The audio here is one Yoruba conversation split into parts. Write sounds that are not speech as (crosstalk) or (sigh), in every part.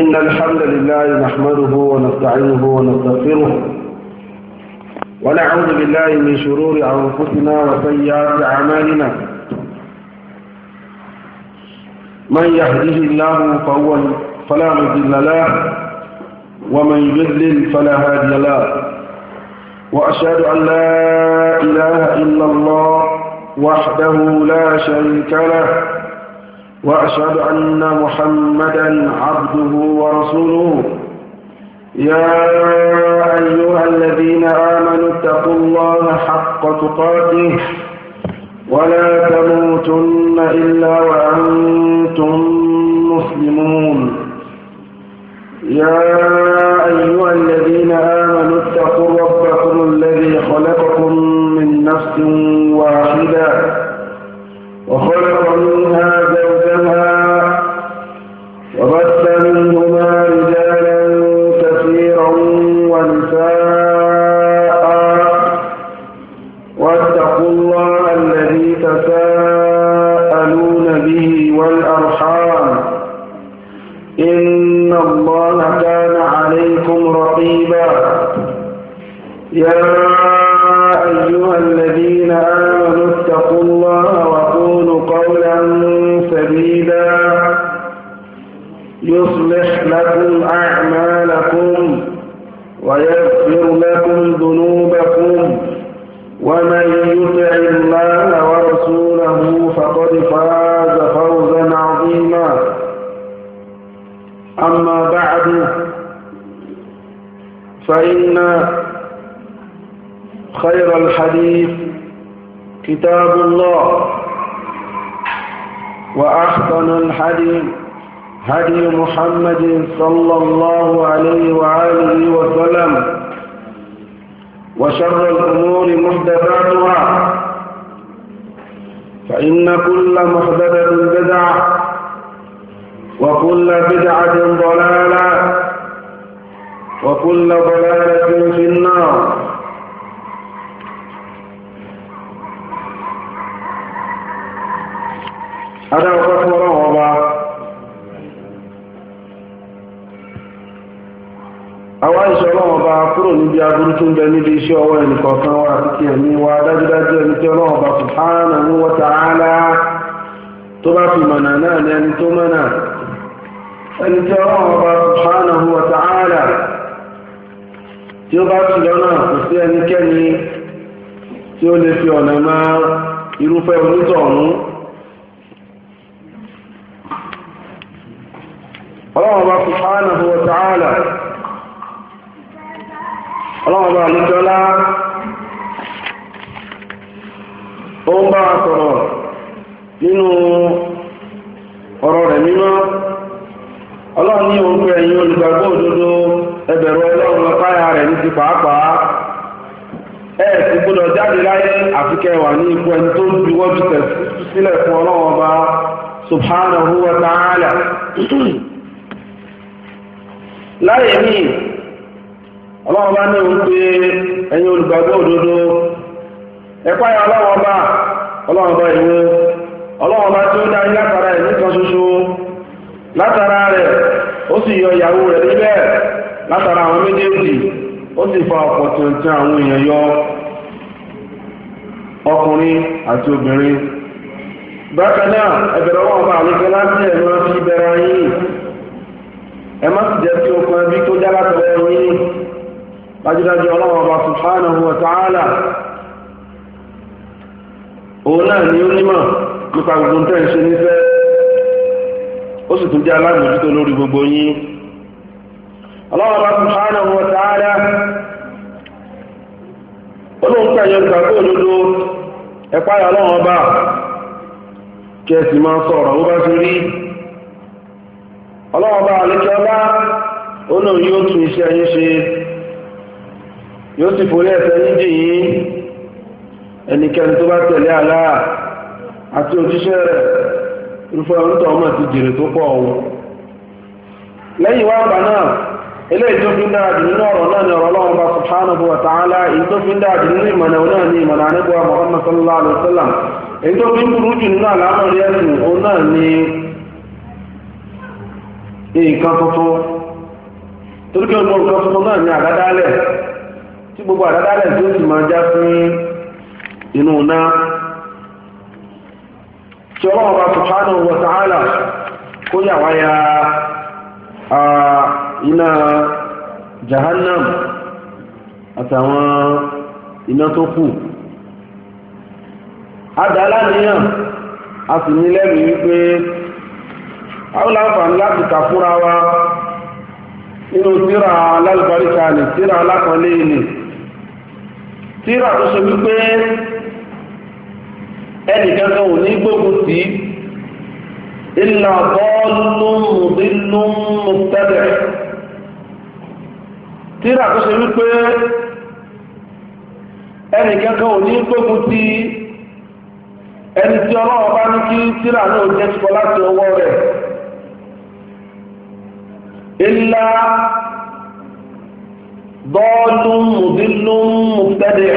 إن الحمد لله نحمده ونستعينه ونستغفره ونعوذ بالله من شرور أنفسنا وسيئات أعمالنا من يهده الله فهو فلا مضل له ومن يضلل فلا هادي له وأشهد أن لا إله إلا الله وحده لا شريك له وأشهد أن محمدا عبده ورسوله يا أيها الذين آمنوا اتقوا الله حق تقاته ولا تموتن إلا وأنتم مسلمون يا أيها الذين آمنوا اتقوا ربكم ma sọ̀rọ̀ ó bá ti rí ọlọ́ọ̀bá àlékẹ́ọ́lá ó náà yóò tún iṣẹ́ yín ṣe yóò sì forí ẹ̀ṣẹ̀ yín jì yín ẹnikẹ́ni tó bá tẹ̀lé àlá àti òjíṣẹ́ rẹ̀ ọmọ ti jèrè tó pọ̀ ọ̀hún lẹ́yìn wá àgbà náà eléyìí tó nínú ọ̀rọ̀ náà ni ọ̀rọ̀ wa ta'ala èyí tó fi nínú ìmọ̀nà náà ni ìmọ̀nà èyí tó fi ń burú jù nínú àlámọ̀rí ẹ̀sìn òun náà ni nǹkan tuntun torí pé gbogbo nǹkan tuntun náà ni àdádálẹ̀ tí gbogbo àdádálẹ̀ tí ó sì máa já sí inú tí ọlọ́run bá adàlá níyàn a sì ní wípé àwọn láti kà wa nínú tíra alálùbáríkà ni tíra alákọ̀ọ́lé ni tíra tó ṣe wípé ẹnìkan kan ò ní gbógun bọ́ọ̀lù mùdínú mùtẹ́lẹ̀ tíra tó ṣe wípé ẹnìkan ní gbógun ẹni tí ọlọ́run bá ní kí tíra náà jẹ́ sọ láti ọwọ́ rẹ̀ ilá dọ́ọ̀lù mùdílù mùtẹ́dẹ̀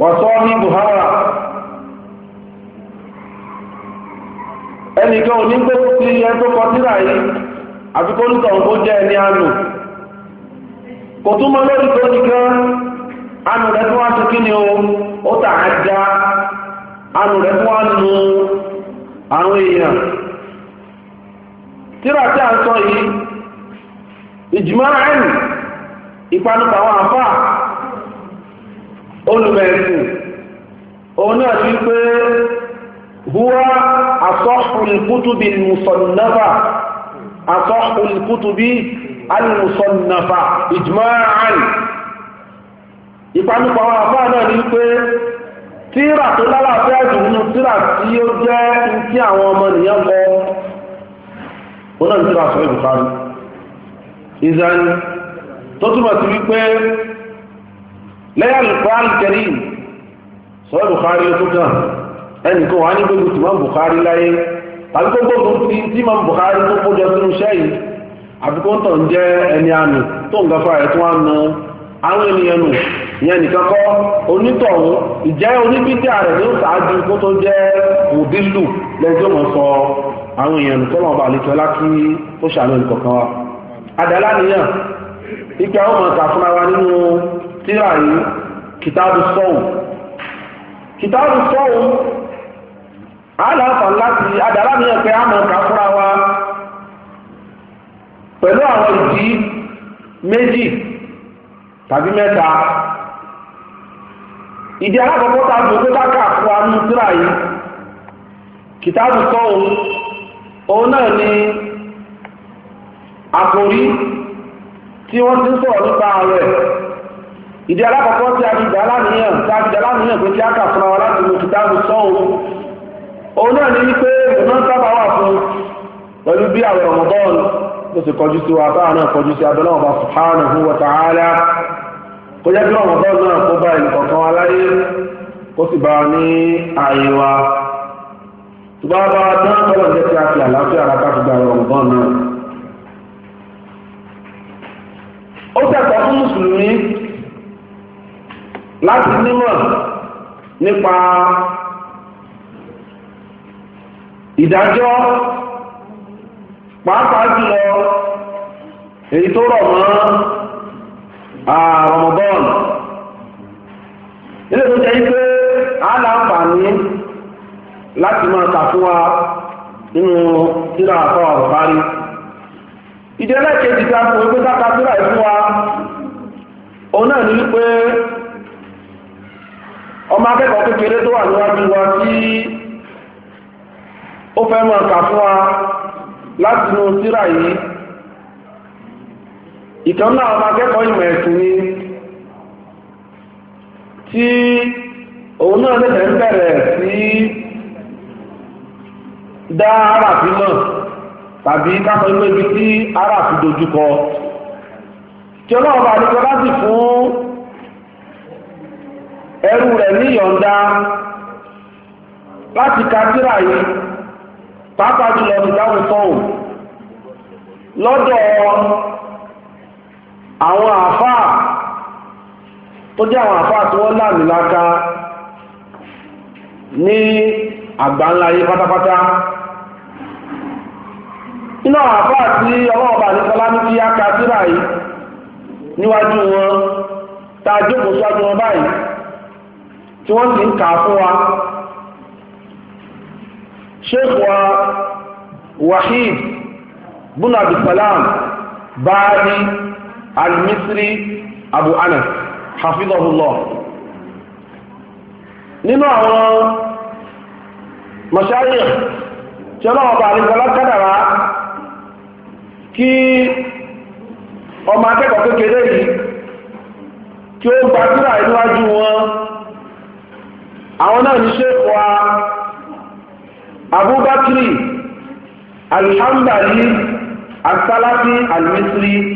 wàtọ́ ní buhara ẹnìkan òní pé ti ẹ kọ tíra yìí àfikún tó ń jẹ́ ẹni anu rẹ̀ tó wá sí kí ni o ó tà á já anu rẹ̀ tó wá nu àwọn èèyàn tíra tí a sọ yìí ìjùmọ̀ ẹ̀yìn ìpanupọ̀ àwọn àfà olùmẹ̀sìn òun náà ti pé huwa asọ́hùn kútùbí musọ̀nàfà asọ́hùn kútùbí almusọ̀nàfà ìpanupọ̀ àwọn àbá náà ni pé tíra tó lálàáfíà jù nínú tíra tí ó jẹ́ tí àwọn ọmọ nìyẹn lọ wọn náà ní tíra sọ ìbùkárí ìzẹni tó túmọ̀ sí wípé lẹ́yìn alùpùpù kẹrì sọ ìbùkárí ó tó kàn ẹnì kan wà ní gbogbo tìmọ̀ bùkárí láyé tàbí kó gbogbo tí tí máa ń Buhari tó kó jọ sínú iṣẹ́ yìí àbíkó tó ń jẹ́ ẹni àmì tó ń gafa ẹ̀ tó wá na àwọn ènìyàn nù ìyẹn nìkan kọ́ onítọ̀hún ìjẹ́ oníbídíà rẹ̀ ló ṣáájú kó tó jẹ́ òdílù lẹ́jọ́ mọ̀ sọ àwọn èèyàn tọ́lọ̀ ọba àlejò ó ìkọ̀kan ipe nínú tíra yìí kìtàbù sọ́hùn kìtàbù sọ́hùn láti pé àmọ̀ ìdí alákọ̀ọ́kọ́ tá a dùn pé káàkà fún anú tíra yìí kìtàbù tọ́ òun òun náà ni àkòrí tí wọ́n ti ń sọ̀rọ̀ nípa ààrẹ ìdí alákọ̀ọ́kọ́ tí a fi dà láníyàn tí a fi dà láníyàn pé kí á kà fúnra wa láti mú kìtàbù tọ́ òun òun náà ni wípé ìmọ̀ sábà wà fún pẹ̀lú bí àwẹ̀ ọ̀mọ̀bọ́ọ̀lù ó sì kọjú sí wa báà náà kọjú sí abẹ́lẹ́ ọba subhanahu kó jẹ́ kí ọ̀rọ̀ náà kó bá ẹnì kọ̀ọ̀kan wa láyé kó sì bá ní ààyè wa tó bá bá dán kọ́lọ̀ jẹ́ kí a fi àlàáfíà ara ká fi gba ọ̀rọ̀ náà. ó tẹ̀sán fún mùsùlùmí láti nímọ̀ nípa ìdájọ́ pàápàá jùlọ èyí tó rọ̀ mọ́ Ah, Ramadan ilé tó jẹ́ pé aláǹfààní láti máa kà fún wa nínú síra àtọ́ ọrụ ìdílé kejì tí a wípé káka síra ìfún wa òun náà ní wípé ọmọ akẹ́kọ̀ọ́ kékeré tó wà níwájú wa tí ó fẹ́ máa fún wa ìkan náà ọmọ akẹ́kọ̀ọ́ ìmọ̀ ẹ̀sùn ni tí òun náà lẹ́sẹ̀ ń bẹ̀rẹ̀ sí dá ara fi mọ̀ tàbí kápẹ́ inú ibi tí ara fi dojúkọ tí ọlọ́run bá ní kọ́lá sì fún ẹrú rẹ̀ ní ìyọ̀ǹda láti ka tírà yìí pàápàá jùlọ nìdáhùn sọ́hùn lọ́dọ̀ àwọn àfáà tó jẹ́ àwọn àfáà tí wọ́n láàmì láka ní àgbáńláyé pátápátá iná àfáà tí ọlọ́ọ̀bà ní sálámí tí á ka síra yìí níwájú wọn tá a síwájú wọn báyìí tí wọ́n sì ń kà fún wa sheikh wa wahid bùnàbìsàlám báyìí al-misri abu anas hafizahullah nínú àwọn mọ̀ṣáyẹ̀ tí ọlọ́wọ́ bá àríkọlá kádàrá kí ọmọ akẹ́kọ̀ọ́ kékeré yìí kí ó gbàdúrà níwájú wọn àwọn náà ní ṣe wa abubakar alhambali asalafi almisri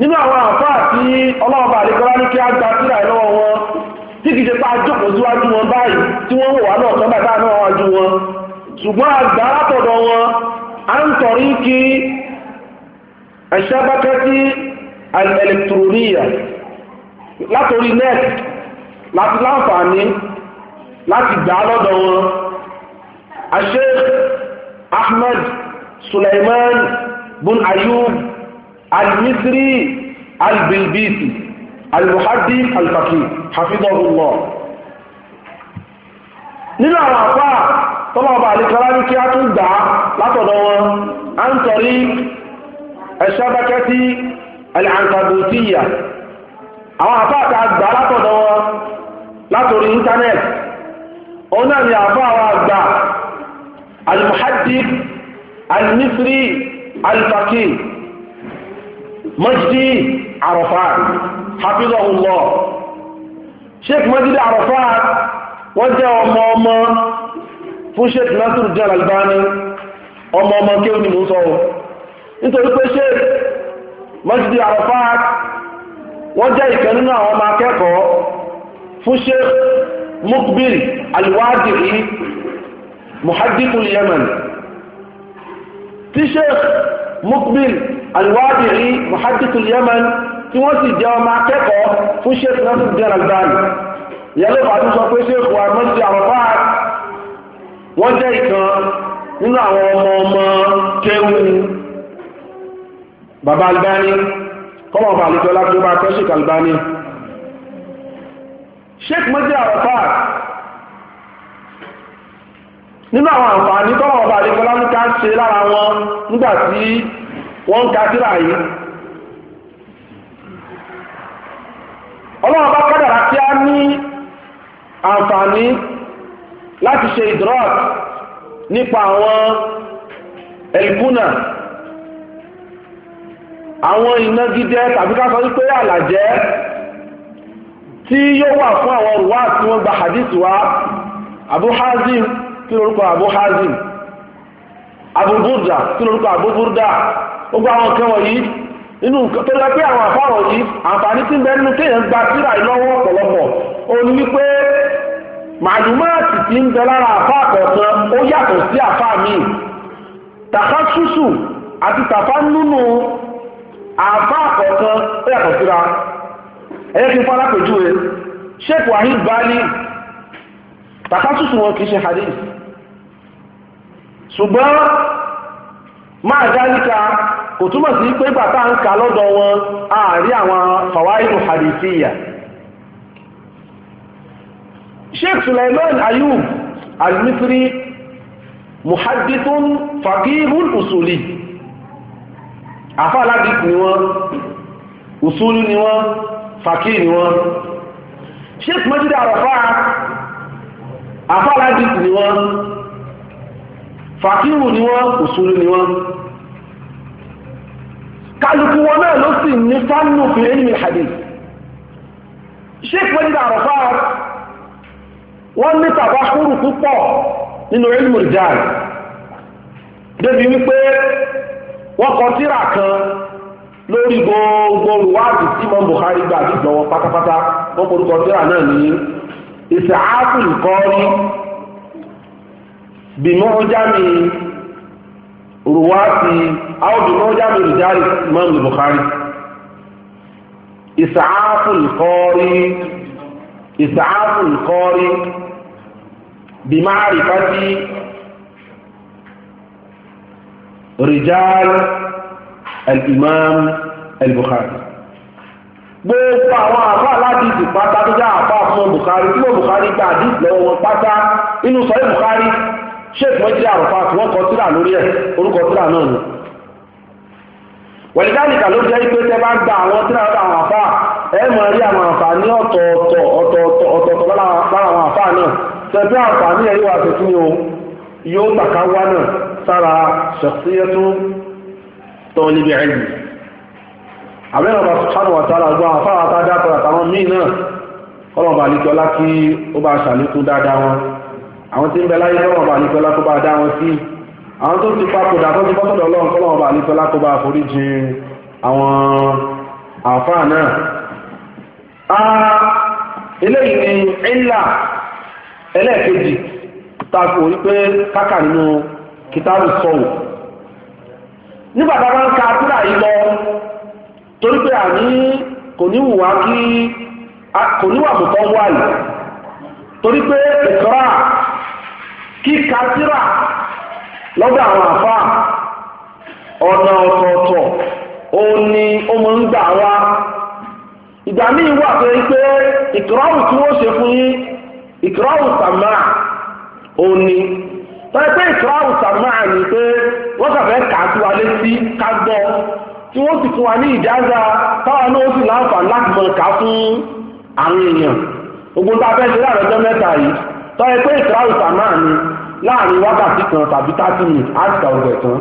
nínú àwọn afọ àti ọlọ́ọ̀bà àdékọ́lá ní kí a gba síra ẹ̀ wọn tí kìí ṣe pa àjòkó síwájú wọn báyìí tí wọ́n wò wá náà tán bàtà náà wájú wọn ṣùgbọ́n àgbà látọ̀dọ̀ wọn à ń tọ̀rí kí látòrí nẹ́ẹ̀tì láti láǹfààní láti Ahmed Suleiman bun Ayub al-misri al-bilbisi al-muhaddith al-faqih hafidhahullah nínú àwọn àpá tọ́lọ́ọ̀bà àlekọ́lá ní kí a tún gbà á látọ̀dọ̀ wọn a ń tọ̀rí ẹ̀ṣábákẹ́tì al-ankabutiyya àwọn àpá àti àgbà látọ̀dọ̀ wọn látòrí íńtánẹ́ẹ̀tì òun náà ni àpá àwọn àgbà al-muhaddith al-misri al-faqih Majdi Arafat hafizahullah sheikh Majdi Arafat wọ́n jẹ́ ọmọ ọmọ fún sheikh Nasiruddin Albani ọmọ ọmọ kí o ní mú sọ́wọ́ nítorí pé sheikh Majdi Arafat wọ́n jẹ́ ìkan nínú àwọn ọmọ akẹ́kọ̀ọ́ fún sheikh Mukbil Alwadi'i muhaddithul Yaman tí sheikh mukbil alwadi'i muhaddisul yaman tí wọ́n sì jẹ́ ọmọ akẹ́kọ̀ọ́ fún sheikh nasiruddin albani ìyálé bàbá sọ pé sheikh wa mọ́sí àwọn fáà wọ́n jẹ́ ìkan nínú àwọn ọmọ ọmọ kéwù bàbá albani kọ́mọ̀ bàbá àlejò ọlá bá kọ́ sheikh albani sheikh mọ́sí àwọn fáà nínú àwọn àǹfààní tọ́wọ́ ọba àdékọ́lá ń ká ṣe lára wọn nígbà tí wọ́n ń ka síra yìí ọlọ́run bá kádàrá kí á ní àǹfààní láti ṣe ìdírọ́t nípa àwọn ẹ̀lìkúnà àwọn ìnagijẹ tàbí ká sọ wípé àlàjẹ tí yóò wà fún àwọn òrùwà tí wọ́n gba hadith wa Abu Hazim kí lórúkọ Abu Hazim Abu tí kí Abu Burda àwọn wọ̀nyí nínú nǹkan tó lọ pé àwọn àfáwọ̀ yìí àǹfààní tí ń bẹ nínú kéèyàn gba síra ìlọ́wọ́ ọ̀pọ̀lọpọ̀ ó ní màdùmáàtì tí ń bẹ lára àfá àkọ̀ọ̀kan ó yàtọ̀ sí àfá àti tàfá nínú àfá ó yàtọ̀ síra ẹ̀yẹ́ kí n ṣùgbọ́n máa dáríka kò túmọ̀ sí pé bàtà ń ka lọ́dọ̀ wọn àárí àwọn fàwáìlú hadithiyya sheikh suleiman ayub al-misri muhaddithun faqihun usuli àfáàládìk ni wọ́n usuli ni wọ́n faqih ni wọ́n sheikh majid arafa àfáàládìk ni wọ́n fàkíhù ni wọ́n òṣòro ni wọ́n kálukú wọn náà ló sì ní fánù fi ilmi hadith sheikh wajid arafat wọ́n ní tàbákùrù púpọ̀ nínú ilmi rijal débi wípé wọ́n kọ tírà kan lórí gbogbo olùwádìí tí mọ́ Bukhari gbà àti ìjọwọ́ pátápátá wọ́n korúkọ tírà náà ní ìsàákùn kọ́ọ́rí bìmọ́jámi ruwaati aw bìmọ́jámi rìjáàlì imam bukhari ìsàáfù lùkọ́rí ìsàáfù lùkọ́rí bìmárìfàtì rìjáàlì al-imam al-bukhari gbogbo àwọn àfáà láti ìsì pátá tó jẹ́ àfáà fún bukhari tí wọ́n bukhari gba àdìs lọ́wọ́ pátá inú sọ́yìn bukhari sheikh mọ́jí àrùfáà tí wọ́n kọ síra lórí ẹ̀ orúkọ síra náà ni wẹ̀lẹ́dáríkà ló jẹ́ pé tẹ́ bá gba àwọn síra lọ́dọ̀ àwọn àfáà ẹ mọ̀ rí àwọn àǹfààní ọ̀tọ̀ọ̀tọ̀ ọ̀tọ̀ọ̀tọ̀ lára àwọn àfáà náà tẹ̀bí àǹfààní ẹ̀rí wa tuntun ni o yóò gbàká wá náà sára ṣọ̀síyẹ́tún tọ́ níbi ẹ̀yìn àbẹ́rẹ̀ ọba sùpánù wà sára gbọ́ àfáà àtàdá àtàwọn míì náà kọ́lọ̀ àwọn tí ń bẹ láyé lọ́wọ́ bá nípẹ́lá kó bá dá wọn sí àwọn tó ti papòdà tó ti bọ́sọ̀dọ̀ ọlọ́run kọ́ lọ́wọ́ bá nípẹ́lá forí jìn àwọn àfáà náà. eléyìí ni ìlà ẹlẹ́ẹ̀kejì takò wípé kákà nínú kìtàbù sọ̀wọ̀ nígbà tá a bá ń ka àtúrà yìí lọ torí pé àní kò ní wù kí kò ní wà mọ̀tọ́ torí pé ìkọ́ra kíka síra lọ́dọ̀ àwọn àfa ọ̀nà ọ̀tọ̀ọ̀tọ̀ ó ní ó mọ̀ ń gbà wá ìgbà míì wà pé pé tí wọ́n ṣe fún ní pé ni pé wọ́n kàfẹ́ kà á sí wa létí ká gbọ́ tí wọ́n sì fún wa ní ìjáza náà ó sì láǹfààní láti mọ̀ ká fún àwọn èèyàn gbogbo tá a fẹ́ ṣe láàrọ̀ yìí pé ni láàrin wákàtí kan tabi 30 minutes àti ọ̀gbẹ̀ kan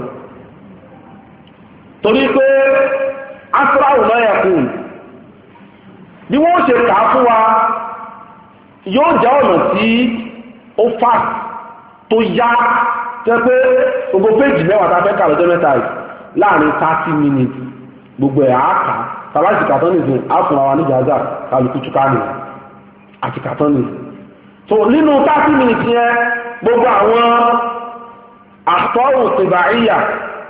torí pé astral lọ́yẹ̀ kùn bí wọ́n ṣe kàá fún wa yóò jẹ́ ọ̀nà tí ó fà tó yá tẹ́ pé gbogbo péjì mẹ́wàá tàbí kàrọ̀ jẹ́ mẹ́ta láàrin 30 minutes gbogbo ẹ̀hàkà tàbí kàtọ́nìsìn áfùnrawa ní gaza kàlùkùtù kánì àti kàtọ́nìsìn so nínú 30 minutes yẹn gbogbo àwọn àtọ́wò tìbàáyà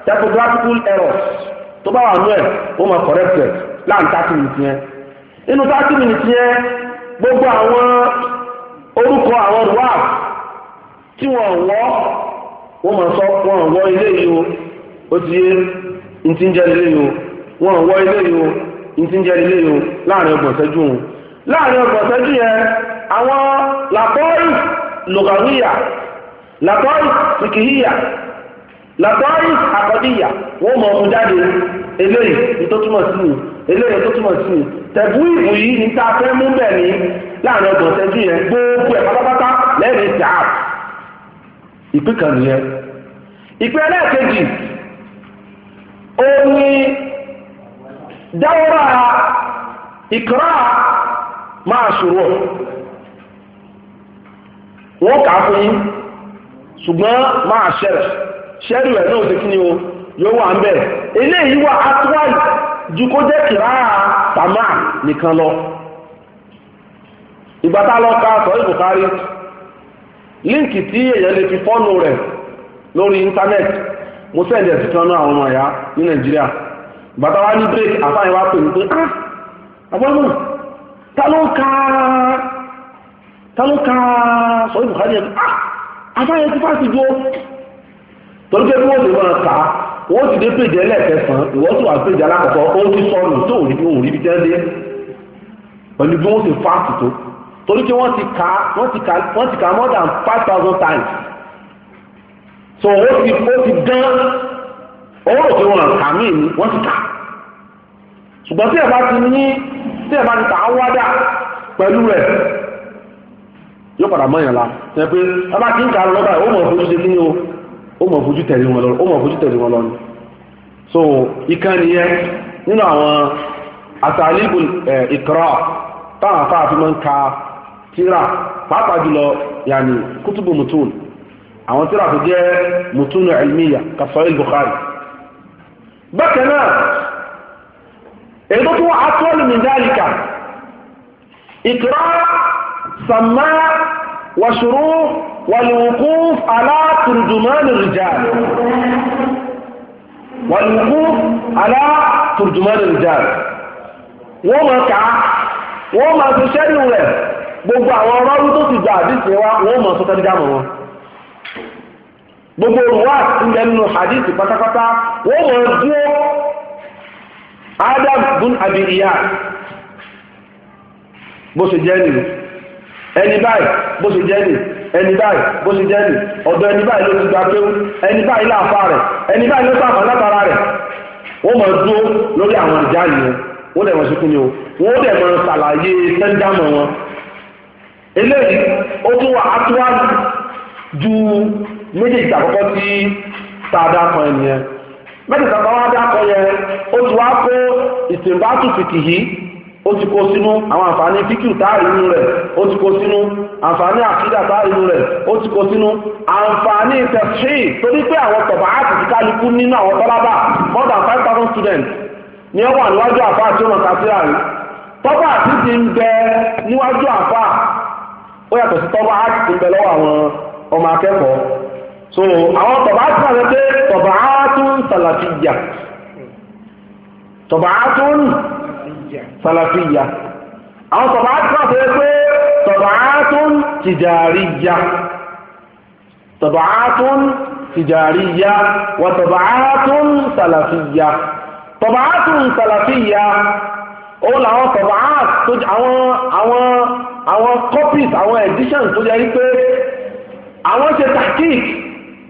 typographical errors tó bá wà nú ẹ̀ ó mọ̀ corrected láàrín thirty minutes yẹn nínú gbogbo àwọn orúkọ àwọn rúwà tí wọ́n wọ́ wọ́n mọ̀ sọ wọ́n wọ́ ilé yìí o ó ti yé wọ́n wọ́ ilé yìí o o yẹn àwọn lùgàwíyà làtọ́rì fìkìhíyà làtọ́rì àkọ́díyà wọ́n mọ̀ ọmọ jáde eléyìí tó túmọ̀ sí mi eléyìí tó túmọ̀ sí mi tẹ̀bú ìbù yìí ní tá a fẹ́ mú bẹ̀ ní láàrin ọgbọ̀n ṣẹ́jú yẹn gbogbo ẹ̀ pátápátá wọ́n kà á fún yín ṣùgbọ́n máa ṣẹ̀rẹ̀ ẹ̀ náà ti kí ni o yóò wà ń bẹ̀ eléyìí wà átúwáì ju kó jẹ́ kìrá tàmá nìkan lọ ìgbà tá a lọ ka sọ ìbùkárí líǹkì tí èèyàn lè fi fọ́nù rẹ̀ lórí íńtánẹ́ẹ̀tì mo sẹ́ẹ̀dẹ̀ sí kan náà àwọn ọmọ a wá ní ah, ka tálọ́ka sọ ìbùkárí ẹ̀ ah, àtàyẹ ti fásitì jó torí pé wọ́n ti máa kà á wọ́n ti dé péjì ẹlẹ́ẹ̀kẹsàn-án ìwọ́n ti wà péjì alákọ̀ọ́kọ́ ó ti sọnù tó òní bí òní bí jẹ́ndé pẹ̀lú bí wọ́n ti fásitì tó torí pé wọ́n ti kà á wọ́n ti kà wọ́n ti kà á more than five thousand times so ó ti ó ti dán owó òkè wọn kà míì ni wọ́n ti kà ṣùgbọ́n tí ẹ̀ bá ti ní tí ẹ̀ bá ti kà á wádà pẹ̀lú rẹ̀ yóò padà la ṣe pé ọba kí n kà lọ lọ́ba ó mọ̀ fojú ṣe kí o mọ̀ fojú tẹ̀lé wọn ó mọ̀ fojú tẹ̀lé wọn ni. so ìkan nìyẹn nínú àwọn àtàlíbù ìkọ́rọ̀ táwọn afá máa ń ka tíra pàápàá jùlọ yàní kútùbù mùtún àwọn tíra tó jẹ́ mùtún ẹ̀lmíyà Bukhari. bákan náà èdè tó wà á سماع وشروح والوقوف على ترجمان الرجال والوقوف على ترجمان الرجال wọ́n máa kà á gbogbo àwọn ọlọ́rú tó ti gbà àdìsí wa wọ́n tẹ́lẹ̀ dámọ̀ gbogbo olùwà ìgbẹ́ nínú àdìsí pátápátá wọ́n máa dúró Adam bin Abi ẹni báyìí bó ṣe jẹ́ nì ẹni báyìí bó ṣe jẹ́ nì ọ̀dọ̀ ẹni báyìí ló ti gba kéwú ẹni báyìí láàfà rẹ̀ ẹni báyìí ló sàfà látara rẹ̀ wọ́n máa dúró lórí àwọn ìjà yìí wọ́n dẹ̀ mọ̀ sí kúnyẹ́ o wọ́n dẹ̀ mọ̀ ṣàlàyé sẹ́ńdámọ̀ wọn eléyìí ó tún wà átúwájú ju méjèèjì àkọ́kọ́ tí tàdá kan ẹnìyẹn mẹ́tẹ̀ẹ̀ta bá wá dákọ̀ yẹn ó tún wá kó ìsìnbátùfìkì yìí ó ti kó sínú àwọn àǹfààní fíkìú táàrí inú rẹ̀ ó ti kó sínú àǹfààní àkídà táàrí inú rẹ̀ ó ti kó sínú àǹfààní tẹ̀sí torí pé àwọn tọ̀bà áàtì ti kálukú nínú àwọn tọ́lábà more than five thousand students ní ọwọ́ àníwájú àfa àti ọmọ kásíà rí tọ́bà àti ti ń bẹ níwájú àfa ó yàtọ̀ sí tọ́bà áàtì ti ń bẹ lọ́wọ́ àwọn ọmọ akẹ́kọ̀ọ́ so àwọn tọ̀bà áàtì náà tọ̀bà áàtì salafiya àwọn tọ̀bà á tọ́ fẹ́ pé tọ̀bà á tún tìjàríya tọ̀bà á tún tìjàríya wà tọ̀bà á tún salafiya tọ̀bà á tún salafiya ó làwọn tọ̀bà á tó àwọn àwọn àwọn copies àwọn editions tó jẹ́ pé àwọn ṣe tàkík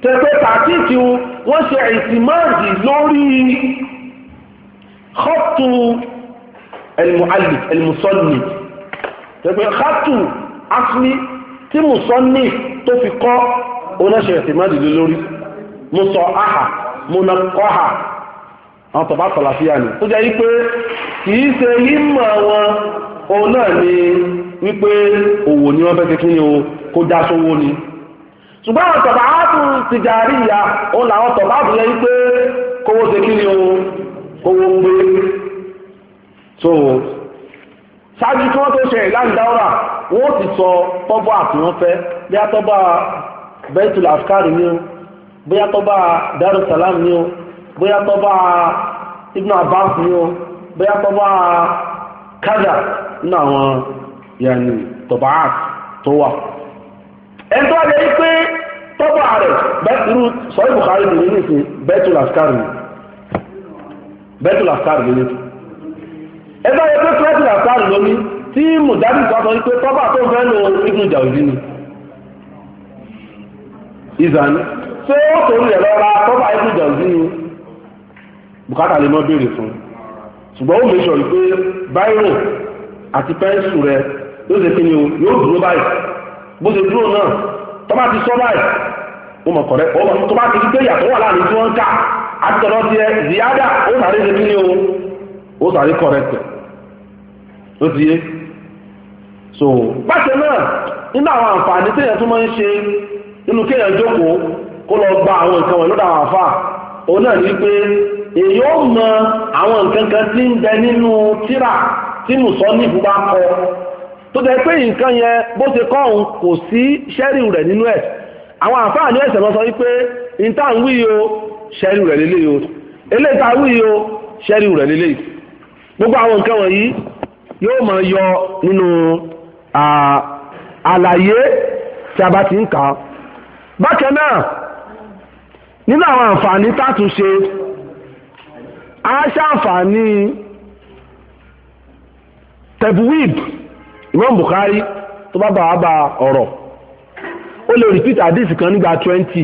tẹ̀pẹ́ tàkík wọ́n ṣe ìtìmáàdì lórí kọ́tù ẹlmùhálì ẹlmùsọ́nì tẹ̀pẹ̀ hátù asli tí mùsọ́nì tó fi kọ́ onáṣẹ́ ẹ̀sìn má dìde lórí mùsọ̀ áhà mùnàkọ́hà àwọn tọ̀bá tọ̀làfíà ni tó jẹ́ wípé kìí ṣe yímọ̀ wọn òun náà ni wípé òwò ni wọ́n fẹ́ ti kí ni o kó já sówó ni ṣùgbọ́n àwọn tọ̀bá tún ti jàrí ìyá òun làwọn tọ̀bá tún yẹ wípé kówó ṣe kí ni o kówó ń gbé so ṣáájú kí wọ́n tó ṣe ìlànà dáwọ́rà wọ́n ti sọ tọ́bọ̀ àti bí a tọ́bà bẹ́ẹ̀tù làfikárì ni o bóyá tọ́bà Darus Salam ni o bóyá tọ́bà Ibn Abbas ni o bóyá tọ́bà kájà nínú àwọn yẹnu art tó wà. tó bẹ́ẹ̀tù ẹ bá yẹ pé kílásì làtàrí lómi tí mùdárì kan sọ pé tọ́ba tó fẹ́ lo ibùn jàùdí ni ìzàní ṣé ó tó rẹ̀ lọ́ra tọ́ba ibùn jàùdí ni bùkátà lè mọ́ béèrè fún ṣùgbọ́n ó mẹ́sọ̀ wípé báírò àti pẹ́ńsù rẹ ló ṣe kí ni o yóò dúró báyìí bó ṣe dúró náà tọ́ba ti sọ báyìí ó mọ̀ kọ̀rẹ́ ó mọ̀ tó bá ti rí pé ìyàtọ̀ wà láàrin tí wọ́n ń kà àti ó sáré kọ̀rẹ́tẹ̀ tó ti yé so pàṣẹ náà nínú àwọn àǹfààní tí èèyàn tún máa ń ṣe nínú kéèyàn jókòó kó lọ gba àwọn nǹkan wọ̀nyí lọ́dọ̀ àwọn àfà òun náà ní pé èyí ó mọ àwọn nǹkan kan tí ń bẹ nínú tírà tí mùsọ níbu bá kọ tó jẹ́ pé nǹkan yẹn bó ṣe kọ́ òun kò sí ṣẹ́rì rẹ̀ nínú ẹ̀ àwọn àǹfààní ẹ̀sẹ̀ lọ sọ wípé ìta wí yo ṣẹ́rì rẹ̀ lélẹ́yìí o eléyìí ta wí yo ṣẹ́rì rẹ̀ lélẹ́yìí gbogbo àwọn nǹkan wọ̀nyí yóò máa yọ nínú àlàyé tí a bá ti ń kà á bákan náà nínú àwọn àǹfààní tàtúnṣe a ṣàǹfààní tebwib Imam Bukhari tó bá bàá bá ọ̀rọ̀ ó lè repeat hadith kan nígbà twenty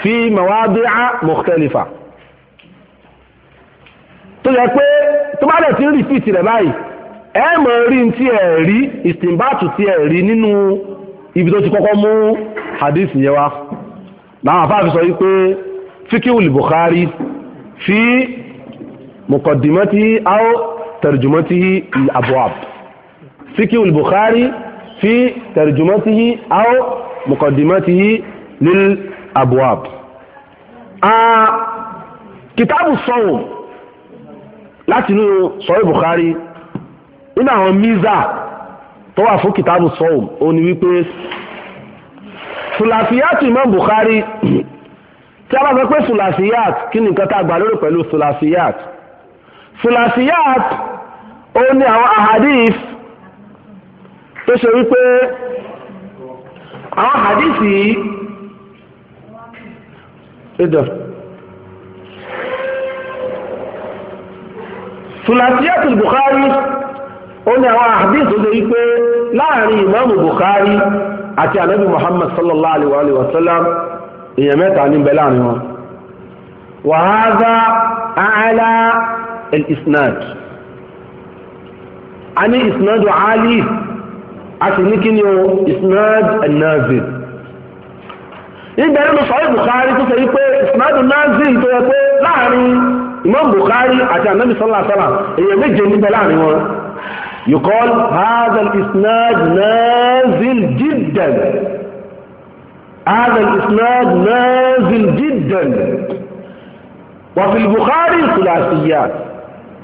fi mawadi'a mukhtalifa tó yẹ pé tó bá dẹ̀ ti ń rìpíìtì rẹ̀ báyìí ẹ mọ̀ rí n tí ẹ̀ rí ìsìnbàtù tí ẹ̀ rí nínú ibi tó ti kọ́kọ́ mú hadith yẹn wá làwọn afáàfi sọ wípé fíkíwùlì Bukhari fi mùkọ̀dìmọ́tì áó tẹ̀rìjùmọ́tì àbúwàb fíkíwùlì Bukhari fi tẹ̀rìjùmọ́tì áó mùkọ̀dìmọ́tì lil àbúwàb. kìtàbù sọ̀rọ̀ láti inú sọ̀rọ̀ Bukhari nínú àwọn míza tó wà fún kìtàbù sọ́ọ̀m ó ní wípé sùlàfíyàtì Imam Bukhari tí a bá sọ pé sùlàfíyàt kí ni nǹkan tá a gbà lérò pẹ̀lú sùlàfíyàt sùlàfíyàt ó ní àwọn ahadif tó ṣe wípé àwọn ahadif yìí. sulasiyatul bukhari ó ní àwọn àdéhùn tó lè rí pé láàrin ìmáàmù bukhari àti anabi muhammad sallallahu alayhi wa sallam èèyàn mẹ́ta ní bẹ́ẹ̀ láàrin wọn wa hadha a'la al-isnad a ní isnad ali a sì ní kíni o isnad al ìgbẹ̀rẹ̀ lọ sọ̀rọ̀ bukhari tó sọ wípé isnad al-nazil tó yẹ pé láàrin Imam Bukhari àti anabi sallallahu alaihi wasallam èèyàn méje níbẹ̀ láàrin wọn you yukol hadal isnad nazil jiddan hadal isnad nazil jiddan wàfil Bukhari sulasiyat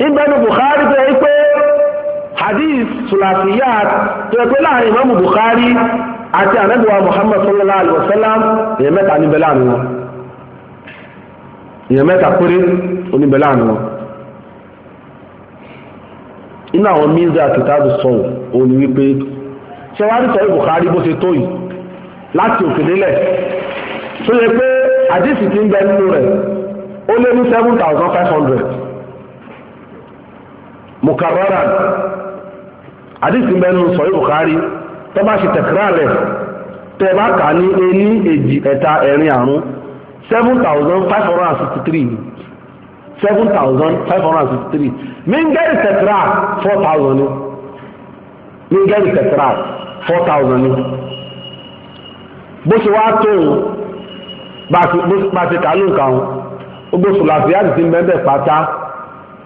ìgbẹ́nu Bukhari tó yẹ pé hadith sulasiyat tó yẹ pé láàrin Imam Bukhari àti anabi wa Muhammad sallallahu alaihi wasallam èèyàn mẹ́ta níbẹ̀ láàrin wọn. èèyàn mẹ́ta péré oníbẹ̀ láàánú wọn inú àwọn mísà kìtàbù sọ̀rọ̀ òní wípé ṣé wàá rí sọ̀rọ̀ Bukhari bó ṣe tó yìí láti òkè nílẹ̀ tó yẹ pé àdìsí ti ń bẹ nínú rẹ̀ ó lé ní seven thousand five hundred Mukarara àdìsí ń bẹ nínú sọ̀rọ̀ Bukhari tó bá ṣe tẹ̀kírà rẹ̀ tẹ̀ bá kà ní ení èjì ẹ̀ta ẹ̀rin àrún seven thousand five hundred and sixty-three seven thousand five hundred and sixty-three mingari tetra four thousand mingari tetra four thousand bó ṣe wá tó o bá ṣe kà ló ń kà wọn gbogbo sùlàfíà àti ti ń bẹ́ẹ̀ bẹ́ẹ̀ pátá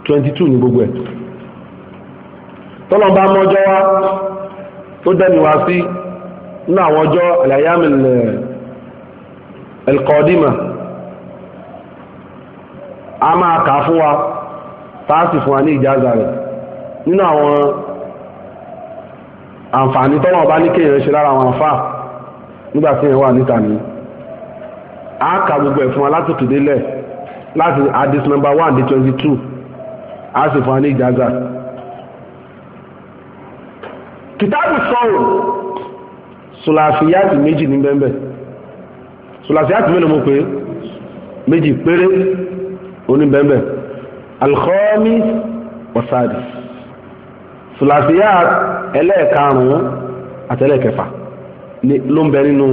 twenty two ní gbogbo ẹ̀ tọ́lọ́mbà mọ́jọ́ wá tó dẹ́ni wá sí nínú àwọn ọjọ́ ẹ̀lẹ́yàmìlẹ̀ ẹ̀lẹ́kọ̀ọ́dìmọ̀ a máa kà fún wa fáàsì fún wa ní ìjáza rẹ̀ nínú àwọn àǹfààní tọ́wọ́ bá ní kéèyàn ṣe lára àwọn àfà nígbà èèyàn wà níta ní a kà gbogbo ẹ̀ fún wa láti tòdélẹ̀ láti hadith number one dé twenty two a sì fún wa ní ìjáza kìtàbù sọ̀rọ̀ sùlàfíyàtì méjì ní bẹ́ẹ̀ bẹ́ẹ̀ sùlàfíyàtì mélòó mo pé méjì péré oníbẹ̀ẹ̀bẹ̀ alkhamis wasadis sulasiyá ẹlẹ́ẹ̀karùn-ún àtẹlẹ́ẹ̀kẹfà ló ń bẹ nínú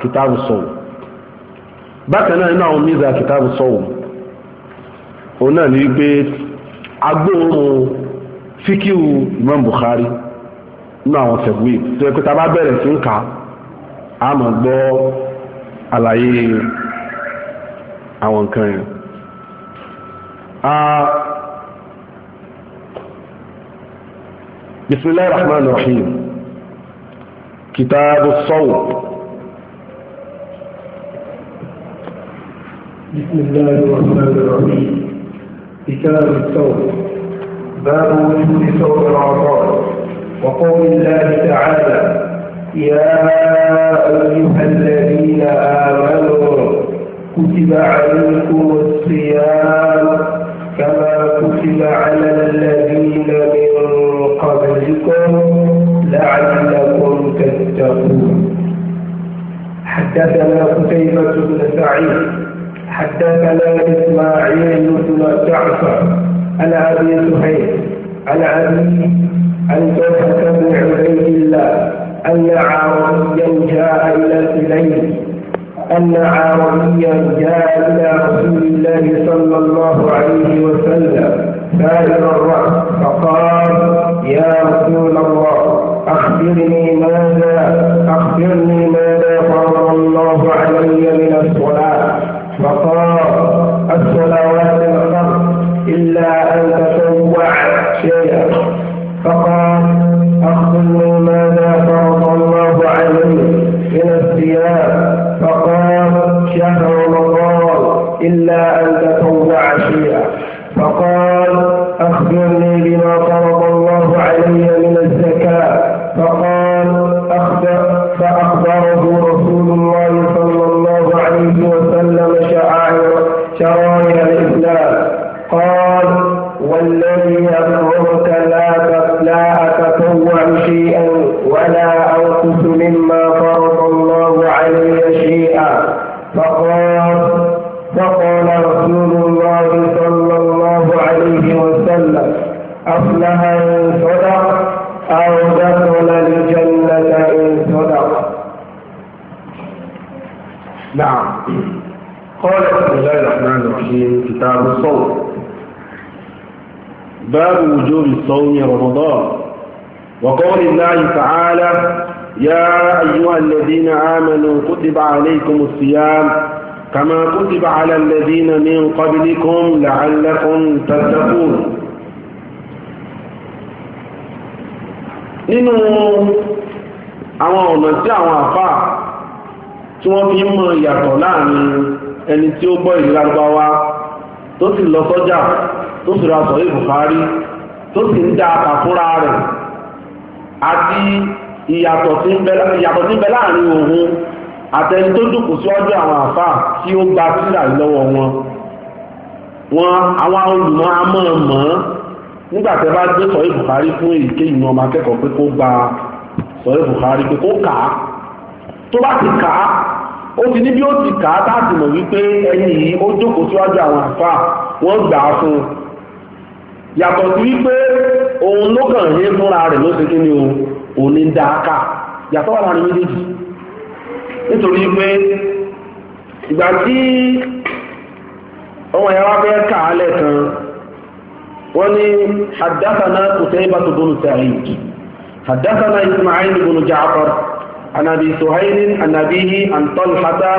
kìtàbù sọ̀wọ̀ bákan náà nínú àwọn míza kìtàbù sọ̀wọ̀ òun náà ní wípé agbóhùn fíkíwù Imam Bukhari nínú àwọn tẹ̀wé tó yẹ pé ta bá bẹ̀rẹ̀ sí ń kà á mọ̀ gbọ́ àlàyé awon kan yin بسم الله الرحمن الرحيم كتاب sau باب وجود ثوب العطار وقول الله تعالى يا ايها الذين امنوا كتب عليكم الصيام كما كتب على الذين من قبلكم لعلكم تتقون حدثنا قتيبة بن سعيد حدثنا إسماعيل بن جعفر عن أبي سهيل عن أبي عن طلحة بن عبيد الله أن عربيا جاء إلى سليم أن عربيا جاء إلى رسول الله صلى الله عليه وسلم سائر الرأس فقال يا رسول الله أخبرني ماذا أخبرني ماذا فرض الله علي من الصلاة فقال فضل صوم رمضان وقول الله تعالى يا أيها الذين آمنوا كتب عليكم الصيام كما كتب على الذين من قبلكم لعلكم تتقون nínú àwọn ọ̀nà tí àwọn àfáà tí wọ́n fi ń mọ ìyàtọ̀ láàrin ẹni tí ó gbọ́ ìlú Lárúbáwá tó sì lọ sọ́jà tó sì ra sọ̀rọ̀ ìbùkárí tó sì ń da àkàfúnra rẹ̀ àti ìyàtọ̀ tí ń bẹ láàrin òun àtẹni tó dùkù síwájú àwọn àfà tí ó gba tírà lọ́wọ́ wọn wọn àwọn olùmọ̀ amọ̀ọ̀mọ̀ nígbàtẹ́ bá gbé sọ̀rọ̀ Bukhari fún èyíkéyìí ọmọ akẹ́kọ̀ọ́ pé kó gba sọ̀rọ̀ Bukhari pé kó kà á tó bá ti kà á ó ti ní bí ó ti kà á táàtì mọ̀ wípé ẹni yìí ó jókòó síwájú àwọn àfà wọ́n gbà á fún un yàtọ̀ sí wípé òun ló kàn ní fúnra rẹ̀ ló ti kí ni òun ní dáaká yàtọ̀ wà láàrin méjèèjì nítorí pé ìgbà tí ọmọ ẹ̀rọ abẹ́ kà á lẹ́ẹ̀kan wọ́n ní haddathana Qutaybah bin Sa'id haddathana Isma'il bin Ja'far an Abi Suhayl an Abihi an Talhata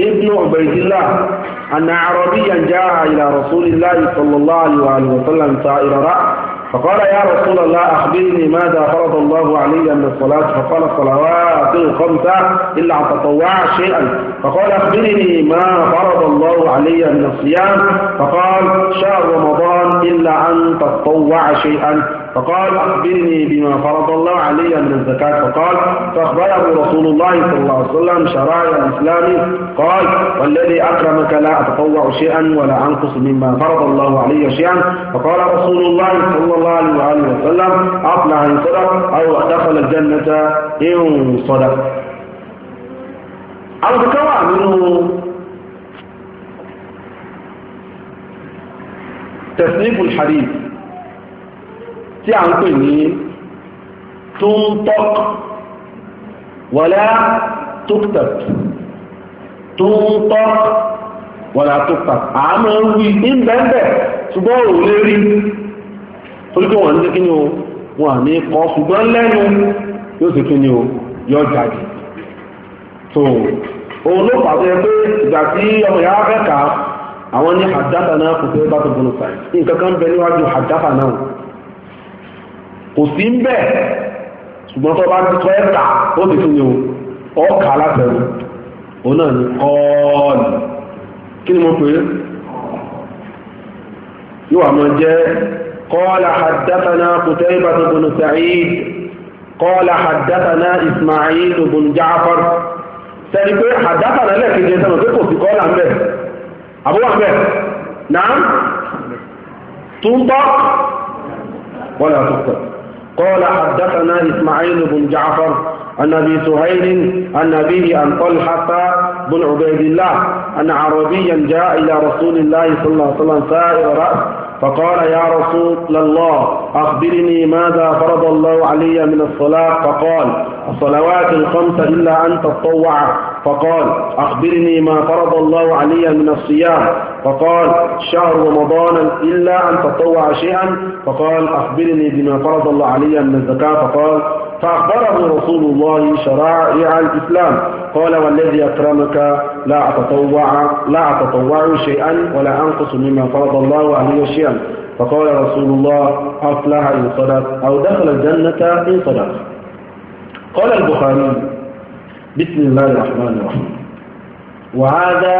ابن عبيد الله أن أعرابيا جاء إلى رسول الله صلى الله عليه وسلم سائر رأى فقال يا رسول الله أخبرني ماذا فرض الله علي من الصلاة فقال صلوات الخمسة إلا أن تطوع شيئا فقال أخبرني ما فرض الله علي من الصيام فقال شهر رمضان إلا أن تطوع شيئا فقال أخبرني بما فرض الله علي من الزكاة فقال فأخبره رسول الله صلى الله عليه وسلم شرائع الإسلام قال والذي أكرمك لا أتطوع شيئا ولا أنقص مما فرض الله علي شيئا فقال رسول الله صلى الله عليه وسلم أطلع إن صدق أو دخل الجنة إن صدق أو تكوى منه تسليم الحديث tí a ń pè ní túntọ́k wala tóktọ̀k túntọ́k wala tóktọ̀k àmọ́ wí ní ṣùgbọ́n ò lè torí pé wọ́n ní kí ni o wọ́n àní kọ́ ṣùgbọ́n lẹ́nu yóò sì kí ni o yọ jáde tó òun ló pàṣẹ pé ìgbà tí ọmọ ìyá fẹ́ àwọn ní àdáta náà kò fẹ́ bá tó bọ́lọ̀ sáyé nǹkan kan bẹ níwájú àdáta náà kò sí ń bẹ̀ ṣùgbọ́n tó bá ti tọ́ ẹ̀ tà ó ti fún mi o ọkà látẹ̀rù òun náà ni kọ́ọ̀lù kí ni mo pè é yóò wà máa jẹ́ kọ́ọ̀lá haddatana Qutaybah bin Sa'id kọ́ọ̀lá haddatana Ismail bin Ja'far sẹ́ni pé haddatana lẹ́ẹ̀kejì ẹ̀ pé kò sí kọ́ọ̀lá ń bẹ̀ bẹ̀ náà tún wọ́n lè àtúntò قال حدثنا إسماعيل بن جعفر عن أبي سهيل عن أبيه عن طلحة بن عبيد الله أن عربيا جاء إلى رسول الله صلى الله عليه وسلم سائر رأس فقال يا رسول الله أخبرني ماذا فرض الله علي من الصلاة فقال الصلوات الخمس إلا أن تطوع فقال أخبرني ما فرض الله علي من الصيام فقال شهر رمضان إلا أن تطوع شيئا فقال أخبرني بما فرض الله علي من الزكاة فقال فأخبره رسول الله شرائع الإسلام قال والذي أكرمك لا أتطوع لا أتطوع شيئا ولا أنقص مما فرض الله عليه شيئا فقال رسول الله أفلح إن صدق أو دخل الجنة إن صدق قال البخاري بسم الله الرحمن الرحيم وهذا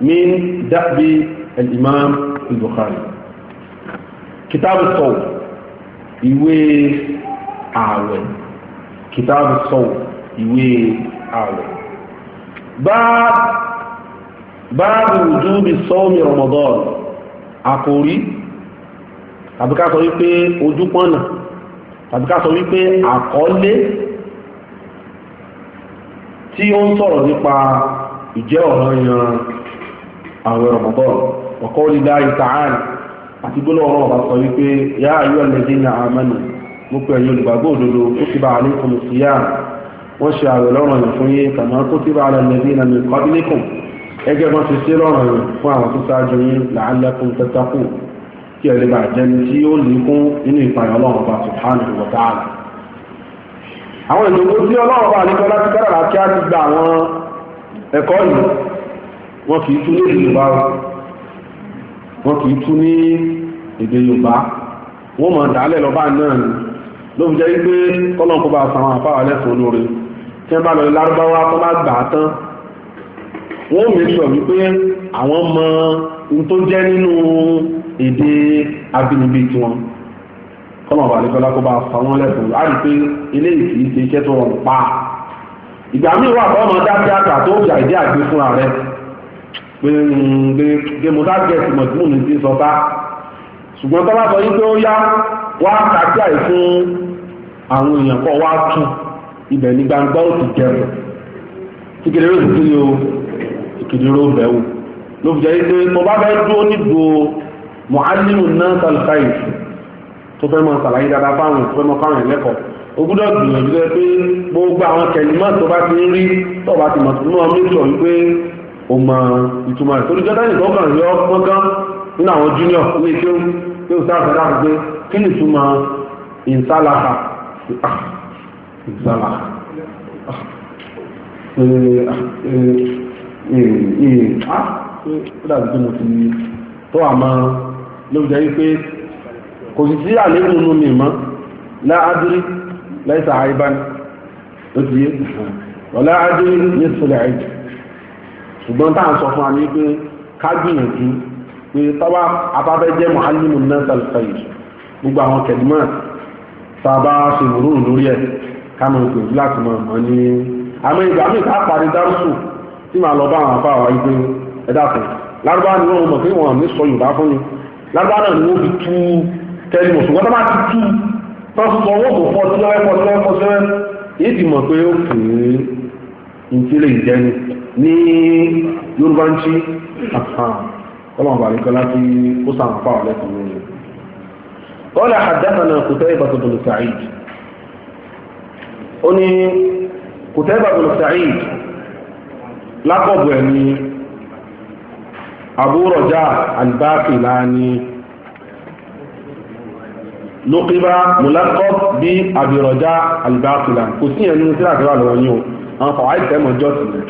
من دأب الإمام البخاري كتاب الصوم يوي إيوه. ààwẹ̀ kìtàbù sọ̀wù ìwé ààwẹ̀ báàbù wùjúbi sọ́ọ̀mì Ramadan àkòrí tàbí ká sọ wípé ojúpọ̀nà tàbí sọ wípé àkọlé tí ó ń sọ̀rọ̀ nípa ìjẹ́ ọ̀rọ̀ ọ̀bá sọ gbogbo ẹ̀yin olùgbàgbọ́ òdodo kó ti bá alẹ́ kùn sí yá wọ́n ṣe àwẹ̀ lọ́rùn yìí fún yín kàmá kó ti bá alẹ́ lẹ́bí iná mi kọ́ nílẹ̀kùn ẹgẹ́ bọ́n ti ṣe lọ́rùn yìí fún àwọn tó ṣáájú yín làálẹ́kùn tẹ́tàkù kí ẹ̀rí bá jẹni tí ó lékún nínú ìpàyà ọlọ́run wọ́n mọ̀ dálẹ̀ lọ́ba náà ni ló fi jẹ́ wípé kọ́lọ́n kó bá san àwọn àfáà lẹ́sùn olóore tí wọ́n bá lọ lárúbáwá tó bá gbà á tán wọ́n mi sọ wípé àwọn mọ ohun tó jẹ́ nínú èdè abínibí tiwọn kọ́lọ́n bá lẹ́kọ́lá kó bá san wọ́n lẹ́sùn olóore á rí i pé eléyìí kì ṣe iṣẹ́ tó rọrùn pa ìgbà míì wà fọ́ ọmọ dákẹ́ àgbà tó fi àìdí àgbé fúnra rẹ̀ pé mo dágẹ̀ẹ́sì mọ̀túnmù ní ti sọ bá ṣùgbọ́n tọ́lá sọ yí pé ó yá wá kàkí àìfún àwọn èèyàn kan wá tún ibẹ̀ ní gbangba ó ti jẹun tí kedere ó ti o kedere ó bẹ̀wò ló fi jẹ́ pé mo bá fẹ́ dúró nígbò mọ̀álìmù náà sàlùfáì tó fẹ́ mọ sàlàyé dáadáa fáwọn tó fẹ́ mọ fáwọn ẹ̀lẹ́kọ̀ọ́ o gbúdọ̀ gbìyànjú rẹ pé gbogbo àwọn kẹ̀lìmọ́ tó bá ti ń rí tó bá ti mọ̀ tó náà méjọ wípé o mọ ìtumọ̀ rẹ̀ torí jọ́dá nìkan kàn yọ gbọ́ngán nínú àwọn júnior ní ìkéwù pé o sáà láti gbé kí ni ìtumọ̀ ìnsálàkà ìgbàlá ìdàbí tí mo ti tó àmà ló jẹ́ wípé kò sì sí àlékún nínú mi mọ́ láàdúrí lẹ́sà àìbá ó ti yé ọ̀lá àdúrí ní sọ̀rọ̀ àìjù ṣùgbọ́n táà ń sọ fún wa ní pé ká gbìyànjú pé tọ́wọ́ abábẹ́jẹ́ mọ̀ á ní mo náà sàlùfẹ́ yìí gbogbo àwọn kẹ̀dùmọ́ọ̀tì tàbá ṣe òróró lórí ẹ̀ kámi ìgbìyànjú láti mọ̀ mọ́ ní àmì ìgbà mi ká parí dárúsù tí màá lọ bá àwọn afá wa yípe ẹ dàpọ̀ lárúbá ni wọ́n mọ̀ pé wọ́n mi sọ yorùbá fún mi lárúbá náà ni wọ́n fi tú tẹ́lẹ̀ mọ̀ ṣùgbọ́n tó bá ti tú tó sọ wọ́n kò fọ́ sí lọ́wọ́ sí lọ́wọ́ sí lọ́wọ́ yìí ti mọ̀ pé ó kè é ìtìlẹ̀ ìjẹni ní yorùbá ń ṣí ọlọ́run bàbá tí ó sàmùfà ọ̀lẹ́kùnrin قال حدثنا قتيبة بن سعيد أني قتيبة بن سعيد لقب يعني أبو رجاء الباقلاني لقب ملقب بأبي رجاء الباقلاني كسي أن نسير أكبر الوانيو أنا فعيد كما جوتنا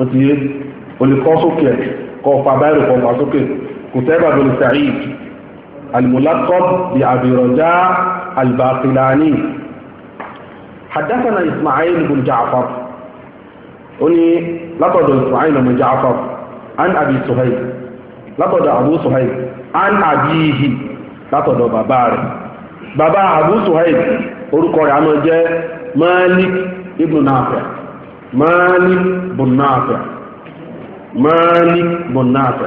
أنت يريد ولقصوك كوفا بارك وفا سوك قتيبة بن سعيد الملقب بأبي رجاء الباقلاني حدثنا إسماعيل بن جعفر أني لقد إسماعيل بن جعفر عن أبي سهيل لقد أبو سهيل عن أبيه لقد بابار بابا أبو سهيل orúkọ rẹ̀ a máa jẹ́ Malik ibn Nafi Malik ibn Nafi Malik ibn Nafi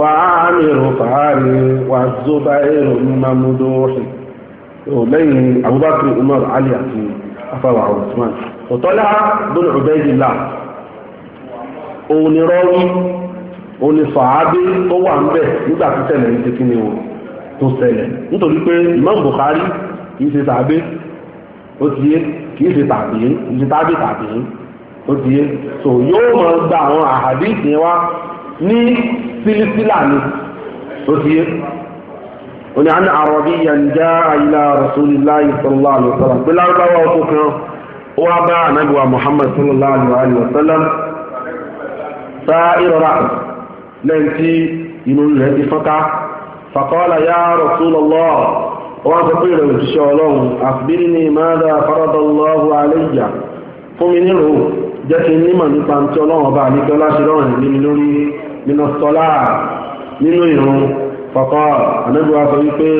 وعامر فعالي والزبير ممدوح لين أبو بكر عمر علي في أفوى عثمان وطلع بن عبيد الله onírọ́wí onífàábí tó wà ń bẹ̀ nígbà tí tẹ̀lẹ̀ ń ṣe kíni wọn tó ṣẹlẹ̀ nítorí pé Imam Bukhari kìí ṣe tàbí ó ti yé kìí ti ní sílísílà ni ó ti yé ó ní àná yànjá àyílá rasulillahi sallallahu alayhi wa sallam pé lárúbáwá kan ó wá bá anábìwá muhammad sallallahu alayhi wa sallam sá ìrora lẹ́yìn tí ya wọ́n sọ pé òṣìṣẹ́ ọlọ́run àfibírí ni ìmáàdá faradallahu alayya fún mi nílò jẹ́ kí nímọ̀ nípa tí ọlọ́run ní nínú sọlá nínú ìrun fọkọ ànábì wa sọ wípé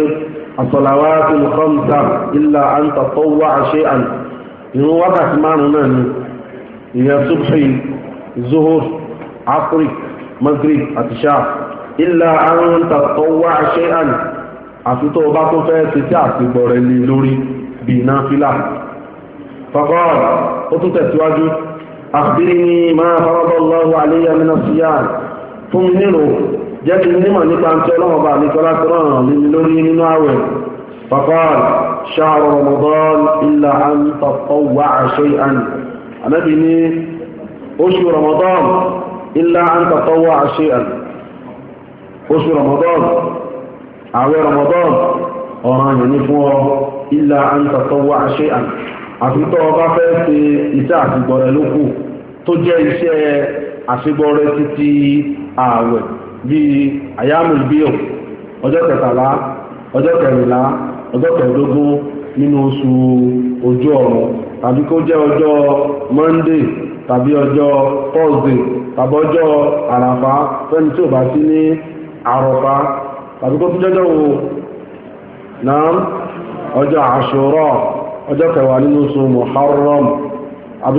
àsọlàwá tó lè kọ́ níta ilà àǹtà tó wá àṣẹ àn ìrun wákàtí márùn náà ni ìyẹn subhi zuhur afri maghrib àti sha ilà àǹtà tó wá àṣẹ àn àfi tó bá tó fẹ́ ṣe tí àtìgbọ̀ rẹ̀ lè lórí bíi náà fílà fọkọ ó tún tẹ̀síwájú àfihàn máa fọwọ́ lọ́wọ́ àléyàn nínú fún mi nírò jẹ́ kí nímọ̀ nípa tí ọlọ́run bá mi tọ́lá tó rọrùn lé mi lórí nínú àwẹ̀ faqal shahru ramadan illa an tatawwa'a shay'an ànábì ní oṣù ramadan illa an tatawwa'a shay'an oṣù ramadan àwẹ̀ ramadan ọ̀ràn yìí ní fún ọ illa an tatawwa'a ààwẹ̀ bíi àyàmùl bíọ̀ ọjọ́ kẹtàlá ọjọ́ kẹrìnlá ọjọ́ kẹẹ̀ẹ́dógún nínú oṣù ojú ọ̀run tàbí kó jẹ́ ọjọ́ monday tàbí ọjọ́ thursday tàbí ọjọ́ àràfá fẹ́ni tí ò bá sí ní àrọ̀fá tàbí kó tún jẹ́jọ́ wo náà ọjọ́ ọjọ́ kẹwàá nínú oṣù muharram àbí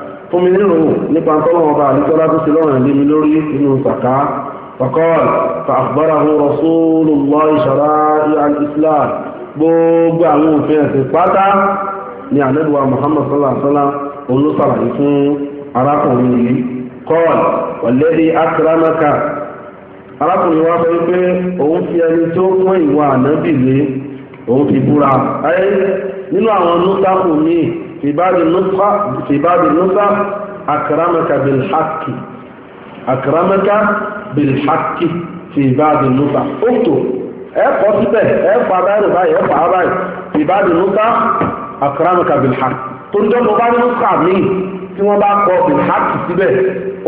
fún mi nírò nípa tọ́lọ́wọ́ bá àdíkọ́lá tó ṣe lọ́rùn lé mi lórí inú sàká fakọ́ọ̀lù fàkbárahu rasulullah shara'i al-islam gbogbo àwọn òfin ẹ̀sìn pátá ni àlẹ́dùwà muhammad sallallahu alaihi wasallam olùsàlàyé fún arákùnrin yìí kọ́ọ̀lù wàlẹ́dí akramaka arákùnrin wa sọ pé òun fi ẹni tó mọ ìwà ànábì lé òun fi búra nínú àwọn nùsàkù mi fìbáàbì nùsà akramaka bilhaki akramaka bilhaki fìbáàbì nùsà òtò ẹ̀kọ́ síbẹ̀ ẹ̀fà báyìí báyìí ẹ̀fà báyìí fìbáàbì nùsà akramaka bilhaki tó ń jọ́ mo bá nùsà mi tí wọ́n bá kọ bilhaki síbẹ̀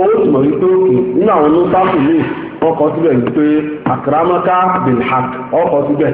ó sì mọ̀ wípé òkè nínú àwọn nùsàkù mi wọ́n síbẹ̀ wípé akramaka bilhaki wọ́n kọ síbẹ̀.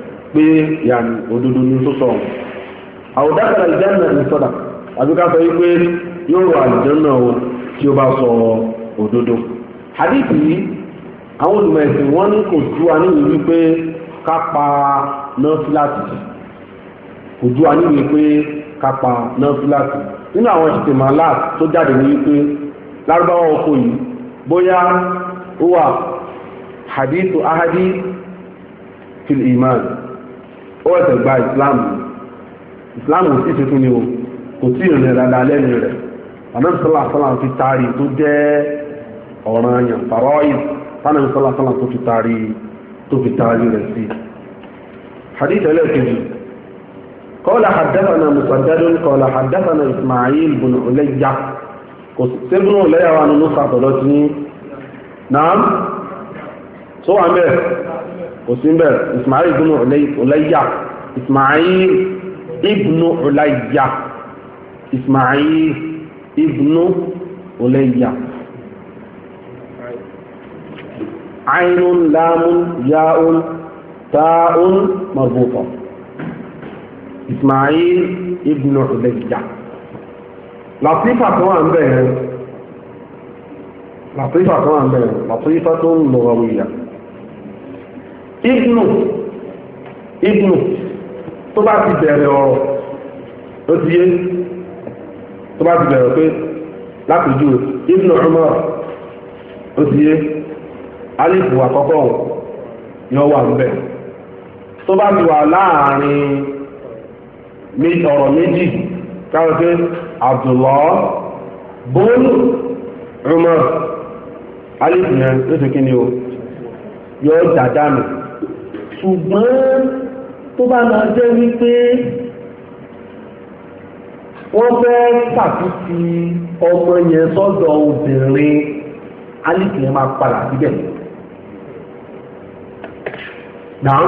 pé yàní òdodo ni tó sọ ọ̀hún àwòdákàlà ìjánu ẹ̀mí sọ́dà àbí ká sọ yí pé yóò rọ àlùjànnà o tí ó bá sọ òdodo yìí wọn ní kò ju wípé ká pa kò ju ká pa nínú àwọn tó jáde ní wípé lárúbáwá ahadi fil ó ẹ̀sẹ̀ gba islam islam ò sí tuntun ni o kò tí ìrìn rẹ̀ dáadáa lẹ́nu rẹ̀ ànábì sọ́lá sọ́lá fi taari tó jẹ́ ọ̀ràn yàn fàrọ́ yìí tánàbì tó fi taari tó fi taari rẹ̀ sí. hadith ẹlẹ́kejì قال حدثنا مسدد قال حدثنا إسماعيل بن عليا سبن عليا وأنا نصع طلتني نعم سو عمي òsínbẹ̀ ismail ibnu ulayya ismail ibnu ulayya ismail ibnu ulayya ainun lamun yaun taun marbuta ismail ibnu ulayya latifa kan wà ń bẹ̀rẹ̀ latifa kan wà ń bẹ̀rẹ̀ latifa tó ń lọ́wọ́ ibnu ibnu tó bá ti bẹ̀rẹ̀ ọ̀rọ̀ ó ti yé tó bá ti bẹ̀rẹ̀ pé látòjú ibnu Umar ó ti yé alifu àkọ́kọ́ yọ wà ń bẹ̀ tó bá ti wà láàrin ọ̀rọ̀ méjì káwọn pé Abdullah bóun Umar alifu yẹn ló ti kí ni o yọ jàdánù. ṣùgbọ́n tó bá lọ jẹ́ wípé wọ́n fẹ́ ọmọ yẹn sọ́dọ̀ obìnrin alìkì máa padà síbẹ̀. Dàm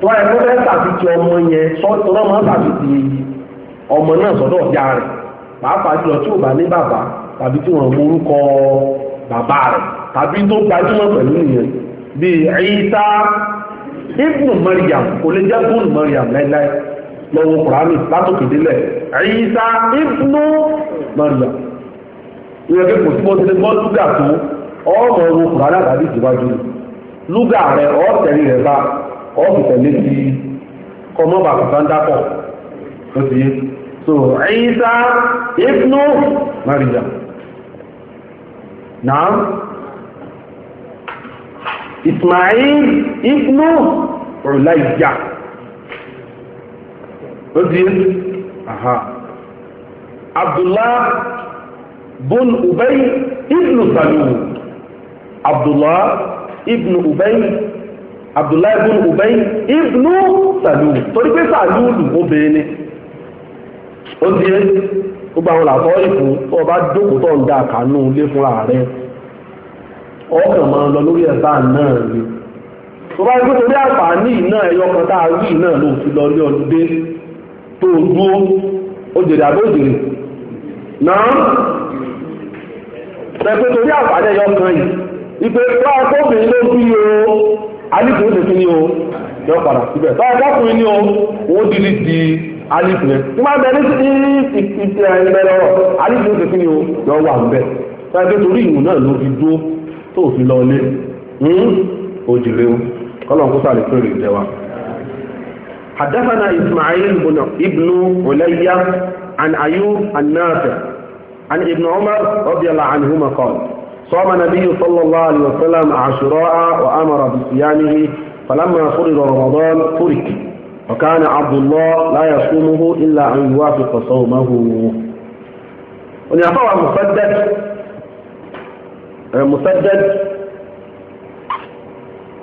tó ẹ fẹ́ ṣàtúnṣe ọmọ yẹn sọ́dọ̀ ọmọ ṣàtúnṣe ọmọ náà sọ́dọ̀ ọ̀yá rẹ̀ pàápàá jùlọ tí ò bá ní bàbá tàbí tí wọ́n morúkọ bàbá rẹ̀ tàbí tó gbajúmọ̀ pẹ̀lú nìyẹn bíi sáà. ibnu mariam kò lè jẹ́ ibnu mariam láíláí lọ́wọ́ kùránì látòkè délẹ̀ Ìsá ibnu mariam ìyẹn pé kò sí mo ti lè gbọ́ lúgà tó ọmọ ọmọ kùránì àtàbí ìtìwájú lúgà rẹ ọ̀tẹ̀rí rẹ bá ọ̀fìtẹ̀lé ti kọmọ́bà kàtàndàpọ̀ tó ti yé so Ìsá ibnu mariam náà Ismail ibnu Ulayya ó di Abdullah bun Ubay ibnu Salul Abdullah ibnu Ubay Abdullah ibnu Ubay ibnu Salul torí pé Salulu obìnrin ni ó di gbogbo àwọn làtọ́ ìfún tó o jókòó tó ń da àkànú ilé fúnra rẹ̀ ọkàn ma lọ lórí ẹ̀bá náà ni tó bá torí ní náà ẹyọ kan tá rí náà ló fi lọ ní tó dúó ó jèrè òjèrè náà torí àǹfààní ẹyọ kan yìí ìpè tó ló o o yọ padà síbẹ̀ tó o di rẹ̀ tí máa ìpìtì ẹ̀yìn bẹ̀rẹ̀ o yọ wà ń torí náà ló fi tó fi lọ lé ojúlé o kọ́lọ̀ kó sàlẹ̀ pé rè jẹ́ wa. حدثنا إسماعيل بن علي عن أيوب النافع عن ابن عمر رضي الله عنهما قال صام النبي صلى الله عليه وسلم عاشوراء وأمر بصيامه فلما فرض رمضان ترك وكان عبد الله لا يصومه إلا أن يوافق صومه ونعطوه مصدق مسدد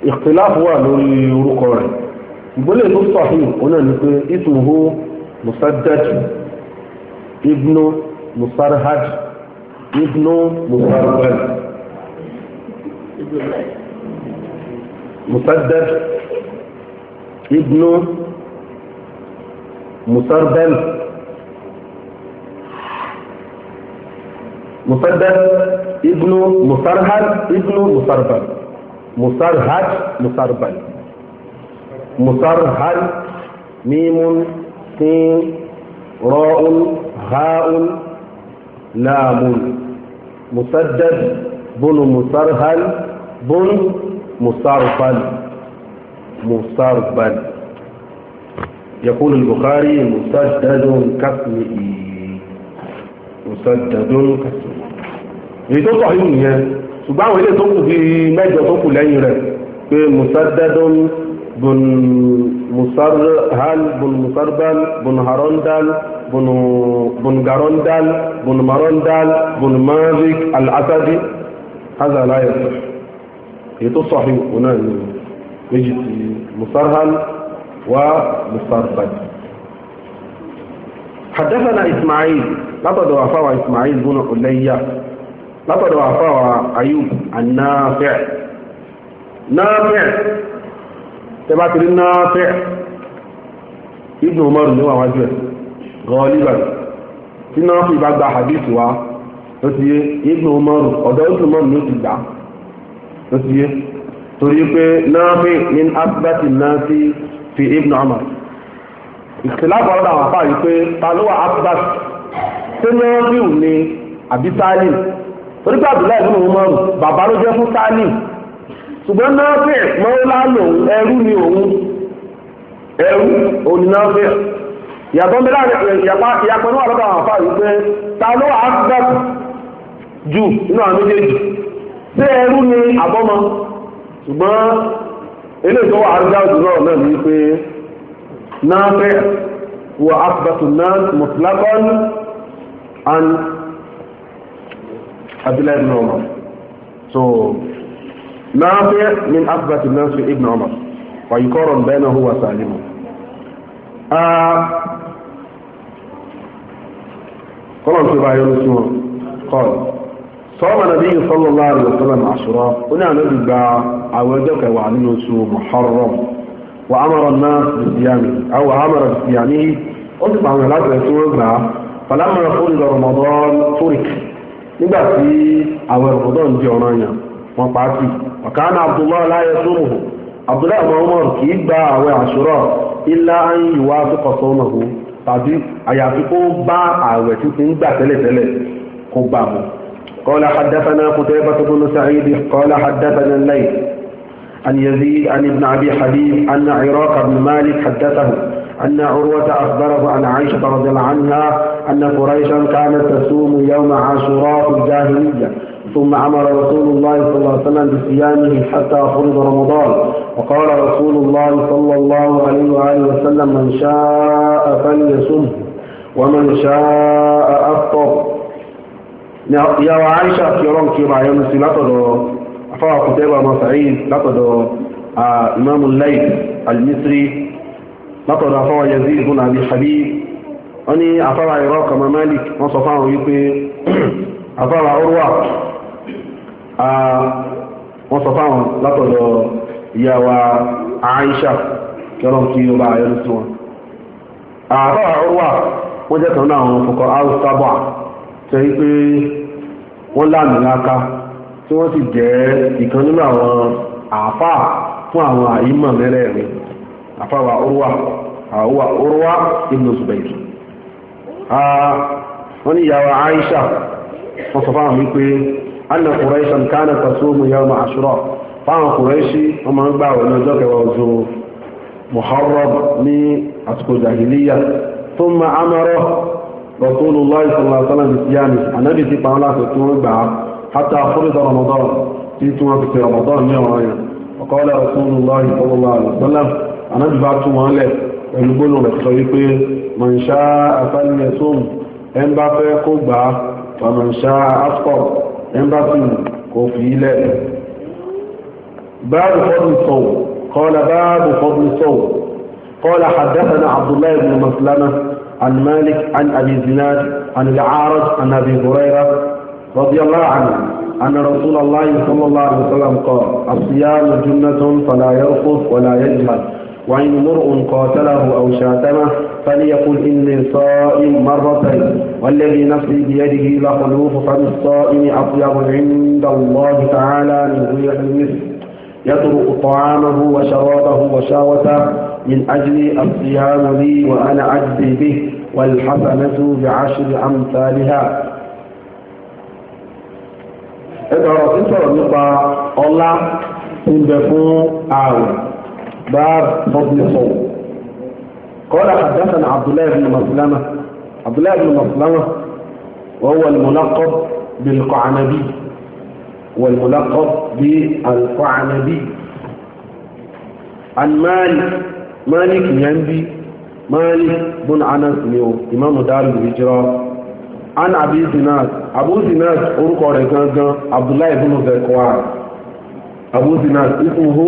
اختلاف هو لوروق ورن يقول له الصحيح هنا نقول اسمه مسدد ابن مصرهج ابن مصرهج مسدد ابن مصرهج مسدد ابن مصرهد ابن مسربل مصرهد مسربل مصرهد ميم سين راء هاء لام مسدد بن مسرهل بن مسربل مسربل يقول البخاري مسدد كاسمه مسدد كثير èyí tó sọ yìí nìyẹn ṣùgbọ́n àwọn ilé tó kù bíi mẹ́jọ tó kù lẹ́yìn rẹ̀ pé musaddadun bun musarhal bun musarbal bun harondal bun bun garondal bun marondal bun mazik al-asadi hazalaya èyí tó sọ yìí òun náà ni méjì ti musarhal wa musarbal. حدثنا إسماعيل لقد وفى إسماعيل بن عليا لقد وفى أيوب النافع نافع تبعت النافع ابن عمر اللي هو وجهه غالبا في نافع بعد حديث وا ابن عمر أو ابن عمر نوتي نوتي torí pé náàfin ní asibati náà sí fi ibn ìtìláfọ̀ ọ̀rọ̀ àwọn afáàrí pé talóhà akbar tí wọ́n rí òun ni àbí sáálì torí pé àbúlá ìlú òun mọ́rùn bàbá ló jẹ́ fún sáálì ṣùgbọ́n náàfẹ́ mọ́lá lòun ẹrú ni òun ẹrú òun ni náàfẹ́ ìyàtọ̀ ń bẹ láàrin ìyàpọ̀ níwà lọ́dọ̀ àwọn afáàrí pé talóhà akbar jù nínú àwọn méjèèjì ṣé ẹrú ni àbọ́mọ ṣùgbọ́n eléyìí tó wà àrùn نافع هو أثبت الناس مطلقا عن عبد الله بن عمر so نافع من أثبت الناس ابن عمر ويقارن بينه وسالمه آه قال في بعض قال صام النبي صلى الله عليه وسلم عشرة هنا نبي باع أوجك وعنه محرم wà á mọ̀rọ̀ náà bìsíyàmì àwọn àmọ̀rọ̀ bìsíyàmì ó sì pàwọn láti rẹ̀ tí wọ́n gbà á fàlámọ̀rọ̀ fún ìlọ rọmọdán tórik nígbà tí àwọn rọmọdán jẹ ọ̀ràn yàn wọn pa á sí ọ̀kánà gba àwẹ̀ àṣúrà ilá قال حدثنا قتيبة بن سعيد قال حدثنا عن يزيد عن ابن أبي حبيب أن عراق بن مالك حدثه أن عروة أخبره عن عائشة رضي الله عنها أن قريشا كانت تصوم يوم عاشوراء في الجاهلية ثم أمر رسول الله صلى الله عليه وسلم بصيامه حتى فرض رمضان وقال رسول الله صلى الله عليه وآله وسلم من شاء فليصمه ومن شاء أفطر يا عائشة في رمضان يمسي afáwà kùtẹ́bà masaid látọ̀dọ̀ imamu laif al-misri látọ̀dọ̀ afáwà yazid ibn abi malik wọ́n sọ fáwọn (clears throat) urwa sọ yawa aisha kẹrọm kí ó bá ayọ́lú sí wọn urwa wọ́n jẹ́ kan náà àwọn tí wọ́n ti jẹ́ ìkan nínú àwọn àáfà fún àwọn àyímọ̀ mẹ́rẹ̀ẹ̀rin àáfà wa orúwà àwọ̀wà orúwà ibn Zubayr wọ́n ní ìyàwó Aisha wọ́n sọ fáwọn wípé anna Quraishan kana tasumu yawma Ashura fáwọn Quraishi wọ́n máa ń gbà wọ́n lọ́jọ́ kẹwàá oṣù حتى فرض رمضان تيتو في رمضان يا رايا وقال رسول الله صلى الله عليه وسلم أنا جبعت مالك ونقول لك من شاء فليصوم إن بقي قبعة ومن شاء أفطر إن بقي كفيلة باب فضل الصوم قال باب فضل الصوم قال حدثنا عبد الله بن مسلمة عن مالك عن أبي زناد عن العارض عن أبي هريرة رضي الله عنه أن رسول الله صلى الله عليه وسلم قال الصيام جنة فلا يرفض ولا يجهل وإن امرؤ قاتله أو شاتمه فليقل إني صائم مرتين والذي نفسي بيده لخلوف فللصائم أطيب عند الله تعالى من ريح المسك يترك طعامه وشرابه وشاوته من أجل الصيام لي وأنا أجزي به والحسنة بعشر أمثالها ẹ̀dọ̀rọ̀ sí sọ̀rọ̀ nípa ọlá tí ń bẹ fún ààrùn bá fọ́bílì sọ̀rọ̀ kọ́lá àdásánà abdullahi bin maslama abdullahi bin maslama wọ́n wọ́n mọ́lákọ́ bilkọ́ anabi wọ́n mọ́lákọ́ bí alkọ́ anabi almali malik yambi malik bin anas ni o imamu darul an abu zinat abu zinat orúkọ rẹ̀ gangan abdullahi ibn abu zinat ismuhu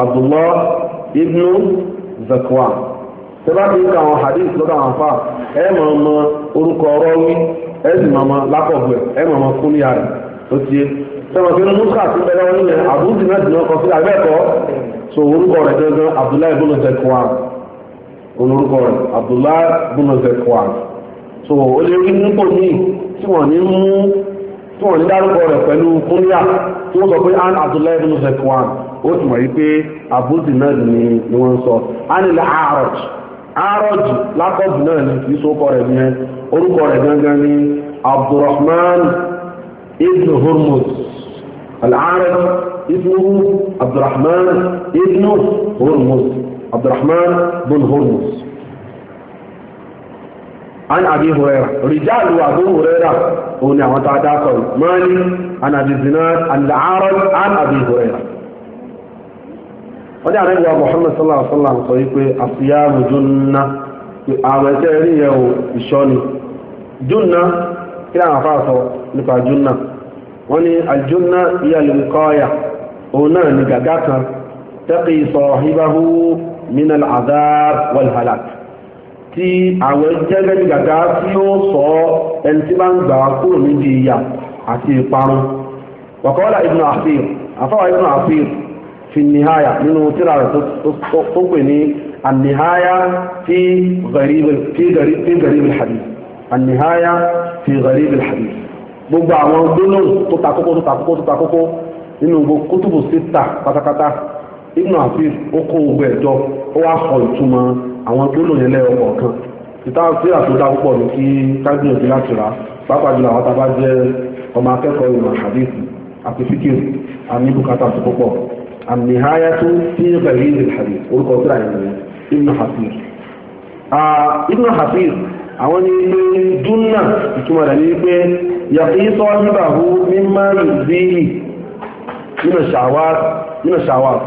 abdullahi ibn zakwan tẹ́lá ń ka àwọn hadith lọ́dọ̀ àwọn afa ẹ máa mọ orúkọ rọ́wí ẹ sì máa mọ lápọ̀gbẹ̀ ẹ máa mọ kúnlẹ̀ rẹ̀ ó ti yé sọ́wọ́n fi nùkà sí nílẹ̀ abu zinat sí so orúkọ gangan abdullahi ibn rẹ̀ abdullahi ibn so ó lè rí nípò míì tí wọ́n ní mú tí wọ́n ní dárúkọ rẹ̀ pẹ̀lú kúnlá tí wọ́n sọ pé an abdullahi bin sekwan ó ti mọ̀ yí pé abúzi náà ni ni wọ́n sọ anilẹ̀ arọj arọj lákọ̀jù náà ni kì í sọ́kọ rẹ̀ ní orúkọ rẹ̀ gangan ni abdulrahman ibn hormuz al-arọj abdulrahman ibn hormuz abdulrahman bin hormuz. عن أبي هريرة رجال أبو هريرة هنا وتعداكم مالي عن أبي الزناد العارض عن أبي هريرة wọ́n ní àrẹ́gbà Muhammad sallallahu alaihi wasallam sọ wípé àfihàn jùnà àwọn ẹ̀tẹ́ rí ẹ̀wò ìṣọ́ni jùnà kí àwọn afá sọ nípa jùnà wọ́n ní àjùnà ìyàlùkọ́yà òun náà ni gàgá kan taqi sahibahu min al-adhab wal halak tí àwẹ̀ jẹ́gẹ́ bí gàgá tí ó sọ ẹni tí bá ń gbà kúrò níbi ìyà àti ìparun wàkọ́ọ́lá ibùn àfíìr àfáwà ibùn àfíìr fi nìháyà nínú tíra rẹ̀ tó pè ní àníháyà fi gàríbìl hadith àníháyà fi gàríbìl hadith gbogbo àwọn gbólóhùn tó takókó tó takókó tó takókó nínú gbogbo kótóbù síta pátápátá ibùn àfíìr ó kó gbogbo ẹ̀jọ ó wá sọ ìtumọ̀ àwọn gbólò yẹn lẹ́yọ kọ̀ọ̀kan ìta síra tó dá púpọ̀ ní kí kágbìyànjú láti ra pàápàá jùlọ àwọn tábà jẹ́ ọmọ akẹ́kọ̀ọ́ ìmọ̀ hadith àti fíkìr àmì bùkátà sí púpọ̀ àmì háyá tó sí pẹ̀lú ìlú hadith orúkọ síra ìrìn ibnu hasir ibnu hasir àwọn ní ilé dúnà ìtumọ̀ rẹ̀ ní pé yàtí sọ nígbà hù mímọ́ ìdílì nínú ṣàwàt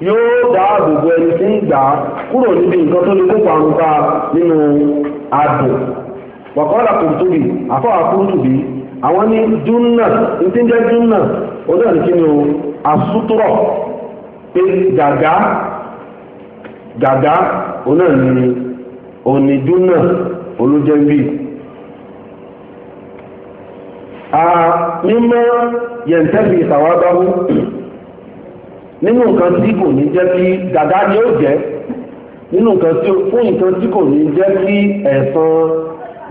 yóò dáàbò gbogbo ẹni tí ń gbà kúrò níbi nǹkan tó lè kópa ń bá nínú adùn wàkọ́lá kùrùtùbì àfọwà kùrùtùbì àwọn ní dúnà ní tí ń jẹ́ dúnà ọjọ́ ní kíni o àsútúrọ̀ pé gàgá gàgá nínú nǹkan tí kò ní jẹ́ kí dàdá ni ó jẹ́ nínú nǹkan tí fún nǹkan tí kò ní jẹ́ kí ẹ̀san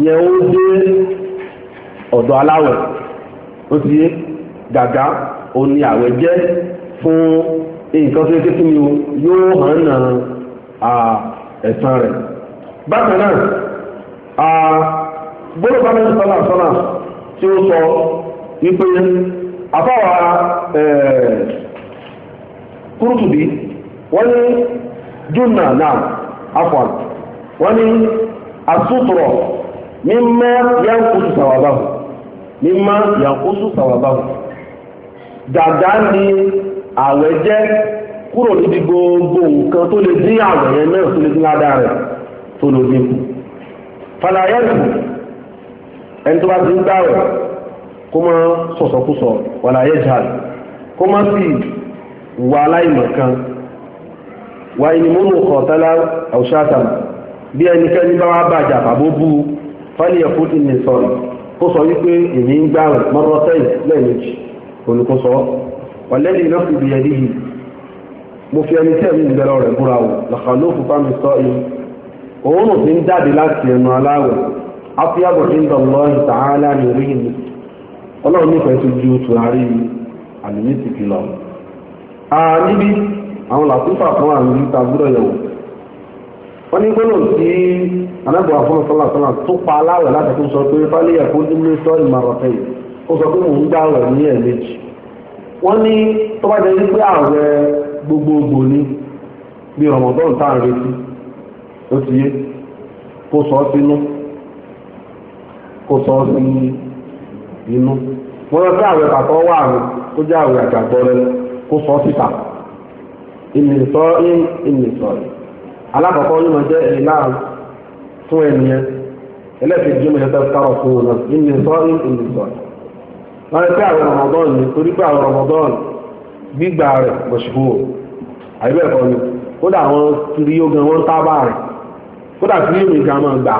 yẹn ó dé ọ̀dọ̀ aláwẹ̀ ó ti yé dàdá ó ní àwẹ̀ jẹ́ fún nǹkan tó yẹ kí ni yóò hàn náà ẹ̀san rẹ̀ bákan náà gbọ́dọ̀ bá mẹ́rin sọ́là sọ́là tí ó sọ wípé afáwa ẹ̀ẹ́ kurtubi wani junna na afọ wani asutura mimma yankusu sawabahu mimma yankusu sawabahu dàdá ni àwẹ̀ gbogbo nǹkan to le dín àwẹ̀ yẹn na tó lè dín ládàá rẹ̀ tó lò dín kù falayẹ́sì ẹni tó bá ti ń gbàwẹ̀ kó má wala aláìmọ̀kan wà ní mọ́mọ́ kọ̀ọ̀tẹ́lá ọ̀ṣátàm bí ẹnikẹ́ni bá wá bàjà àbó bú fálí ẹ̀kún ti lè sọ̀rọ̀ kó sọ wípé èmi ń gbà rẹ̀ mọ́rọ́ sẹ́yìn lẹ́ẹ̀mejì olùkóso wàlẹ́dì fi bìyẹn níyì mo fi ẹni tẹ́ẹ̀mí ìgbẹ́lọ́ rẹ̀ búra o lọ́kànló O mi sọ yìí òórùn ti ń jáde láti tó lọ. níbi àwọn làtúfà fún àwọn ìta gbúdọ̀ yẹ̀wò wọ́n ní gbọ́dọ̀ sí anábọ̀ àfọ́n sọ́làsọ́là tó pa aláwẹ̀ láti fún sọ pé fálẹ́ ẹ̀kọ́ ní mísọ́ ìmọ̀rọ̀fẹ́ ó sọ pé mò ń ní wọ́n ní tó bá jẹ́ pé gbogbogbò ni bí rọ̀mọ̀dọ́n tá ń retí ó ti yé kó sọ kó sọ sí inú wọ́n lọ kó sọ síta ìmìtọ́ ìmìtọ́ alákọ̀ọ́kọ́ yìí máa jẹ́ ẹ̀yìn fún ẹnìyẹn ẹlẹ́sìn jùmọ̀ yẹn tẹ́lẹ̀ fún wọn ìmìtọ́ ìmìtọ́ wọ́n pé àwọn Ramadan ni torí pé àwọn Ramadan gbígbà rẹ̀ bọ̀ṣùkú ni àwọn kiri yóò tábà rẹ̀ máa gbà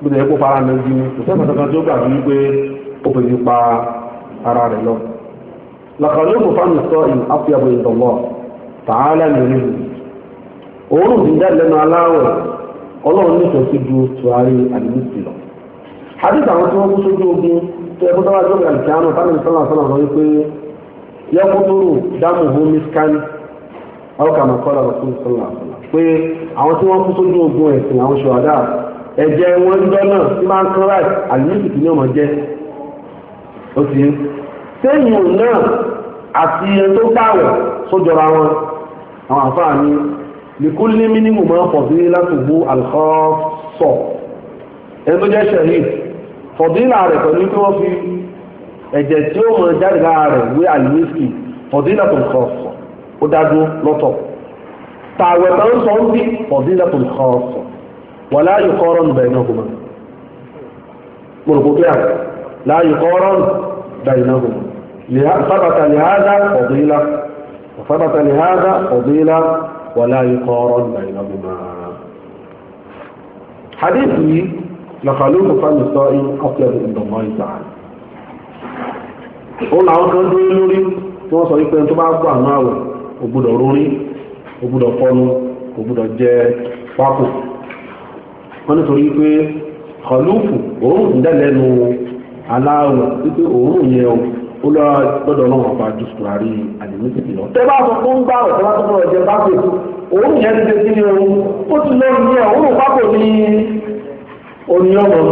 gbọdọ̀ ẹ̀kọ́ fara tó gbà wípé ó ara لقريب طعم الصائم أطيب عند الله تعالى من رزقه òórùn dídá lẹ́nu aláwẹ̀ ọlọ́run nífẹ̀ẹ́ sí ju tùwárí àdìmísì lọ. hadith àwọn tí wọ́n kú sójú ogun tó ẹkú tó wá jọ́ ìgbà ìkíá náà táwọn ìsọ́nà sọ́nà sọ wípé yẹ́kú tó rò dáàmú àwọn tí wọ́n kú sójú ogun ẹ̀sìn àwọn ẹ̀jẹ̀ wọn tí máa ń láì sẹ́yìn náà àti ẹni tó gbàwẹ̀ sójọra wọn àwọn àfáà ní nìkúlé mínimù máa fọ̀dí láti gbó àlùkọ́sọ̀ ẹni tó jẹ́ ṣẹ̀yìn fọ̀dílà rẹ̀ pẹ̀lú pé wọ́n fi ẹ̀jẹ̀ tí ó mọ̀ jáde lára rẹ̀ wé àlùwísì fọ̀dílà tó kọ̀ọ̀sọ̀ ó dájú lọ́tọ̀ tààwẹ̀ tó ń sọ ń bí fọ̀dílà tó kọ̀ọ̀sọ̀ wà láàyè kọ́rọ̀ nù bẹ̀rẹ̀ náà بينهم ثبت لهذا فضيلة وثبت لهذا فضيلة ولا يقارن بينهما حديثي لخلوق فم الصائم أطيب عند الله تعالى ó làwọn kan dúró lórí tí wọ́n sọ wípé tó bá gbà máa wẹ̀ ó gbọ́dọ̀ rórin ó gbọ́dọ̀ fọnu ó gbọ́dọ̀ jẹ pákó wọ́n nítorí pé kọlùfù òun ń dẹ́lẹ́nu aláwọ̀ títí òórùn yẹn o ó lọ gbọ́dọ̀ náà wọ́n bá ju sùkúrárì àdìmísìkì lọ. tẹ́ bá sọ fún gbà ọ̀tẹ́ bá tún ọ̀jẹ̀ bá ní ní ń bọ̀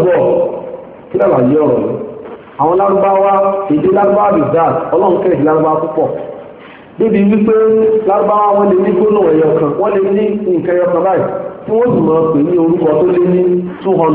kí ọ̀rọ̀ àwọn lárúbáwá èdè lárúbáwá ọlọ́run kẹ́ lárúbáwá púpọ̀ débi wípé lárúbáwá wọn lè ní gbóná ẹ̀yọ kan wọ́n lè ní nǹkan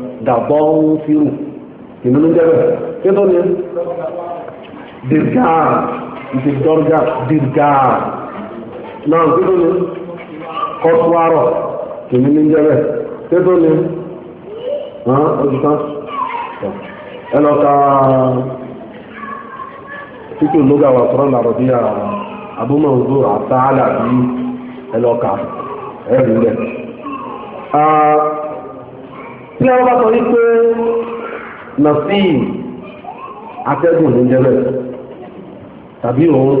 dàbọ̀ ń fírù ìmúlú jẹ́rẹ̀ kí tó ní dirgar ìdìdọ́rgà dirgar náà kí tó ní kọ́tùwárọ̀ ìmúlú jẹ́rẹ̀ kí tó ní ọ̀dùtàn ẹlọ́ta títí ológa wà sọ́rọ̀ làrọ̀ bí abúmọ̀ òdó àtàlà bí ẹlọ́ka ẹ̀rù rẹ̀ tí wọ́n bá sọ wípé nọ̀síì atẹ́gùn ló ń jẹ́ bẹ́ẹ̀ tàbí òun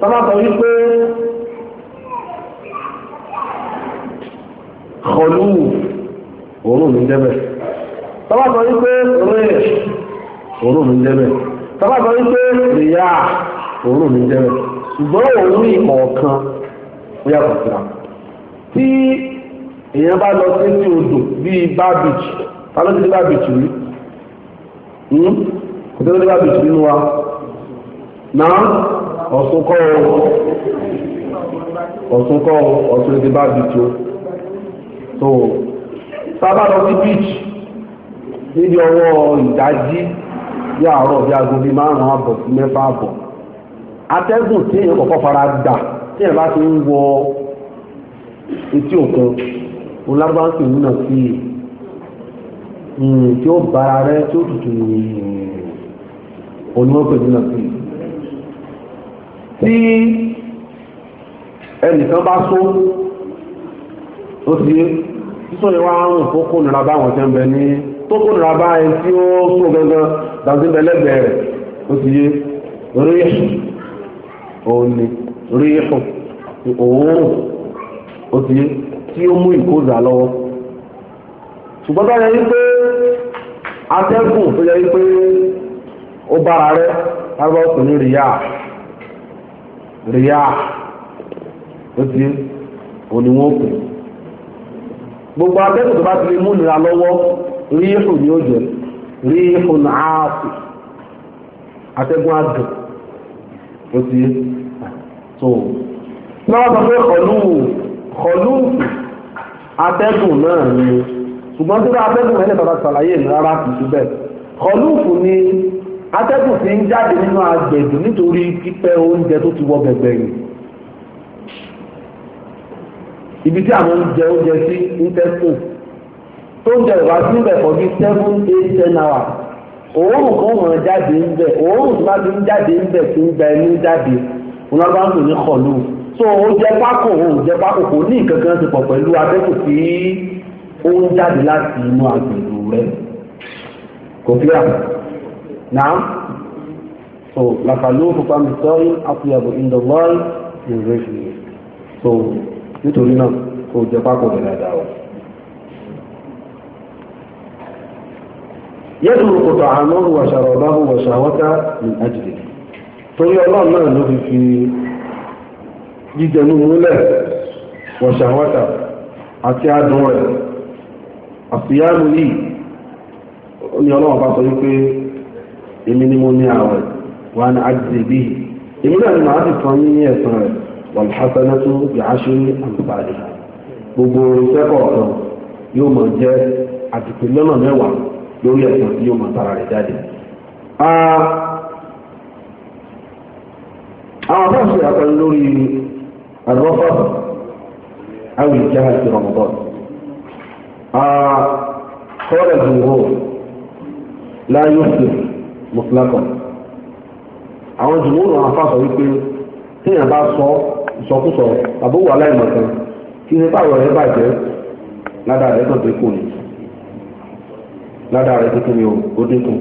tó bá sọ wípé kọlù òun ló ń jẹ́ bẹ́ẹ̀ tó bá sọ wípé rẹ̀ òun ló ń jẹ́ bẹ́ẹ̀ tó bá sọ wípé rìyà òun ló ń jẹ́ bẹ́ẹ̀ ṣùgbọ́n òun ìkọ̀ọ̀kan ó yàtọ̀ síra tí èèyàn bá lọ sí sí odò bíi ta ló ti rí hmm? kò tó dé bábìtì nínú wa náà ọ̀sùn kọ́ o tó sábà lọ sí bíìtì níbi ọwọ́ ìdájí bí àárọ̀ bí aago bíi márùn-ún àbọ̀ sí mẹ́fà àbọ̀ atẹ́gùn tí èèyàn fara gbà tí olágbáńsì múnà sí i hmm, tí ó bára rẹ tí ó tutù onímọ̀pẹ̀ múnà sí i. tí ẹnìkan bá sún ó sì sísọ yẹn wá rùn tó kó nira báwọn tẹ́ ń bẹ ní tó kó nira bá ẹni tí ó sún gangan dàbí bẹlẹ́gbẹ̀ẹ́ rẹ̀ ó sì yé rí òun ni rí òun ó sì yé tí ó mú ìkóza lọ́wọ́ ṣùgbọ́n bẹ́ẹ̀ ni pé atẹ́gùn tó yẹ pé ó bára rẹ lábẹ́ ọkùnrin rìyà rìyà ó ti òní wọn kù gbogbo atẹ́gùn tó bá ti lè mú ìnira lọ́wọ́ rí ìhùn ní òjò rí ìhùn ààfù atẹ́gùn àdùn ó ti tó. Lọ́wọ́ sọ pé kọ̀lú kọ̀lú atẹ́gùn náà ni ṣùgbọ́n tó bá atẹ́gùn ẹni bàbá ṣàlàyé mi rárá kì í síbẹ̀ kọlùfù ni atẹ́gùn fi ń jáde nínú agbẹ̀dù nítorí pípẹ́ oúnjẹ tó ti wọ bẹ̀gbẹ̀ yìí ibi tí àwọn oúnjẹ oúnjẹ sí ń tẹ́kù tó ń jẹ ìwà síbẹ̀ for bí seven eight ten hours òórùn kan wọn jáde ń bẹ̀ òórùn tó bá ti ń jáde ń bẹ̀ tó ń gba ẹni jáde wọn bá ń lò ní kọlùfù so ó jẹ pákó ó jẹ pákó kò ní nǹkan kan ti pọ̀ pẹ̀lú atẹ́kùn tí ó ń jáde láti inú agbègbè rẹ kò fíra náà so làfàlú fúnpa mi sọ́rí àfihàn ìdọ̀gbọ́rí ìrẹsì so nítorí náà kò jẹ pákó rẹ dáadáa o. يترك طعامه وشرابه وشهوته من أجله torí ọlọ́run náà ló fi fi jíjẹ mímú lẹ̀ àti adùn rẹ̀ àfihàn yìí ó ní ọlọ́wọ́ bá sọ wípé èmi ni mo ní àwẹ̀ wà ní àjíjẹ bí èmi náà ni màá sì tán ní ẹ̀sán rẹ̀ wàlúhàsánátú ní àmìbàdì gbogbo ìṣẹ́kọ̀ ọ̀tàn yóò mọ̀ jẹ́ àtìpé lọ́nà mẹ́wàá lórí ẹ̀sán tí yóò mọ̀ tara rẹ̀ jáde ah, àwọn bá ṣe lórí الرفض أو الجهل في رمضان قال الجمهور لا يسلم مطلقا àwọn jùmọ̀rún àwọn afáàsọ wípé téèyàn bá sọ ìsọkúsọ àbówò aláìmọ̀kan kí ní báwọ̀ rẹ̀ bàjẹ́ ládàá rẹ̀ tó dínkù ni ládàá rẹ̀ dínkù ni ó dínkù.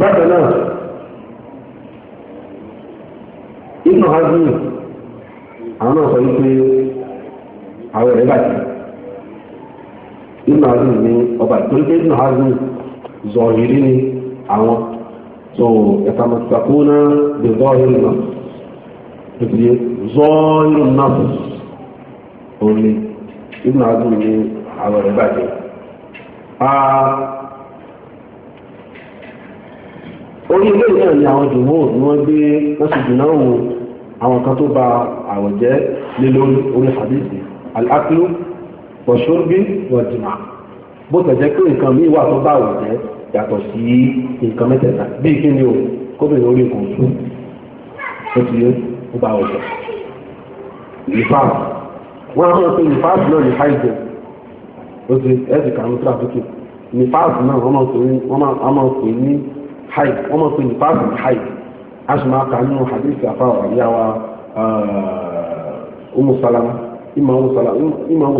bákan náà inú hasan àwọn náà sọ wípé àwọn ẹ̀rẹ́ bàjẹ́ inú hasan ní ọba ìpínlẹ̀ pé inú hasan ni àwọn tó ẹ̀fàmọ̀tàkó náà lè zọ̀hìrì náà ìpìlẹ̀ zọ̀hìrì náà òní inú hasan ní àwọn ẹ̀rẹ́ bàjẹ́ orí ilé náà ni àwọn jùmọ̀ ni wọ́n gbé wọ́n sì jù náà wò àwọn kan tó ba àwẹ̀ jẹ́ lé lórí orí hadithi al-aklu wa shurbi wa jima bó tẹ̀jẹ́ pé nǹkan míì wà tó bá àwẹ̀ jẹ́ yàtọ̀ sí nǹkan mẹ́tẹ̀ẹ̀ta bí kí ni o kóbìnrin orí kò sùn ó ti yé ó bá àwẹ̀ jẹ́ nìfàs wọ́n á máa pe nìfàs náà ní haidu a sì máa kà nínú hadith àfáwà wa umu salama ima umu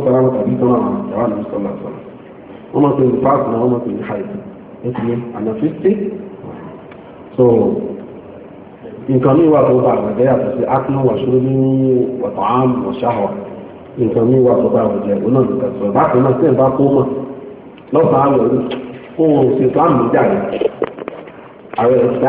salama tàbí tọ́nà àwọn ìyàwó àti sọ́lá sọ́lá wọ́n máa pè ní fáàkì náà wọ́n máa pè ní so nkan mi wà ni mi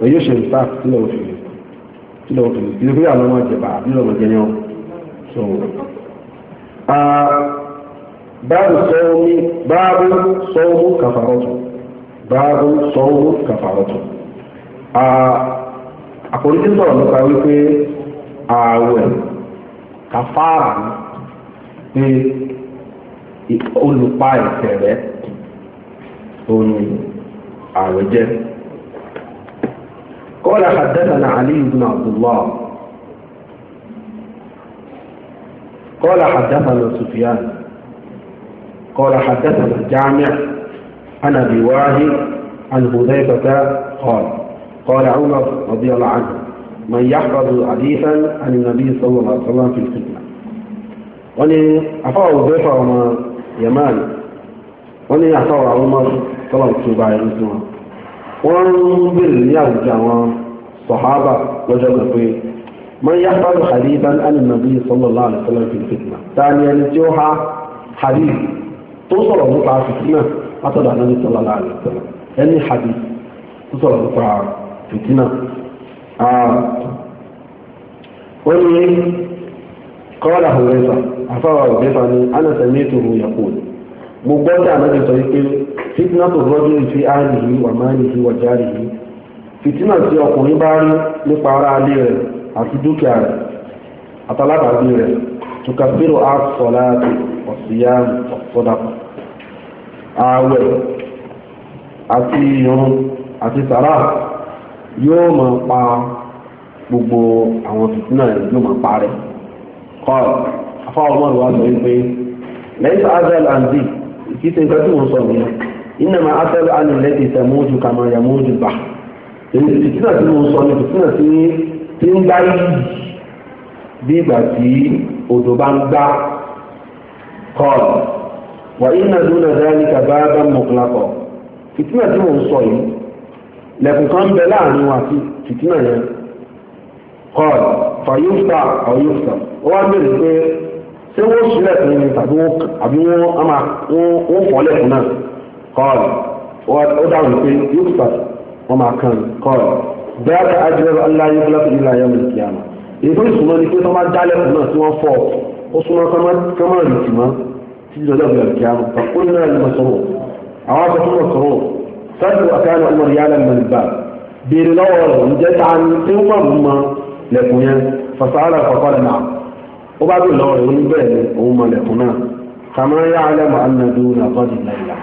ẹ yóò ṣe nfàk sílẹ̀ òfin sílẹ̀ òfin ìdílé pé àwọn ọmọ jẹba nílò ọmọ jẹ ní ọ so. báàbù sọ́ọ́mù báàbù sọ́ọ́mù kàfàrọ́tù báàbù sọ́ọ́mù kàfàrọ́tù. àkòrí tí sọ̀rọ̀ nípa wípé ààwẹ̀ kàfàrà pé olùpa ẹ̀ṣẹ̀ rẹ̀ òun ààwẹ̀ jẹ́. قال حدثنا علي بن عبد الله قال حدثنا سفيان قال حدثنا الجامع عن ابي واهب عن هذيبة قال قال عمر رضي الله عنه من يحفظ حديثا عن النبي صلى الله عليه وسلم في الفتنة وني أفا حذيفة وما يمان وني أفا عمر صلى الله عليه وسلم wọ́n ń bèèrè ní àwùjọ àwọn sọ̀hábà lọ́jọ́ kan pé man yahfazu hadithan an nabi sallallahu alaihi wasallam fi fitna tani ẹni tí ó ha hadith tó sọ̀rọ̀ nípa fìtínà látọ̀dọ̀ ànábi sallallahu alaihi wasallam ẹni hadith tó sọ̀rọ̀ nípa fìtínà wọ́n ní qala Hudayfa àfáwà Hudayfa ni ana sami'tuhu yaqul mo gbọ́ tí ànábì sọ wípé fitna tó rọ́jú fi áàlì yìí wà máa ń yìí wà járe yìí fitna tí ọkùnrin bá rí nípa ara alé rẹ̀ àti dúkìá rẹ̀ àtàlábàbí rẹ̀ tukàfírò àsọ̀láàtì ọ̀sìyáàmù ọ̀sọ́dàpọ̀ ààwẹ̀ àti ìrun àti sàrà yóò máa pa gbogbo àwọn fìtínà rẹ̀ yóò máa pa rẹ̀ kọ́ afáwọn ọmọ rẹ̀ wá sọ wípé lẹ́yìn àzẹ́l àǹdí ìkíṣe nǹkan tí wọ́n sọ nìyẹn iná máa afẹ́rẹ́ alùlẹ̀ ti tẹ̀ mójú kà máa yà mójú bà èyí fìtínà tí wọ́n sọ ni fìtínà tí tí ń gbá yìí bí ìgbà tí odò bá ń gbá kọ́ọ̀lù wà iná dúnà dáálì kàbá bá mọ̀kúlákọ̀ fìtínà tí wọ́n sọ yìí lẹ́kùn kan bẹ láàrin wa sí fìtínà yẹn kọ́ọ̀lù fàyọ́fà ọ̀yọ́fà ó wá bẹ̀rẹ̀ pé ṣé wọ́n sílẹ̀ fún mi tàbí wọ́n ama wọ́n fọ́lẹ̀ fún náà kọ́ọ̀lù ó dáhùn pé yóò fà wọ́n máa kàn kọ́ọ̀lù bẹ́ẹ̀ ká ajẹ́rọ aláyé fúlẹ́fù nílà ayé mi kì í àná èyí ìsúná ni pé tọ́mọ dálẹ̀ fún náà tí wọ́n fọ́ ó súná kọ́mọ rì jùmọ́ títí lọ́jọ́ mi kì í àná kó ní náà ni mo ó bá dùn lọ́rọ̀ rẹ̀ oníbẹ̀ ni òun mọ̀lẹ̀kùn náà kàmọ́ yá alẹ́mọ̀ anadu nàkọ́dì láìla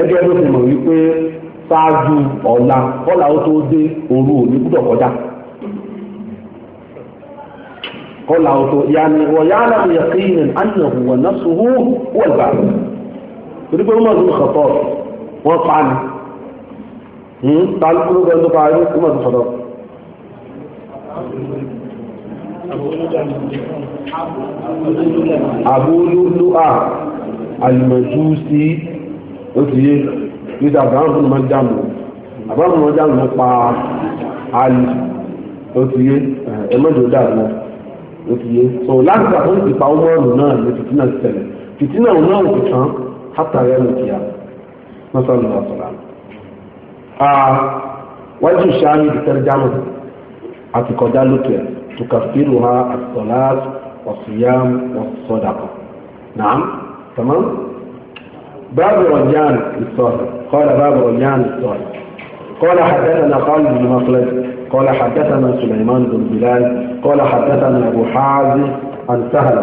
ẹgbẹ́ ló ti mọ̀ wípé ṣáájú ọ̀la kọ́là ó tó dé òru òní gbúdọ̀ kọjá kọ́là ó tó yá ni wọ̀ yá alẹ́mọ̀ yẹ̀kíyìn ánìyànwó wọ̀ náà sùn hú gbà torí pé wọ́n mọ̀ sọ̀tọ̀ wọ́n pa ni hmm? tálùkù ló gbẹ́ tó pa ayé wọ́n sọ̀tọ̀ abúlúlúà alìmọ̀júsí ó ti yé nígbà àbáwọn fún ọmọ jàmù àbáwọn ọmọ jàmù nípa alì ó ti yé ẹmọ́jọ dàgbà ó ti yé so láti àtúntò ìpa ọmọ ọ̀rùn náà ní fìtínà ṣẹlẹ̀ fìtínà ọ̀rùn náà ti tán hátàrí ẹnu kìá mọ́sálù àtọ̀là wájú sáà ní ìtẹ́rẹ́jámù àti kọjá lókè ẹ̀. تكفرها الصلاة والصيام والصدقة نعم تمام باب رجان الصالح قال باب رجان الصالح قال حدثنا خالد بن مخلد قال حدثنا سليمان بن بلال قال حدثنا أبو حازم عن سهل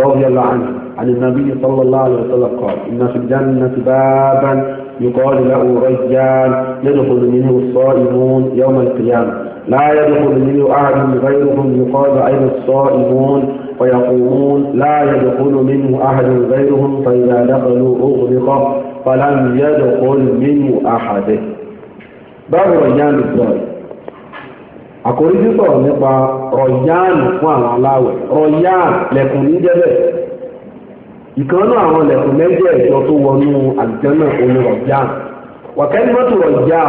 رضي الله عنه عن النبي صلى الله عليه وسلم قال إن في الجنة بابا يقال له رجال يدخل منه الصائمون يوم القيامة لا يدخل منه أحد غيرهم يقال أين الصائمون ويقولون لا يدخل منه أحد غيرهم فإذا دخلوا أغلق فلم يدخل منه أحد باب رجال الصائم àkòrí sísọ̀rọ̀ nípa rọ̀yán fún àwọn aláwẹ̀ rọ̀yán lẹ̀kùn ìkànnà àwọn ẹ̀kọ́ mẹ́jọ ẹ̀jọ́ tó wọnú àlùjànnà òun rọ̀jà wàkẹ́lẹ́mọ́tò rọ̀jà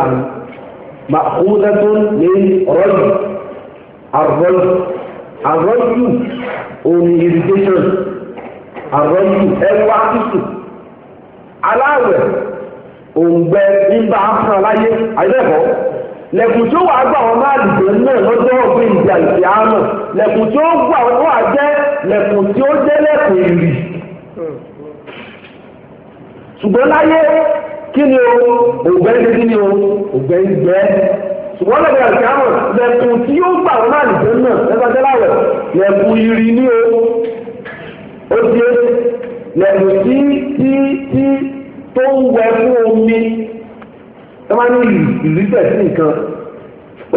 màkúndẹ́tún ní rọ́jù àrọ́jù àrọ́jù òun irrigation àrọ́jù ẹwà tútù aláwẹ̀ òǹgbẹ nígbà afro aláyé àyẹ̀kọ́ lẹ́kùn tó wàá gbà wọn máa dìbò náà lọ́jọ́ ọ̀gbìn ìdí àìsí àmọ̀ lẹ́kùn tó gbà wọn wà jẹ́ lẹ́kùn tí ó jẹ́ lẹ́kùn ìrì ṣùgbọ́n láyé kí ni o ògbẹ́ ní kí ni o ògbẹ́ ń gbẹ́ ṣùgbọ́n lẹ́gbẹ̀ẹ́ àti àwọn lẹ́kùn tí yóò gbà wọn náà nìkan náà lẹ́gbẹ̀ẹ́ láwẹ̀ lẹ́kùn ìrì ní o ó ti é lẹ́kùn tí tí tí tó ń wẹ fún omi ẹ ní ìrì bẹ̀ sí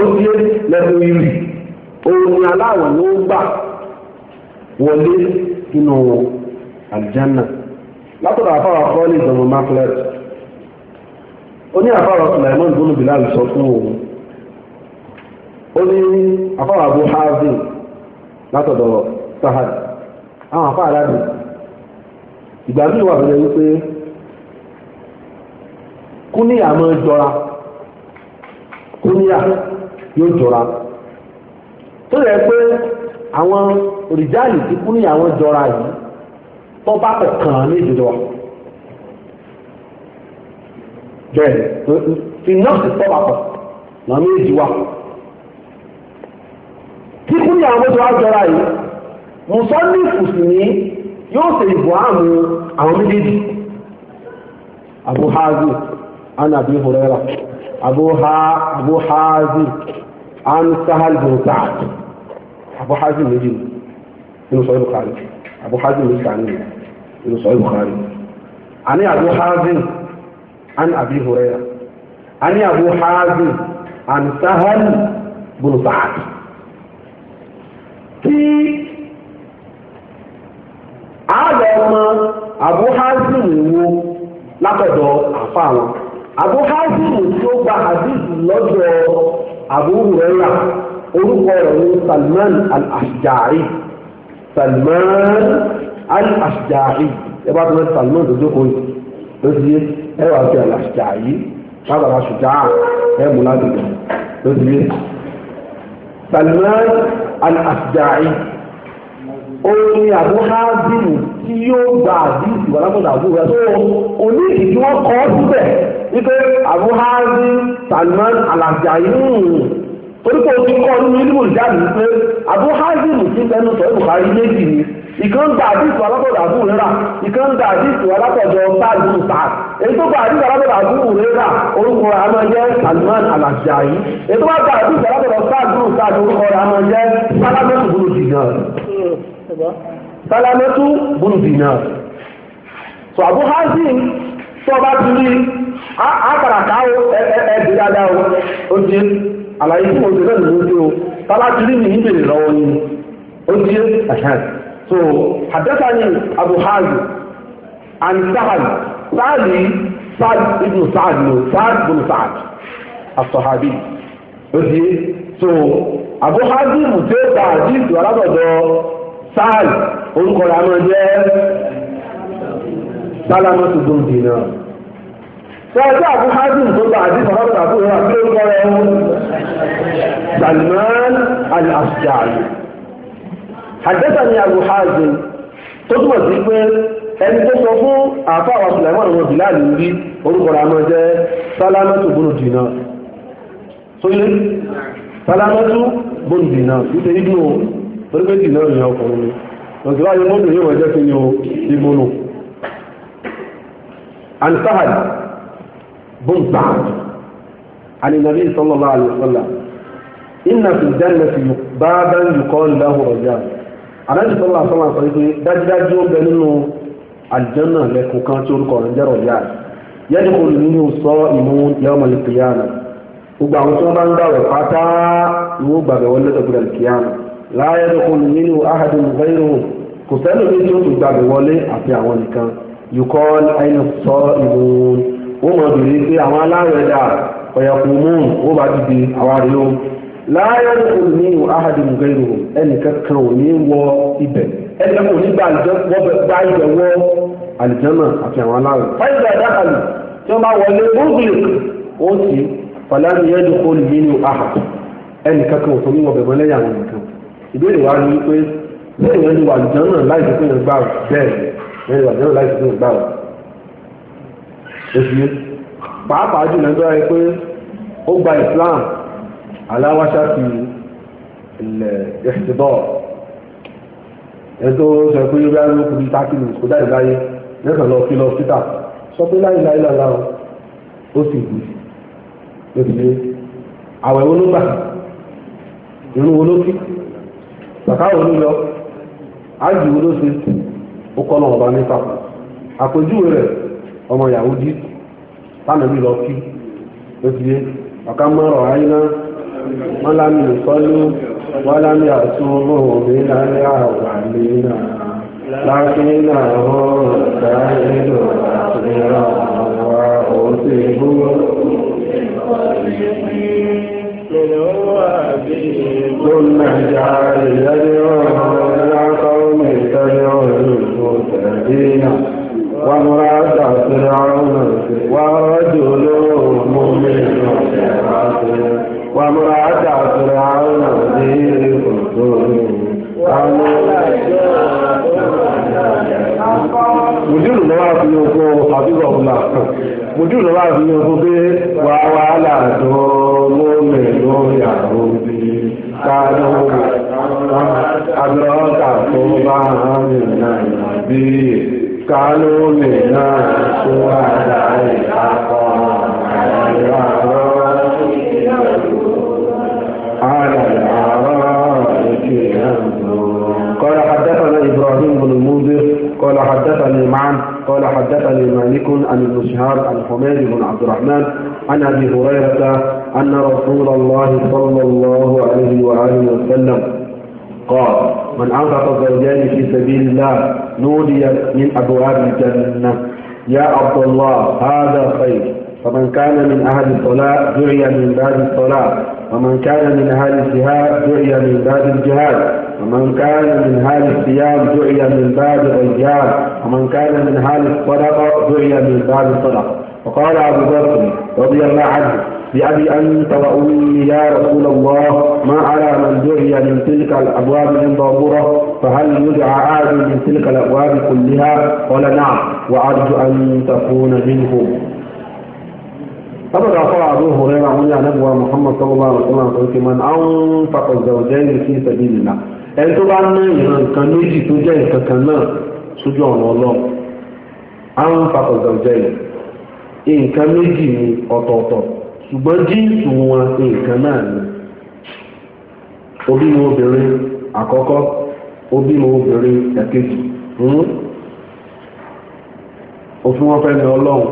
ó ti é lẹ́kùn ìrì òun aláwọ̀ ló ń gbà wọlé nínú àlùjánnà látọ̀dọ̀ àfáwà kọ́lé ìdánwò maclet ó ní àfáwà Sulaiman gbónú Bilal sọ fún òun ó ní àfáwà Abu Hazim látọ̀dọ̀ Sahad àwọn àfáà aládùn ìgbà míì wà bẹ̀rẹ̀ wípé kúníyà máa ń jọra kúníyà yóò jọra tó yẹ pé àwọn òrìjáàlì tí kúníyà wọn jọra yìí tó bá kọ̀ kàn án ní ìdúró bẹ́ẹ̀ fi nọ́ọ̀sì tó bá kọ̀ náà ní ìdí wa kíkú ní àwọn tó wá jọra yìí yóò ṣe Abu Hazi ana Abi Hurairah Abu ha an Abu méjì nínú sọ́yìn abu hazin ló sàn ní inú sọ bukhari a ní abu hazin an abi huraira a ní abu hazin an sahal bin sa'ad tí a lọ mọ abu hazin wo látọ̀dọ̀ àfa wọn abu hazin tí ó gba hadith lọ́dọ̀ abu huraira orúkọ rẹ̀ ní salman al-ashjari. Salman al-Ashja'i ẹ bá tó lọ Salman tó jókòó yìí ló ti yé ẹ wà al-Ashja'i bàbá wa ṣùjá ẹ mú ládùúgbò ló ti yé Salman al-Ashja'i orin àbú hábìlì tí yóò gba àdìsí wà lábọ̀dà àbúrò rẹ̀ tó oní ìdíwọ́ kọ́ síbẹ̀ wípé àbú hábìlì Salman al-Ashja'i orúkọ ti kọ́ nínú ilé ìjáde pé Abu Hazim ti tẹnu sọ Bukhari méjì ni ìkan gba àdìsù alábọ̀dọ̀ Abu Hurairah ìkan gba àdìsù alábọ̀dọ̀ báàdù sáà èyí tó gba àdìsù alábọ̀dọ̀ Abu Hurairah orúkọ rẹ̀ àmọ́ jẹ́ Salman Al-Ajja'i èyí tó bá gba àdìsù alábọ̀dọ̀ báàdù sáà orúkọ rẹ̀ àmọ́ jẹ́ Salamatu bunu Dinar Salamatu bunu Dinar sọ Abu Hazim tó bá ti rí àkàràkà ẹ̀ẹ́dì dáadáa ó ti àlàyé fún oṣù náà ló dé o tábà so àdẹ́ta Abu and Sahal sáàlì Sa'd ibn Sa'd ló Sa'd ibn Sa'd as so Abu Hazim tó ta àdìsù alábọ̀dọ̀ Sahal orúkọ rẹ̀ a jẹ́ sálámà gbòǹdì Sọ́jọ́ àbú Hásìm tó gba àdí sọ̀rọ̀tà tó rà tó ń kọ́rọ̀ ẹ̀hún. Salman al-Asjari. Àdẹ́sà ni àbú Hásìm tó túmọ̀ sí pé ẹni tó sọ fún àfáà wa Sulaiman wọn Bilal rí orúkọ rẹ̀ àmọ́ jẹ́ Sálámẹ́tù bónú dìínà. Sóyè Sálámẹ́tù bónú dìínà wípé nínú orí pé dìínà ọkùnrin ni. Òṣèlú ayé yóò wọ́n jẹ́ sí ni o ìgbónú. Àǹtáhàdì بن سعد عن النبي صلى الله عليه وسلم إن في الجنة بابا يقال له رجال النبي صلى الله عليه وسلم قال dájúdájú ó bẹ nínú àlùjànnà lẹ́kùn kan tí orúkọ rẹ̀ ń jẹ́ Rajal yadkhulu minhu as-sa'imun yawm al-qiyamah gbogbo àwọn tí wọ́n bá ń gbàwẹ̀ pátá ni wọ́n gbàgbẹ́ wọlé lọ́dọ̀ al-qiyamah la yadkhulu minhu ahadun ghayruhum kò sẹ́nu méjì ó tún gbàgbẹ́ wọlé àti àwọn nìkan yuqal ayna as-sa'imun wọ́n mọ̀ bèrè pé àwọn aláwẹ̀ dà ọ̀yàkù mọ́ọ̀n ó bá dìde àwa rèé o láyé òní ò áhàdì mùgẹ́rù ò ní wọ ibẹ̀ ẹnìkan kò ní gba wọ àlìjánà àti àwọn aláwẹ̀. fáyidà dáhàlì tí wọ́n bá wọlé bóbìlì ó sì fàlànà yẹn dùkọ́ nínú àhàdì ẹnìkankan ò tó ní wọbẹ̀ mọ́lẹ́ yàrá nìkan. ìbéèrè wa ni bẹ́ẹ̀ wà láì gbà bẹ́ẹ̀ wà láì òsì pàápàá jùlọ ń bẹ́rẹ̀ pé ó gba Islam aláwáṣá ti ilẹ̀ ìṣẹ̀dọ̀ ẹ̀tọ́ sọ pé yóò bá ń kú bí tákìlì dáì láyé lẹ́sàn lọ kí lọ síta sọ pé ó sì àwẹ̀ wo ló gbà wo ló kí wo ló yọ ájì wo ló ṣe ọmọ yahudi tánàbí lọ kí ó ti yé ọ̀ká mọ́rọ̀ àyíná wọ́n lámì ìsọ́lú wọ́n lámì àtúnwò mi lálẹ́ àwọn àmì náà láti náà wọ́n dáhìlò àtúnyẹ̀rọ àwọn òsè bú. ثم جعل يدعو إلى قوم تبعوا المهتدين وامرأة فرعون ورجل مؤمن وامرأة فرعون ذي قدر mùdírù lọ́wọ́ àfihàn oko àbíbọ̀ ọ̀la mùdírù lọ́wọ́ àfihàn oko pé wà wàhálà bí tó bá hàn mí náà bí كانوا من الشهداء حقا قال حدثنا إبراهيم بن المنذر قال حدثني معا قال حدثني مالك عن ابن شهاب عن حميد بن عبد الرحمن عن أبي هريرة أن رسول الله صلى الله عليه وآله وسلم قال من أنفق زوجين في سبيل الله نودي من أبواب الجنة يا عبد الله هذا خير فمن كان من أهل الصلاة دعي من باب الصلاة ومن كان من أهل الجهاد دعي من باب الجهاد ومن كان من أهل الصيام دعي من باب الرجال ومن كان من أهل الصدقة دعي من باب الصدقة وقال أبو بكر رضي الله عنه بأبي أنت وأمي يا رسول الله ما على من دعي من تلك الأبواب من ضابرة فهل يدعى عاد من تلك الأبواب كلها قال نعم وأرجو أن تكون منهم طبعا قال أبو هريرة عن نبوة محمد صلى الله عليه وسلم من أنفق الزوجين في سبيل الله ẹni tó bá ná ìran kan méjì tó jẹ́ nǹkan kan náà sójú ọ̀nà ọlọ́run àwọn fàkọ̀dọ̀ jẹ́ nǹkan méjì ní ọ̀tọ̀ọ̀tọ̀ ṣùgbọ́n jíǹsì wọn nǹkan náà ni obìnrin obìnrin àkọ́kọ́ obìnrin obìnrin ẹ̀kejì òfin hmm? wọn fẹ́ ní ọlọ́run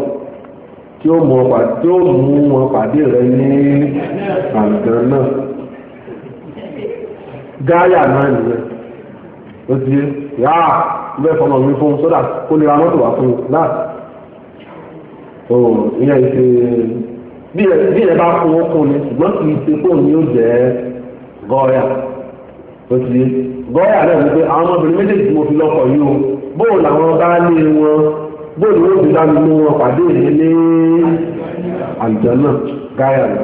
tí ó mú wọn pàdé rẹ ní àgbọn náà gáyà náà nìyẹn ó ti yá bẹ́ẹ̀ fọmọ mi fún sódà kó lè ra mọ́tò wá fún un náà ìyẹn ìṣe bí ẹ bá kún okun ni ṣùgbọ́n kì í ṣe fóun ni ó jẹ́ gọ́ọ̀yà ó ti gọ́ọ̀yà náà ni pé àwọn ọmọbìnrin méjèèjì mo fi lọ́kọ̀ yìí o bóò làwọn bá lé wọn bóò ni wọ́n ti dá mi mú wọn pàdé mi ní àjọ náà gáyà lọ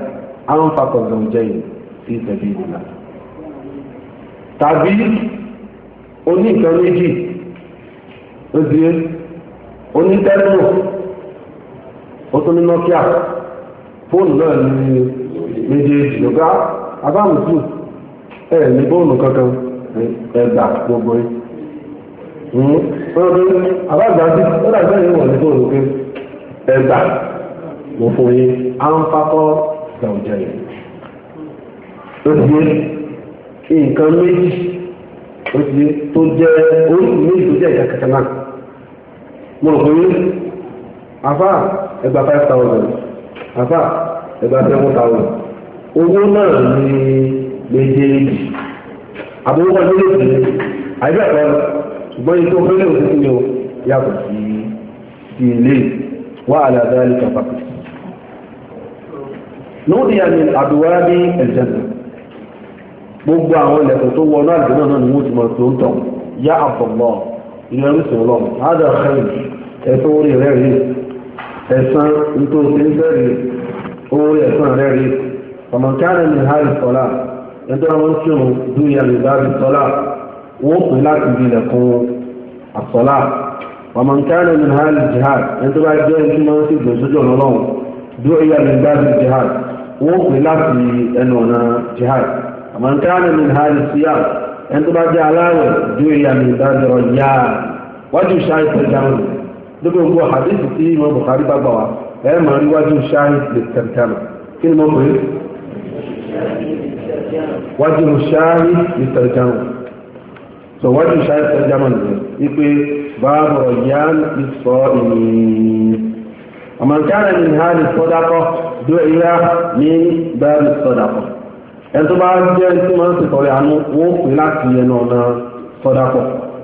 àwọn fakọ̀ gan jẹ́ yìí sí ìtẹ̀bí ìdìlá tàbí oní nǹkan méjì ó ti onítẹ́lùmọ̀ ó tún ní nọ́kíà fóònù náà ní méjèèjì lọ́gá abáàmùtù ẹ̀ ní fóònù kankan ẹ̀gbà gbogbo yìí ọ̀rọ̀dún abáàgbàdì ó dàgbà yìí wọ̀ ní fóònù pé ẹ̀gbà mo fún yín á ń fakọ́ gbàùjẹ yìí ó ti yé nǹkan méjì ó ti yé tó jẹ́ oríṣi méjì tó jẹ́ ìjà kẹta náà mo rò pé àfáà ẹgbà five thousand àfà ẹgbàá seven thousand owó náà ní méjèèjì àbúrò wọn méjèèjì àìbẹ̀ kọ́ ṣùgbọ́n yìí tó fẹ́lẹ̀ òkú ni o yàtọ̀ sí sí ilé wàhálà dáálì kàfàkì. lóòdì àmì àdúrà ní ẹ̀jẹ̀dẹ̀ gbogbo àwọn ilẹ̀kùn tó wọnú àdúrà náà ni wọ́n ti mọ̀ tó ń tọ̀ yá àbọ̀mọ́ ìrẹ́rùsìn ọlọ́run á dà ẹ̀sán nítorí ṣe ń bẹ̀rẹ̀ orí ẹ̀sán rẹ̀ rí ọmọ kíára ní harry sọlá ẹjọ́ wọn tí òun dúyà lè bá rí sọlá wọ́n pè láti di ilẹ̀kùn àsọlá ọmọ kíára ní harry jihad ẹjọ́ bá jẹ́ ẹjú máa ń sì gbèsè jọ lọ́wọ́ dúyà lè bá rí jihad wọ́n pè láti ẹnu ọ̀nà jihad ọmọ ní harry siyam ẹjọ́ bá jẹ́ aláwẹ̀ dúyà lè bá rí ọjà wájú ṣáà lóbi gbogbo hadith tí wọn bùkárí bá gbà wá ẹ máa rí wájú ṣáhid lè tẹ̀rẹ̀tẹ̀rẹ̀ kí ni mo pè é wájú ṣáhid lè tẹ̀rẹ̀tẹ̀rẹ̀ so wájú ṣáhid tẹ̀rẹ̀tẹ̀rẹ̀ nìyẹn wípé báàbọ̀ yán ìsọ ìrìn àmọ̀kánà ní hàn ìsọdakọ̀ dó ìyá ní báàbí ìsọdakọ̀ ẹ tó bá jẹ́ tí wọ́n ń sèkọ̀rẹ́ àánú wọ́n pè láti ẹnu ọ̀nà sọdakọ̀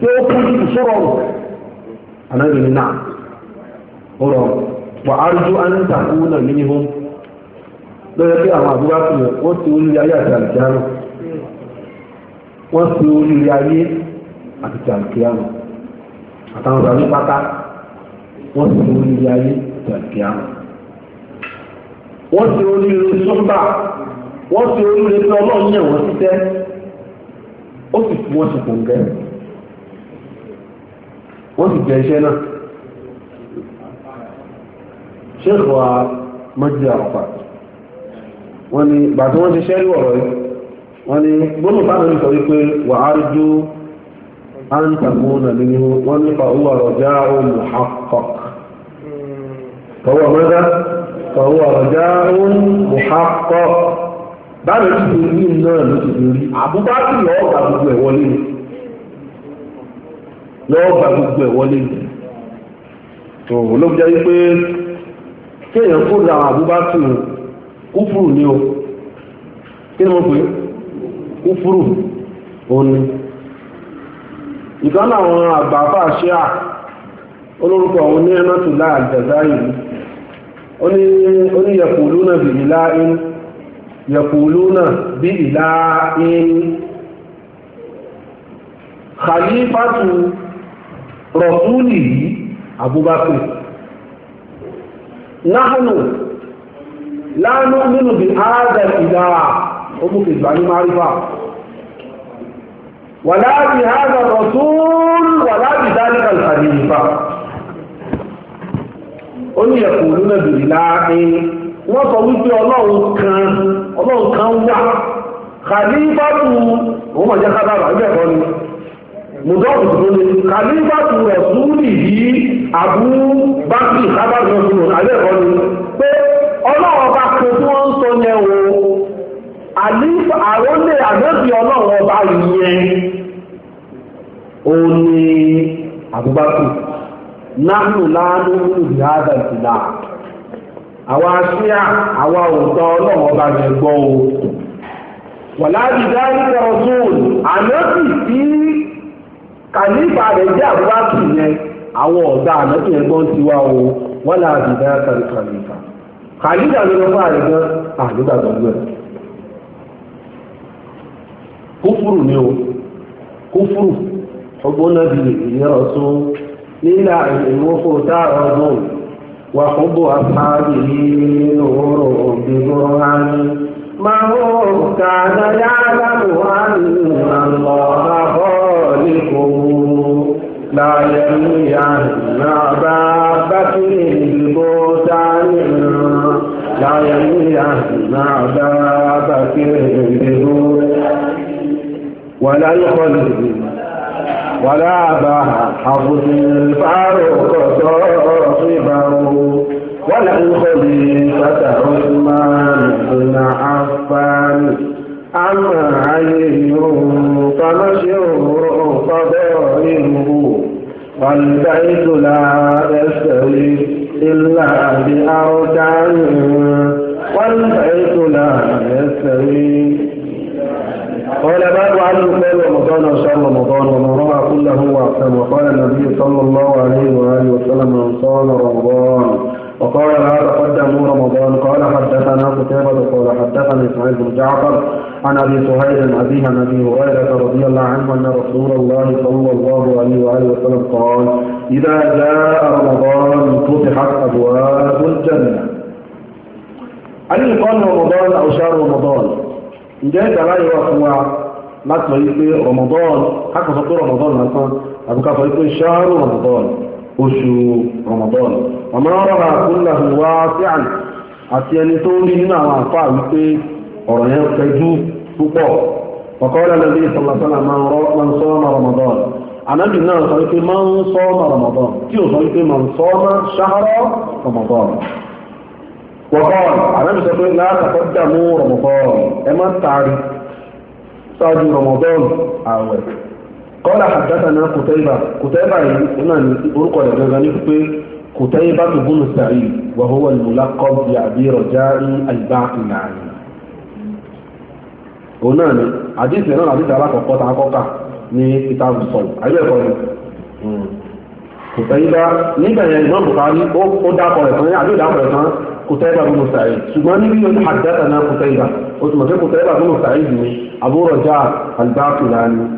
tí ó kú jù sọ̀rọ̀ anábì ní náà ọ̀rọ̀ wà á rújú áńtà kú náà ní ihun lọ́yẹ́ àwọn àbúrò àti wọ́n ti orí ayé àti àlùkìyàmù wọ́n ti ayé àti àtàwọn ọ̀rọ̀ wọ́n ti ayé àti wọ́n ti sọ́mbà wọ́n ti wọ́n ti ó sì fi wọ́n sì jẹ iṣẹ́ náà ṣéèkì wa mọ́jú àwọ̀pá wọ́n ní ìgbà tí wọ́n ti ṣẹ́ lú ọ̀rọ̀ yìí wọ́n ní gbọ́dọ̀ bá mi sọ wípé wà á rújú á ń tàkùn náà nínú wọ́n nípa owó ọ̀rọ̀ já òun muhakkak tọwọ́ mọ́dá tọwọ́ ọ̀rọ̀ já òun muhakkak bá mi ti fi rí náà ló ti fi rí àbúbá sì yọ ọ̀gá gbogbo ẹ̀ wọlé lọ́wọ́ gba gbogbo ẹ̀ wọlé ni tó ló jẹ́ wípé kéèyàn kó ra àbúbátù kúfùrù ni o kí ni mo pè kúfùrù òun ni ìkan àwọn àgbà fàṣẹ à olórúkọ òun ní ẹnàtúlá àjẹsáyì ó ní yẹkùlú náà bìbí láàrín yẹkùlúnà bí ìlàáín kàlífàtù rọ̀súlì yìí abubakar náhánù láàánú nínú bí áádà ìdá ọmọkè ìgbàlú márífà wà láàbí áádà rọ̀súlù wà láàbí dáríkà ìfàdìyìfà ó ní ẹ̀kùn olúmọ̀ láàrin wọ́n sọ wípé ọlọ́run kan wà kàlífà tún jẹ́ mùdọ́ọ̀bù tó ní kàlífàtù rọ̀súlì yìí àbú bákì sábàbí ọ̀sùn alẹ́ ẹ̀kọ́ ni pé ọlọ́wọ́ bá kó tí wọ́n ń sọ yẹn o àlífà àrólé àgbẹ̀bí ọlọ́wọ́ bá yẹn ní ádà àwa ṣíà àwa ọlọ́wọ́ bá yẹn gbọ́ o kàlífà rẹ̀ jẹ́ àbúrákì yẹn àwọn ọ̀gá ànábì ẹ̀gbọ́n ti wá o wọ́n là á dìde kàlífà kàlífà ló lọ́wọ́ àrẹ gan àdúgbà kúfúrù ni o kúfúrù ọgbọ́n náà ìyẹn ọ̀tún nílà ìmúfò tá ọdún wà nínú لا يمنعن أبا بكر البهتان لا يمنعن أبا بكر البهتان ولا الخلد ولا باع حفظ الفاروق صاحبه ولا الخليفة عثمان بن عفان عما عليه فمشره فظالمه لا يستوي إلا بأركان والبيت لا يستوي قال باب عن يقال رمضان وشهر رمضان ومن رأى كله هو أحسن وقال النبي صلى الله عليه وآله وسلم من صام رمضان وقال لا تقدموا رمضان قال حدثنا قتيبة قال حدثنا إسماعيل بن جعفر عن أبي سهيل أبيه عن أبي هريرة رضي الله عنه أن رسول الله صلى الله عليه وآله وسلم قال إذا جاء رمضان فتحت أبواب الجنة هل يقال رمضان أو شهر رمضان؟ إن جاءت لا يوافق ما sọ رمضان حتى تقول رمضان pé rọmọdọ́ọ̀nù lásán àbúká sọ oṣù Ramadan ọmọ ọlọ́rọ̀ àkúnlẹ̀ wá sí àná àti ẹni tó rí nínú àwọn àfà wípé ọ̀rọ̀ yẹn fẹjú púpọ̀ ọ̀kọ́rẹ́ lẹ́bí ìsọ̀lọ́sọ́nà máa ń sọ ọmọ Ramadan ànábì náà sọ wípé máa ń sọ ọmọ Ramadan tí ò sọ wípé máa ń sọ ọmọ ṣáhárọ̀ Ramadan wọ́kọ́ sọ pé látàkọ́ dàmú Ramadan ẹ má taari ṣáájú Ramadan àwẹ̀ kọ́lá àdásánà kùtẹ́bà kùtẹ́bà yìí ọ̀nà ní orúkọ rẹ̀ gangan ní pípé kùtẹ́bà tó bùnú sàrí wàhúwà lùlá kọ́bí àbí rọ̀já ní àyíbá ìnáàní. ọ̀nà ní àdìsí náà àdìsí alákọ̀ọ́kọ́ tá a kọ́kà ní kìtàbù sọ̀rọ̀ àyẹ̀kọ́ ni kùtẹ́bà hmm. nígbà yẹn ìmọ̀ bùkárí ó dákọ̀ rẹ̀ tán àbí ìdákọ̀ rẹ̀ tán kùtẹ́bà bùnú sàrí ṣùgbọ́n níbi àdásánà kùtẹ́bà ó ti mọ̀ pé kùtẹ́bà bùnú sàrí ni àbúrò já àlùbáàkì láàrin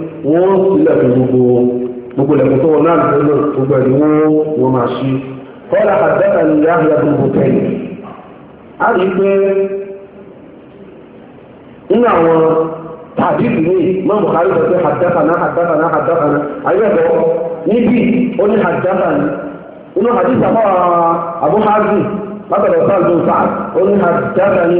wọ́n sílẹ̀ fún gbogbo gbogbo lẹ́kùn tó wọn náà lọ́nà gbogbo ẹ̀ wọ́n wọ́n máa ṣí kọ́lá àdáta ni a rí pé nínú àwọn tàbí ìlú mọ́mù kárí sọ pé àdáta náà àdáta náà àdáta náà ayẹ́bọ̀ ó ní àdáta ni inú látọ̀dọ̀ sáà ló sáà ó ní àdáta ni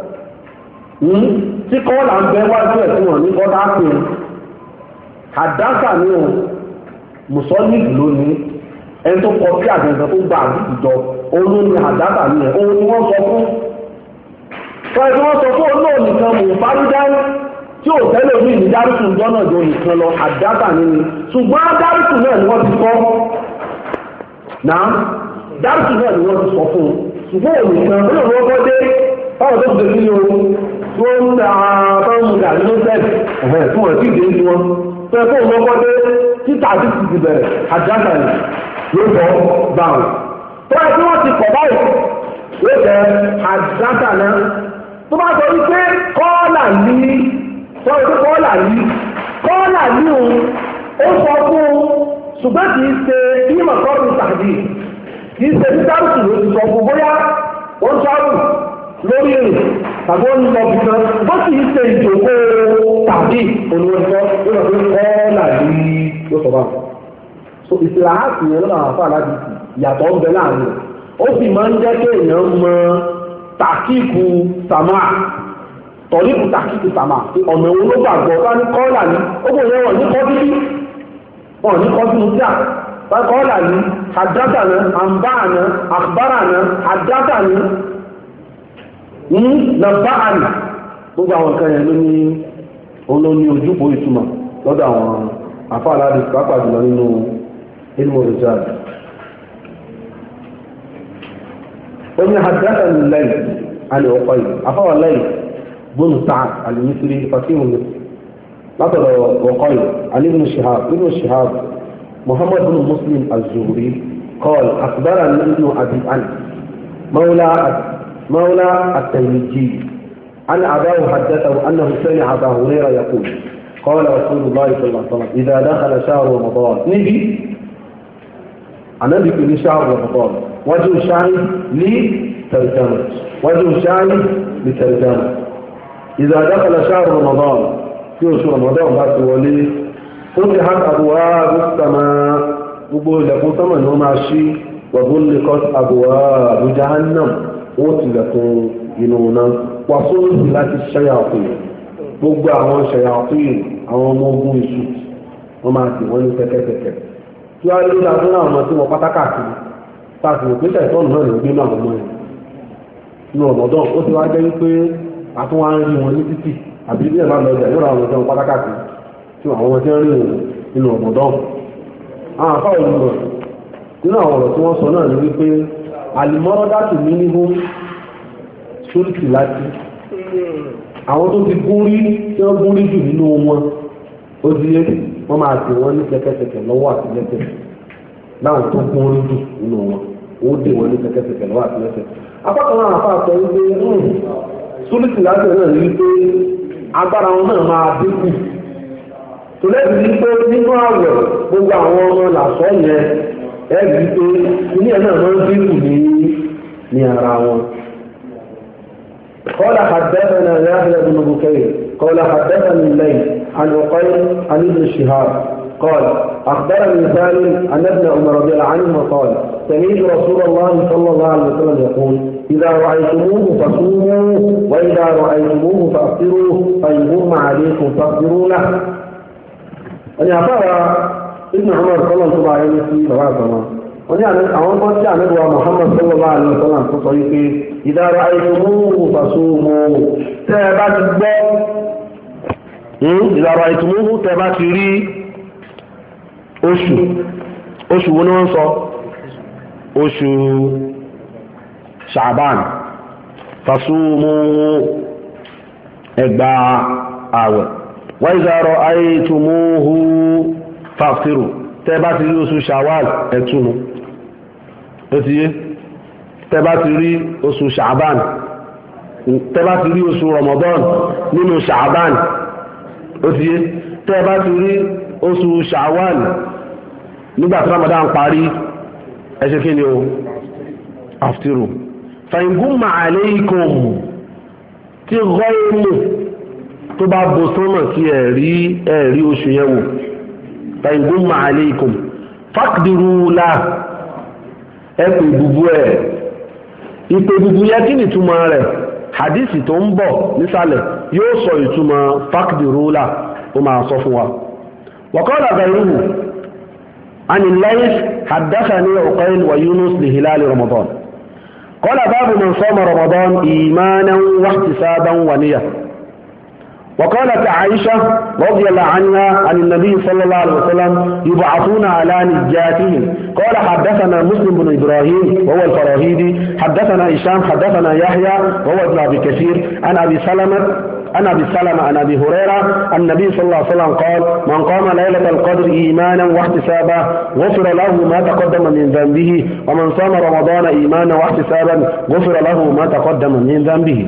yìí hmm? tí kọ́ọ̀là ń bẹ wájú ẹ̀ fún wọ́n ní kọ́ dá ni o lónìí ẹni tó kọ sí àgbẹ̀ǹkan tó gba àdìjọ ní àdáńkà ní ẹ̀ ni wọ́n sọ fún fún ẹ̀ tí wọ́n sọ fún olóò nìkan mò ń tí ò tẹ́lẹ̀ omi ìdí dárúkù ń dọ́nà jọ nìkan lọ ṣùgbọ́n dárúkù náà ni wọ́n ti sọ fún ṣùgbọ́n tó ń ta fáwọn àdínú sẹ́ẹ̀tì tí wọ́n sì dé ní wọn fẹ́ fóun lọ́kọ́ dé títà àti tìtì bẹ̀rẹ̀ àjàgbà ni yóò bọ́ báwọn. tó bá tí wọ́n ti kọ̀ báyìí yóò jẹ́ àjàgbà náà tó bá sọ wípé kọ́ọ̀là ní sọ wípé kọ́ọ̀là ní kọ́ọ̀là ní òun ó sọ fún un ṣùgbọ́n kì í ṣe ìmọ̀ kọ́ọ̀lù tàbí kì í ṣe títàrùsù ló ti sọ fún bóyá ó ń sọ́ọ̀rù lórí rìn tàbí ó ń lọ bí kan bó sì ń ṣe ìjòkó tàbí olùwẹ̀sọ́ ó lọ sí ọ́ọ́là yìí sọ bá so ìsìlá àti ìyẹn lọ́nà àfa aládìí yàtọ̀ ń bẹ láàrin ó sì máa ń jẹ́ mọ tàkìkù sàmà tàkìkù sàmà ọ̀nà òun ló gbàgbọ́ bá ní ní ó ní ní ní Hmm, na àná gbogbo àwọn nǹkan yẹn ló ní olóní ojúbọ ìtumọ̀ lọ́dọ̀ àwọn àfáàlà àdìs pàápàá jùlọ nínú ilmu rìjáàd. ó ní àdáta ní lẹ́yìn alẹ́ ọ̀pọ̀ yìí àfáwà lẹ́yìn bónú tàn àlùmísírí fàtíhùn mi ọ̀kọ́ yìí muhammad bin muslim az kọ́ọ̀lù àkùbára nínú àbí àná mọ́wúlá àti مولى التلميذي عن أباه حدثه أنه سمع أبا هريرة يقول قال رسول الله صلى الله عليه وسلم إذا دخل شهر رمضان نبي أنا كل شهر رمضان وجه شعر لترجمة وجه شعر لترجمة إذا دخل شهر رمضان في شهر رمضان بعد ولي فتحت أبواب السماء وبولك لكم ثمن ماشي وغلقت أبواب جهنم wọ́n tilẹ̀kùn inú náà wàásù lòdì láti ṣẹ́yàpín gbogbo àwọn ṣẹ́yàpín àwọn ọmọ ogun iṣu wọ́n máa tì wọ́n ní kẹ́kẹ́kẹ́kẹ́ tí wọ́n á lé náà wọ́n náà ló gbé ti wá jẹ́ ń rí wọn ní títì àbí ilé ìlànà ọjà yóò ra àwọn ọjọ́ àlùmọ́rọ́dátù mi ní hó sóríkì láti àwọn tó ti gún rí tí wọ́n gún rí jù nínú wọn ó di yé wọ́n máa tì wọ́n ní kẹ́kẹ́kẹ́kẹ́ lọ́wọ́ àti lẹ́sẹ̀ láwọn tó gún rí jù nínú wọn ó dè wọ́n ní kẹ́kẹ́kẹ́kẹ́ lọ́wọ́ àti lẹ́sẹ̀. apákan náà àfa sọ wípé hmm, sóríkì láti náà ní pé agbára wọn náà máa dínkù tòlẹ́bí ní pé nínú àwẹ̀ gbogbo àwọn ọmọ làṣọ yẹn ẹ̀rí pé ilé náà máa ń bí kù ní ní ara wọn. قال حدثنا يحيى بن بكير قال حدثني الليل عن عقيل عن ابن شهاب قال اخبرني سالم ان ابن عمر رضي الله عنهما قال سمعت رسول الله صلى الله عليه وسلم يقول إذا رأيتموه فصوموا وإذا رأيتموه فأفطروا فإن غم عليكم فاغفروا له. أن يعتبر ibùdó àwọn sallallahu tó bá yẹn sí bàbá àgbàmọ́ wa Muhammad sọ́lọ́lá àlọ́ sọ́lá tó sọ yìí pé ti hmm, ti wo ni fàfírù tẹ́ bá ti rí oṣù shawal ẹ̀túnu ó ti yé tẹ́ bá ti rí oṣù shaaban tẹ́ bá ti rí oṣù ramadan nínú shaaban ó ti yé tẹ́ bá ti rí oṣù shawal nígbà tí ramadan parí ẹ kí ni o aftiru fàyíngúnmà àléìkòm tí gọ́ tó bá bo sọ́nà kí ẹ̀rí ẹ̀rí oṣù yẹn wò tàìgúnmà aleikum fàkìdìrú la ẹ pè gbogbo ẹ ìpè gbogbo yẹ kí ni ìtumọ̀ rẹ̀ hadisi tó ń bọ̀ nísàlẹ̀ yóò sọ ìtumọ̀ fàkìdìrú la ó máa sọ fún wa wàkọ́lá gàrúhù عن الليث حدثني عقيل ويونس لهلال رمضان قال باب من صام رمضان إيمانا واحتسابا ونية وقالت عائشة رضي الله عنها عن النبي صلى الله عليه وسلم يبعثون على نجاتهم قال حدثنا مسلم بن إبراهيم وهو الفراهيدي حدثنا هشام حدثنا يحيى وهو ابن أبي كثير عن أبي سلمة عن أبي سلمة عن أبي هريرة النبي صلى الله عليه وسلم قال من قام ليلة القدر إيمانا واحتسابا غفر له ما تقدم من ذنبه ومن صام رمضان إيمانا واحتسابا غفر له ما تقدم من ذنبه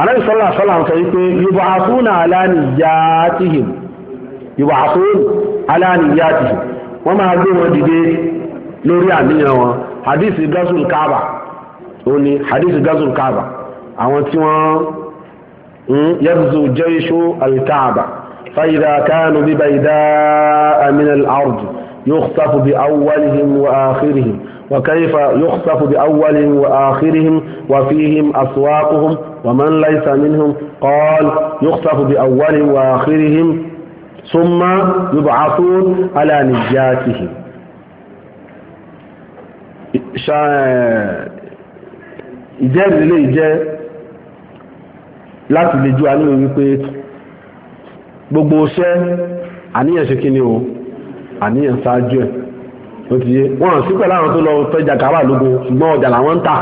anábì sọ́lá sọ́lá ń sọ wípé yíba àtúnà aláníyàtìhìm yíba àtún aláníyàtìhìm wọ́n máa gbé wọn dìde lórí àníyàn wọn hadith gazul kaaba ó ní hadith gazul kaaba àwọn tí wọ́n yẹ́bùsù jẹ́ iṣu alkaaba fàyídà kánú bíbá ìdá àmìnà al yóò sáfù bí awwalihim wa akhirihim وكيف يخطف بأولهم وآخرهم وفيهم أسواقهم ومن ليس منهم قال يخطف بأولهم وآخرهم ثم يبعثون على نجاتهم ìjẹ́rìí lè jẹ́ láti lè ju àníwò wípé gbogbo iṣẹ́ àníyàn ṣe kí ni o àníyàn ṣáájú ẹ̀ ó ti yé wọn à sí pẹ̀lú àwọn tó lọ tọ́jà kábà lógo ṣùgbọ́n ọjà làwọn ń tà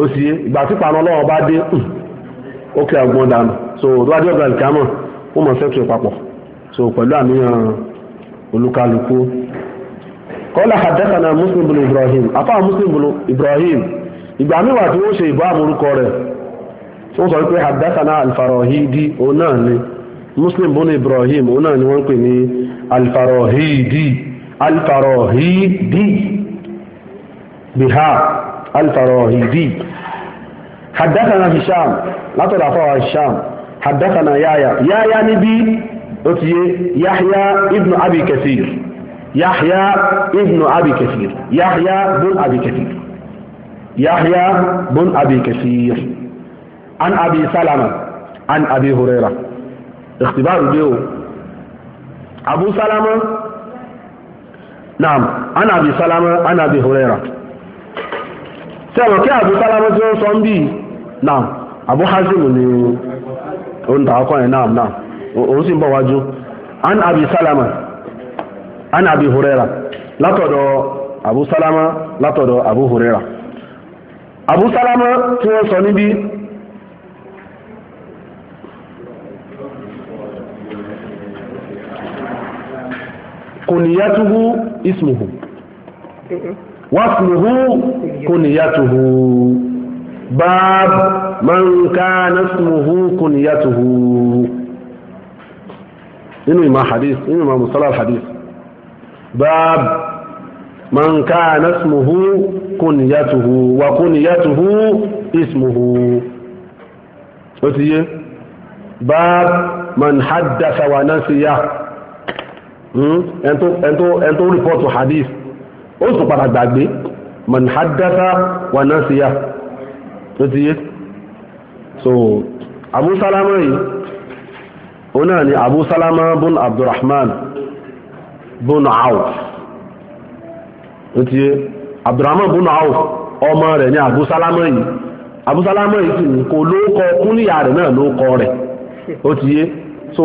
ó ti yé ìgbà tí paná ọlọ́wọ́ bá dé ó kẹ́ ọgbọ́n dànù so tó bá dé ọ̀gá ìkámọ̀ ó mọ̀ sẹ́tù ẹ̀ papọ̀ so pẹ̀lú àníyàn olúkálukú. kọ́lá hadathana muslim bulu ibrahim afa muslim bulu ibrahim ìgbà míwà tí wọ́n ṣe ìbọn àmúrúkọ rẹ̀ wọ́n sọ pé hadathana alfarahidi òun náà ni muslim bulu ibrahim òun náà ni wọ́n pè ní di. الفراهيدي بها الفراهيدي حدثنا هشام لا تدع فوق هشام حدثنا يايا يايا نبي أتي يحيى ابن أبي كثير يحيى ابن أبي كثير يحيى بن أبي كثير يحيى بن أبي كثير عن أبي سلمة عن أبي هريرة اختبار اليوم أبو سلمة naam an abi salama abi huraira sẹ́wọ̀n kí àbú sálámọ́ tí ó sọ ń bí náà àbú hasim ni ó ń tàwọ́kọ́ ẹ̀ náà an àbí an abi hurera látọ̀dọ̀ àbú sálámọ́ látọ̀dọ̀ hurera kùnìyàtúhù ismuhu wàsmuhu kùnìyàtúhù báàbù man kana ismuhu kùnìyàtúhù nínú ìmọ̀ hadith nínú ìmọ̀ musala hadith báàbù man kana ismuhu kùnìyàtúhù wà kùnìyàtúhù ismuhu ó ti yé báàbù man haddasa wa nasiya. Hmm? ẹn tó rìpọ́tù hadith ó sì padà gbàgbé man hadatha wa nasiya tó ti yé so abu salama yìí òun náà ni abu salama bun abdulrahman bun auf tó ti yé abdulrahman bun auf ọmọ rẹ̀ ni abu salama yìí abu salama yìí ni kò lóókọ kúnlẹ̀ rẹ̀ náà lóókọ rẹ̀ ó ti yé so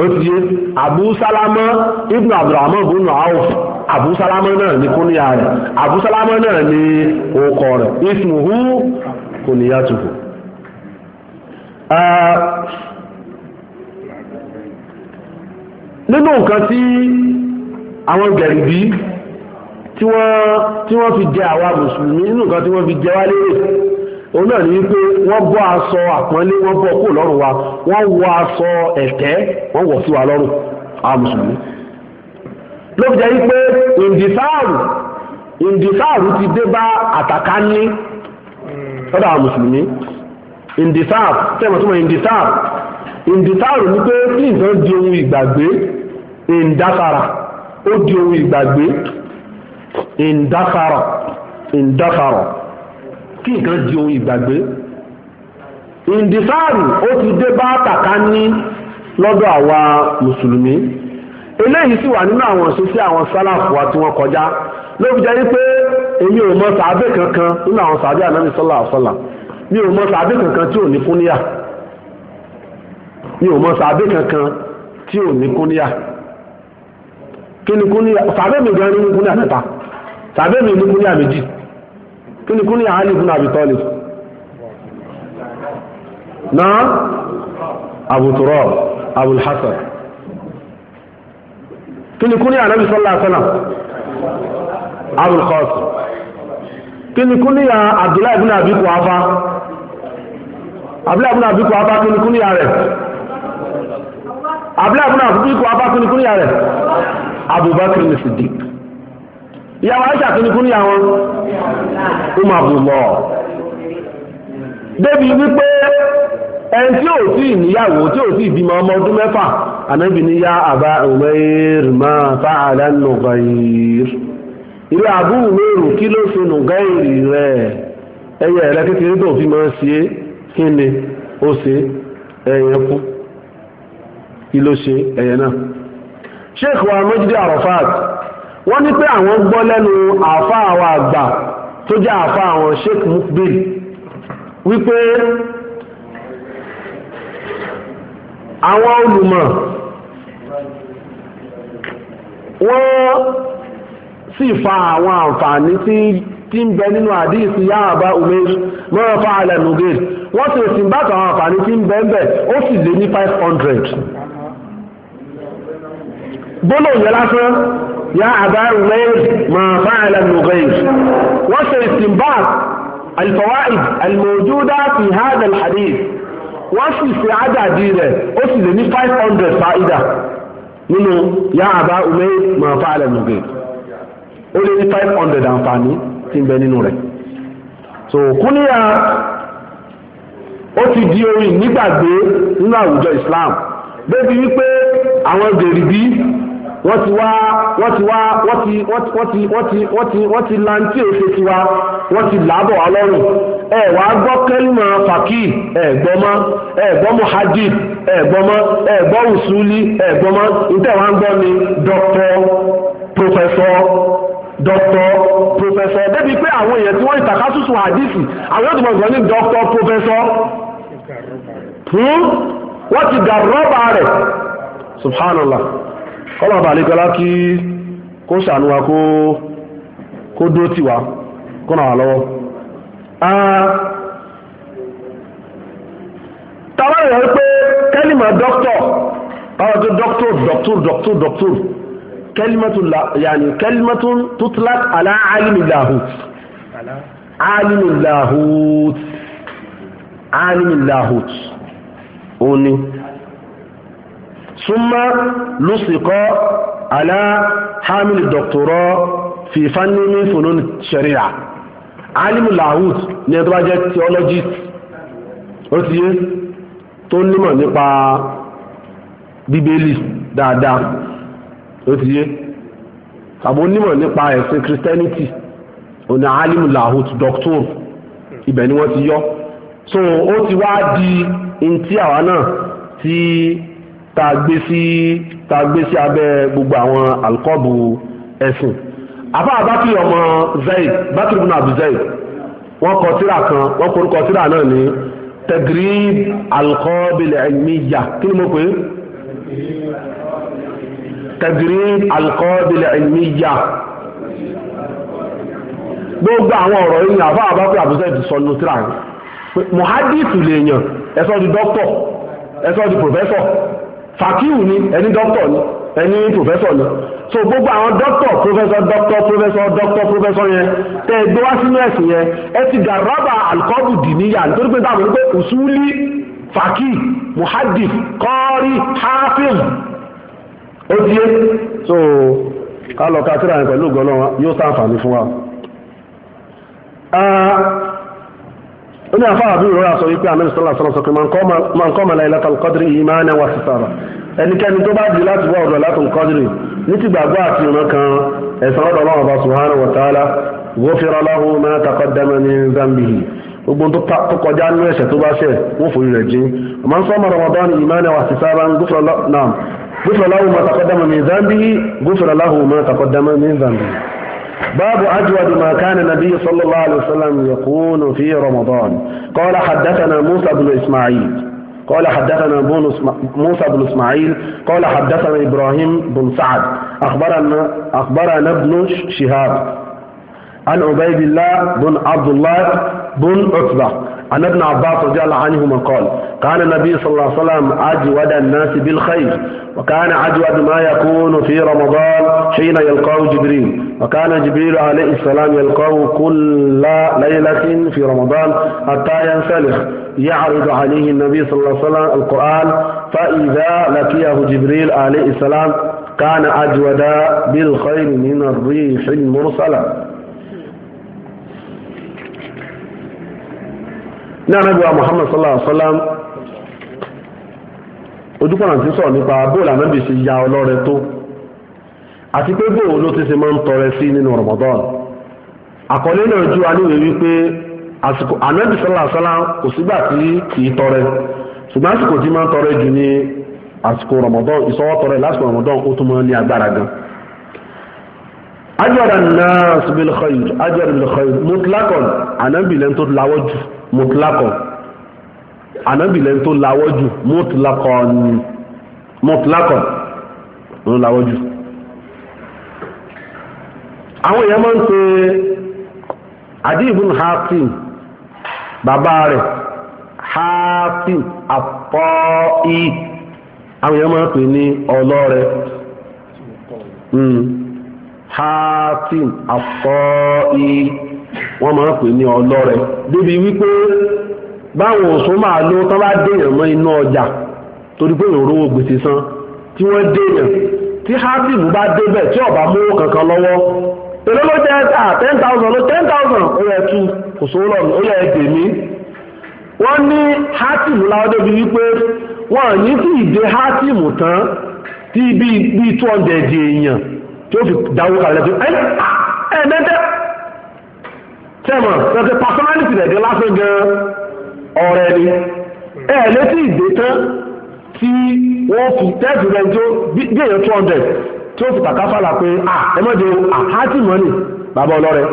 ó ti yé abu salama ibn abdulrahman ibn auf abu salama náà ni kúnìyà rẹ̀ abu salama náà ni òkọ rẹ̀ ismuhu kúnìyà tuhu. nínú nǹkan tí àwọn gẹ̀rìbí tí wọ́n fi jẹ àwa mùsùlùmí nínú nǹkan tí wọ́n fi jẹ wá lérè onu náà ní wípé wọ́n bọ́ aṣọ àpọ́nlé wọ́n bọ́ kó lọ́rùn wa wọ́n wọ aṣọ ẹ̀tẹ́ wọ́n wọ̀ sí wa lọ́rùn a mùsùlùmí ló fi jẹ́ wípé ìndìsáàrù ìndìsáàrù ti dé bá àtàkà ní lọ́dọ̀ àwọn mùsùlùmí ìndìsáàrù tẹ́mọ̀ tó ìndìsáàrù ìndìsáàrù ní pé di ohun ìgbàgbé ìndására ó di ohun ìgbàgbé ìndására ìndására kí nǹkan di ohun ìgbàgbé ìndífààrù ó ti dé bá tàkà ní lọ́dọ̀ àwa mùsùlùmí eléyìí sì wà nínú àwọn ìṣesí àwọn sálàfù wa tí wọ́n kọjá ló fi jẹ́ wípé èmi ò mọ sàábé kankan nínú àwọn sàábé ànábì sọ́là àṣọlà mi ò mọ sàábé kankan tí ò ní kúníyà mi ò mọ sàábé kankan tí ò ní kúníyà kí ni kúníyà sàábé mi gan ní kúníyà mẹ́ta sàábé mi ní kúníyà méjì kí ni kúnlẹ̀ Ali ibn Abi Talib náà Abu Turab Abul Hasan kí ni kúnlẹ̀ Ànábì sallallahu alaihi wasallam Abul Qasim kí ni kúnlẹ̀ Abdullahi ibn Abi Quhafa Abdullahi ibn Abi Quhafa kí ni kúnlẹ̀ rẹ̀ Abdullahi ibn Abi Quhafa kí ni kúnlẹ̀ rẹ̀ Abubakar ní Siddiq ìyàwó aisha tó ní kú níyàwó ọmọ àbùmọ̀ débi wípé ẹni tí ò sí ìníyàwó tí ò sí ìbímọ ọmọ ọdún mẹ́fà ànábì ní yá àbá Umair ma fa'ala nùgbàyìr ilé àbú Umair kí ló ṣe nùgbàyìr rẹ̀ ẹyẹ rẹ̀ kékeré tó fi máa ṣe é kí ni ó ṣe ẹyẹ kú kí ló ṣe ẹyẹ náà sheikh wa Mujdi Arafat wọ́n ní pé àwọn gbọ́ lẹ́nu àfa àwọn àgbà tó jẹ́ àfa àwọn sheikh mukbil wípé àwọn olùmọ̀ wọ́n sì fa àwọn àǹfààní tí tí ń bẹ nínú àdíìsí yá àbá umeir mọ́rọ̀ fa alẹ́ nugir wọ́n sì sì ń bá àwọn àǹfààní tí ń bẹ ń bẹ ó sì lé ní five hundred gbólóhùn yẹn lásán يا أبا عمير ما فعل النغير وسيستنباط الفوائد الموجودة في هذا الحديث وفي سعادة ديرة أسلني 500 فائدة nínú ya àbá ume ma fa alẹ́ nùgbé ó lé ní five hundred àǹfààní tí ń bẹ nínú rẹ̀ so kúníyà ó ti di orin nígbàgbé nínú àwùjọ Islam débi wípé àwọn gèrè bíi wọ́n ti wá wọ́n ti wá wọ́n ti wọ́n ti wọ́n ti wọ́n ti wọ́n ti lantí èso ti wá wọ́n ti làábọ̀ wá lọ́rùn ẹ wà á gbọ́ kẹ́lìmọ̀ fàkì ẹ gbọ́ mọ́ ẹ gbọ́ mọ́ hadith ẹ gbọ́ mọ́ ẹ gbọ́ usuli ẹ gbọ́ mọ́ níta wà ń gbọ́ ni dọ́kítọ́ pòfẹ́sọ́ dọ́kítọ́ pòfẹ́sọ́ débi pé àwọn èèyàn tí wọ́n ń takásùsù hadithi àwọn yóò tún bọ̀ ní dọ́kítọ́ pòfẹ́sọ́ wọ́n ti dà rọ́bà rẹ̀ subhanallah kọ́lọ̀ bá lẹ́kọ́lá kí kó ṣàánúwa kó dó tìwá kọ́nà wà lọ́wọ́ tàbí rẹ̀ pé kẹ́lìmà dọ́kítọ̀ àwọn tó dọ́kítọ̀ dọ́kítọ̀ dọ́kítọ̀ dọ́kítọ̀ kẹ́lìmọ̀tún tutlak ala alimi lahut alimi lahut alimi lahut òní súnmọ́ ló sì kọ́ alá hamil dọ̀tọ̀rọ̀ fìfánní ní fòlón ṣẹ̀ríà alimu lahut ní ẹni tó bá jẹ́ theologist ó ti yé tó nímọ̀ nípa bíbélì dáadáa ó ti yé àbò onímọ̀ nípa ẹ̀sìn christianity òní alimu lahut doctor ibẹ̀ ni wọ́n ti yọ so ó ti wá di ntí àwa náà tí tá a gbé sí tá a gbé sí abẹ́ gbogbo àwọn alkọ́bù ẹ̀sìn afa abakiri ọmọ zayd bakiri bin abu zayd wọ́n kọ tírà kan wọ́n korúkọ tírà náà ní tagrib alkọ́bìl ilmiya kí ni mo pè é tagrib alkọ́bìl ilmiya gbogbo àwọn ọ̀rọ̀ yìí àfa àbáfẹ́ àbúsẹ́ ti sọ nù tíra yìí muhadith lèèyàn ẹ̀sọ́ di dókítọ̀ ẹ̀sọ́ di pòfẹ́sọ̀ fàkíù ni ẹni dọ́kítọ̀ ni ẹni pòfẹ́sọ̀ ni so gbogbo àwọn dọ́kítọ̀ pòfẹ́sọ̀ dọ́kítọ̀ pòfẹ́sọ̀ dọ́kítọ̀ pòfẹ́sọ̀ yẹn tẹ gbé wá sínú ẹ̀sìn yẹn ẹ ti dà rọ́bà alikọ́bù dì níyà nítorí pé táwọn pé òṣùlí fàkíù muhadif kọ́rí hafiz ó tiẹ́ so ká lọ ká tíra yẹn pẹ̀lú ògbọ́n yóò sàǹfààní ó ní afá àbí ìrora sọ wípé àmì sọlá sọlá sọ pé man qama laylatal qadri imana wa ihtisaba ẹnikẹ́ni tó bá di láti wá ọ̀dọ̀ laylatul qadri ní ti gbàgbọ́ àti ìran kan ẹ̀sán ọ̀dọ̀ ọlọ́run ọba subhanahu wa ta'ala ghufira lahu ma taqaddama min dhanbihi gbogbo tó kọjá nínú ẹ̀ṣẹ̀ tó bá ṣẹ̀ wọ́n fòrí rẹ̀ jí ọmọ ń sọ́mọ ramadan imana wa ihtisaban ghufira lahu ma taqaddama min dhanbihi ghufira lahu ma taqaddama min dhanbihi باب أجود ما كان النبي صلى الله عليه وسلم يكون في رمضان قال حدثنا موسى بن إسماعيل قال حدثنا موسى بن إسماعيل قال حدثنا إبراهيم بن سعد أخبرنا, أخبرنا ابن شهاب عن عبيد الله بن عبد الله بن عتبة عن ابن عباس رضي الله عنهما قال كان النبي صلى الله عليه وسلم أجود الناس بالخير وكان أجود ما يكون في رمضان حين يلقاه جبريل وكان جبريل عليه السلام يلقاه كل ليلة في رمضان حتى ينسلخ يعرض عليه النبي صلى الله عليه وسلم القرآن فإذا لقيه جبريل عليه السلام كان أجود بالخير من الريح المرسلة ní anábìwá Muhammad sallallahu alaihi wa sallam ojúkọ̀nà ti sọ̀rọ̀ nípa bóòlù anábì ṣe ya ọlọ́rẹ tó àti pé bóòlù ló ti ṣe máa ń tọrẹ sí nínú Ramadan àkọlé náà ju aníwèé wípé àsìkò anábì sallallahu alaihi wa sallam kò sígbà tí kì í tọrẹ ṣùgbọ́n àsìkò tí máa ń tọrẹ jù ní àsìkò Ramadan ìsọwọ́ tọrẹ lásìkò Ramadan ó tún ajara nas bil ajara bil khair mutlaqan anábì lẹ́ni tó mutlakọ anabilẹ tó lawọju mutlakọ ni mutlakọ ló lawọju. àwọn èèyàn máa ń pe Adi ibn Hatim bàbá rẹ̀ Hatim At-Tai àwọn èèyàn máa ń pè ní ọlọ́rẹ̀ hmm. Hatim At-Tai. wọn máa ń pè ní ọlọ́rẹ débi wípé báwọn òsùn máa ló tán bá dèèyàn inú ọjà torí pé òró gbèsè san tí wọ́n dèèyàn tí hátìmù bá débẹ̀ tí ọba mówó kankan lọ́wọ́ èló ló 10000 ten thousand ló ten thousand ó yẹ kò sówó ó yẹ ní láwọn débi wípé ní ìdè tán tí sẹ́mọ̀ ṣẹ̀ṣẹ̀ personality rẹ̀ gan lásán gan ọ̀rẹ́ ni ẹ̀ létí ìgbé tán tí wọ́n fi tẹ́ẹ̀sì rẹ̀ tó bí èèyàn two hundred tí ó fi kàkà fàlà pé ah ẹ mọ̀ jẹ́ àhátì mọ́nì bàbá ọlọ́rẹ́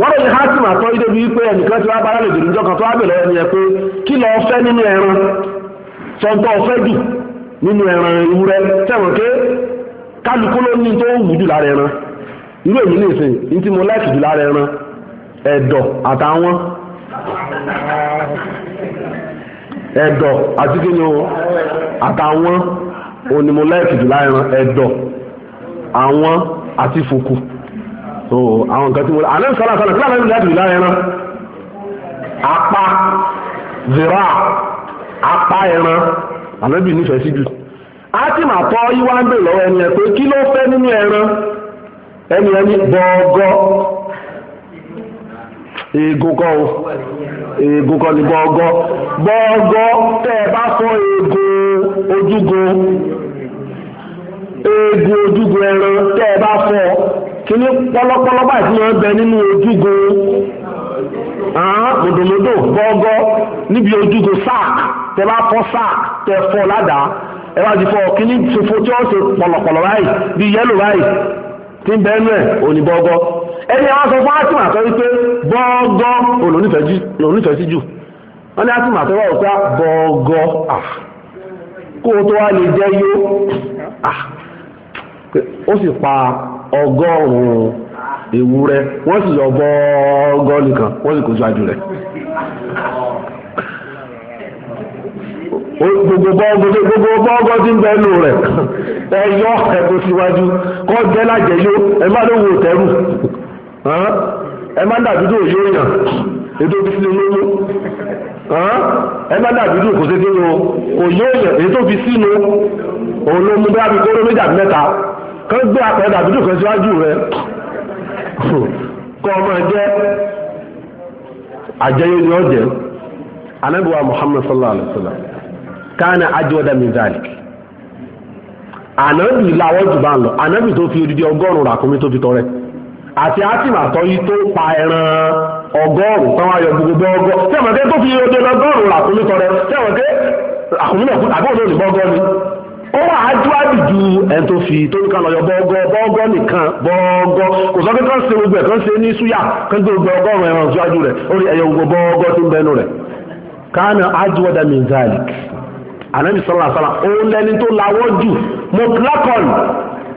wọ́n lè ní hátì mà tán ìdébi wípé ẹnìkan ti wá bára lè dùn ìjọkan tó wá bẹ̀rẹ̀ ẹni ẹ pé kí lọ fẹ́ nínú ẹran sọ̀tọ̀ ọ̀fẹ́ jù nínú ẹran ewúrẹ́ tẹ̀wọ̀n ké kálukú ló ní tó wù jù lára ẹran irú èmi nìsín ní tí mo láìkì jù lára ẹran ẹ̀dọ̀ àtàwọn ẹ̀dọ̀ àti kí ni o àtàwọn onímọ̀lẹ́ẹ̀kì jù láìran ẹ̀dọ̀ àwọn àti fòkù so àwọn nǹkan tí mo àná sọ́lá sọ́lá kí láwọn ìlú láìran apá zira apá ẹran ànábì nífẹ̀ẹ́ sí jù á ti mà tọ́ yíwá ń bè lọ́wọ́ ẹni ẹ̀ pé kí ló fẹ́ nínú ẹran ẹni ẹni bọ̀ọ̀gọ́ eegun kọ́ o eegun kọ́ ni gbọ́ngọ́ gbọ́ngọ́ tẹ́ ẹ bá fọ́ eegun ojúgun eegun ojúgun ẹran tẹ́ ẹ bá fọ́ kíní pọ́lọ́pọ́lọ́ báyìí tí wọ́n bẹ nínú ojúgun mòdòmódò gbọ́ngọ́ níbi ojúgun sack tẹ́ bá fọ́ sack tẹ́ fọ́ ládàá ẹ bá ti fọ́ kíní tuntun tí wọ́n ṣe pọ̀lọ̀pọ̀lọ̀ báyìí bíi yẹ́lò báyìí tí ń bẹ́ẹ̀ nù ẹ̀ òní gbọ́ngọ́ ẹni àwọn sọ fún átùmọ̀ àtọ́ wípé bọ́ọ̀gọ́ olónífẹ̀ẹ́ sí jù wọ́n ní átùmọ̀ àtọ́ wọ́n sá ah, bọ́ọ̀gọ́ ah, kó tó wá lè jẹ́ yó ah. ó sì pa ọgọ́rùn-ún ewúrẹ́ wọ́n sì yọ bọ́ọ̀gọ́ nìkan wọ́n sì kó ṣáájú rẹ̀ gbogbo bọ́ọ̀gọ́ tí ń bẹ́nu rẹ̀ (laughs) ẹ̀yọ́ ẹ̀kọ́ síwájú kọ́ jẹ́ lájẹ̀yó ẹ má ló wo tẹ́rù ẹ má dàbí dùn yóò yàn ètò fi sínú lówó ẹ má dàbí dùn kò sí sínú kò yóò yàn ètò fi sínú òun ló mú dábì kóró méjì àbí mẹ́ta kán gbé apẹ̀ dàbí dùn kan síwájú rẹ kọ́ ọmọ jẹ́ àjẹyé ni ó jẹ́ anabiwa Muhammad sallallahu alaihi wa sallam kana ajwada min zalik anabi lawọ́ jù bá ń lọ anabi tó fi odidi ọgọ́rùn-ún ràkúnmí tó fi tọrẹ àti átìmà tó yí tó pa ẹran ọgọ́rùn tán wáyọ gbogbo ọgọ́ tẹ́wọ̀n tẹ́ tó fi ọdẹ lọ́gọ́rùn ràkúnmí tọrẹ tẹ́wọ̀n tẹ́ àkúnmí náà kú àbí òun ò ní ó wà á ju àbì ju ẹ̀ tó fi tó ní kan lọ́yọ̀ bọ́ọ̀gọ́ bọ́ọ̀gọ́ nìkan bọ́ọ̀gọ́ kò sọ pé kán ṣe gbogbo ẹ̀ kán ṣe ní súyà kán gbé gbogbo ọgọ́rùn ẹran síwájú rẹ̀ ó rí ẹ̀yọ gbogbo bọ́ọ̀gọ́ tó ń bẹnu rẹ̀ kánà ájúwọ́dà mìíràn ànábì sọ́lá sọ́lá òun lẹni tó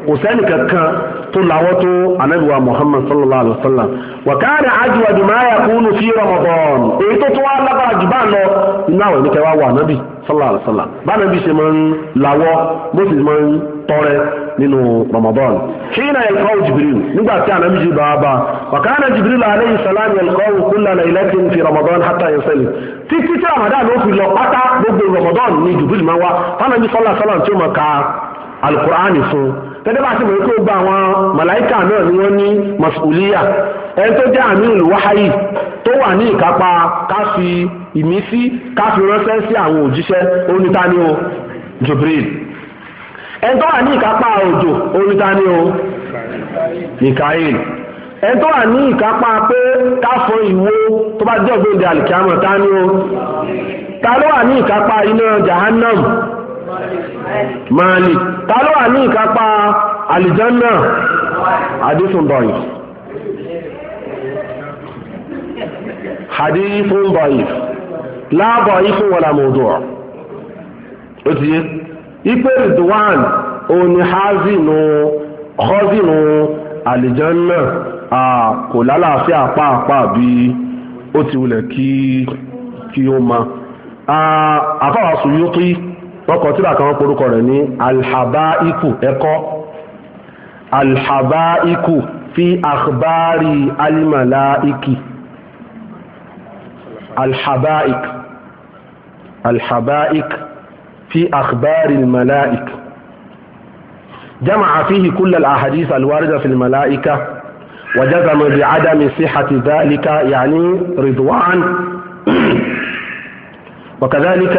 kò sẹ́ni kankan tó làwọ́ tó anabiwa muhammad sallallahu alayhi wa sallam wà káàdì àjùwà dùmáyà kúnnù fi ramadan èyí tó tó wá lágbára jù bá lọ inú àwọn ẹni kẹwàá wà anabi sallallahu alayhi wa sallam bá anabi ṣe máa ń làwọ́ bó sì máa ń tọrẹ nínú ramadan ṣéyìnà ẹ̀kọ́ jibril nígbà tí anabi jù bá bá wà káàdì jibril alayhi salam ẹ̀kọ́ kúnlá lailatin fi ramadan hatta yẹsẹ̀lì títí tí ramadan ló fi lọ pátá gbogbo ramadan ni jibril máa wá tánàbí sallallahu alayhi wa sallam tí ó máa ka alukur'ani fún gẹ́gẹ́ bá ti mọ̀ malaika gbogbo àwọn màláìkà ni wọ́n ní masuliya ẹni tó jẹ́ àmì olùwáhàyì tó wà ní ìkápá ká fi ìmísí ká fi ránṣẹ́ sí àwọn òjíṣẹ́ onítàní o ẹni tó wà ní ìkápá òjò onítàní Mikael ẹni tó wà ní ìkápá pé ta ló wà ní ìkápá iná Malik ta ló wà ní ìkápá àlìjánná àdísùn bọ̀yì àdísùn bọ̀yì láàbọ̀ ikú wọlà mọ̀ọ́dọ̀ ó ti yé ipe ridwan òní hazinu khazinu àlìjánná kò lálàáfíà pàápàá bí ó ti wulẹ̀ kí kí ó ma àfáwà sùn wọ́n tí tíra kan porúkọ rẹ̀ ní alhabaiku ẹ̀kọ́ alhabaiku fi akhbari alimalaiki alhabaik alhabaik fi akhbari jama'a kulla almalaik جمع فيه كل الأحاديث الواردة في الملائكة وجزم بعدم صحة yani ridwan wa وكذلك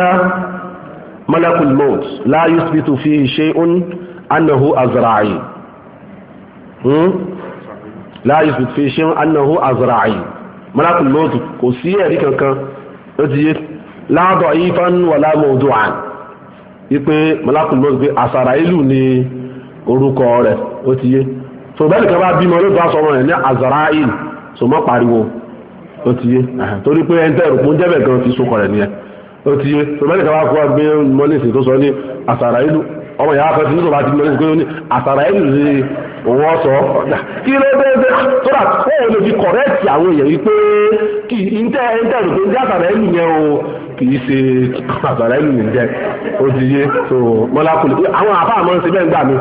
malakul maut la yusbitu fihi shay'un annahu azra'i hmm? la yusbitu fihi shay'un annahu azra'i malakul maut kò sí ẹ̀rí kankan ó ti yé la da'ifan wala mawdu'an wípé malakul maut pé àsàrà ìlú ni orúkọ rẹ̀ ó ti yé sọ̀bẹ́lì kan bá bímọ ló bá sọmọ rẹ̀ ní azra'i sọmọ pariwo ó ti yé torí pé ẹni tẹ́ ìrùpọ̀ ń jẹ́bẹ̀ gan fi sókọ rẹ̀ nìyẹn ó ti yé tòmẹ́lì kan wá kó agbé mọ́lẹ́sì tó sọ ní àsàrà ìlú ọmọ ìyá afẹ́ tuntun bá ti mọ́lẹ́sì pé ó ní àsàrà ìlú ni òun ọ̀sọ́ ọ̀dà kí ló dé dé tó dà ó lè fi kọ̀rẹ́ẹ̀tì àwọn èèyàn yìí pé kì í ntẹ́ ntẹ́ rò pé ní àsàrà ìlú yẹn o kì í ṣe àsàrà yẹn jẹ́ ó ti yé tó àwọn àfa àmọ́ ṣe bẹ́ẹ̀ gbà mí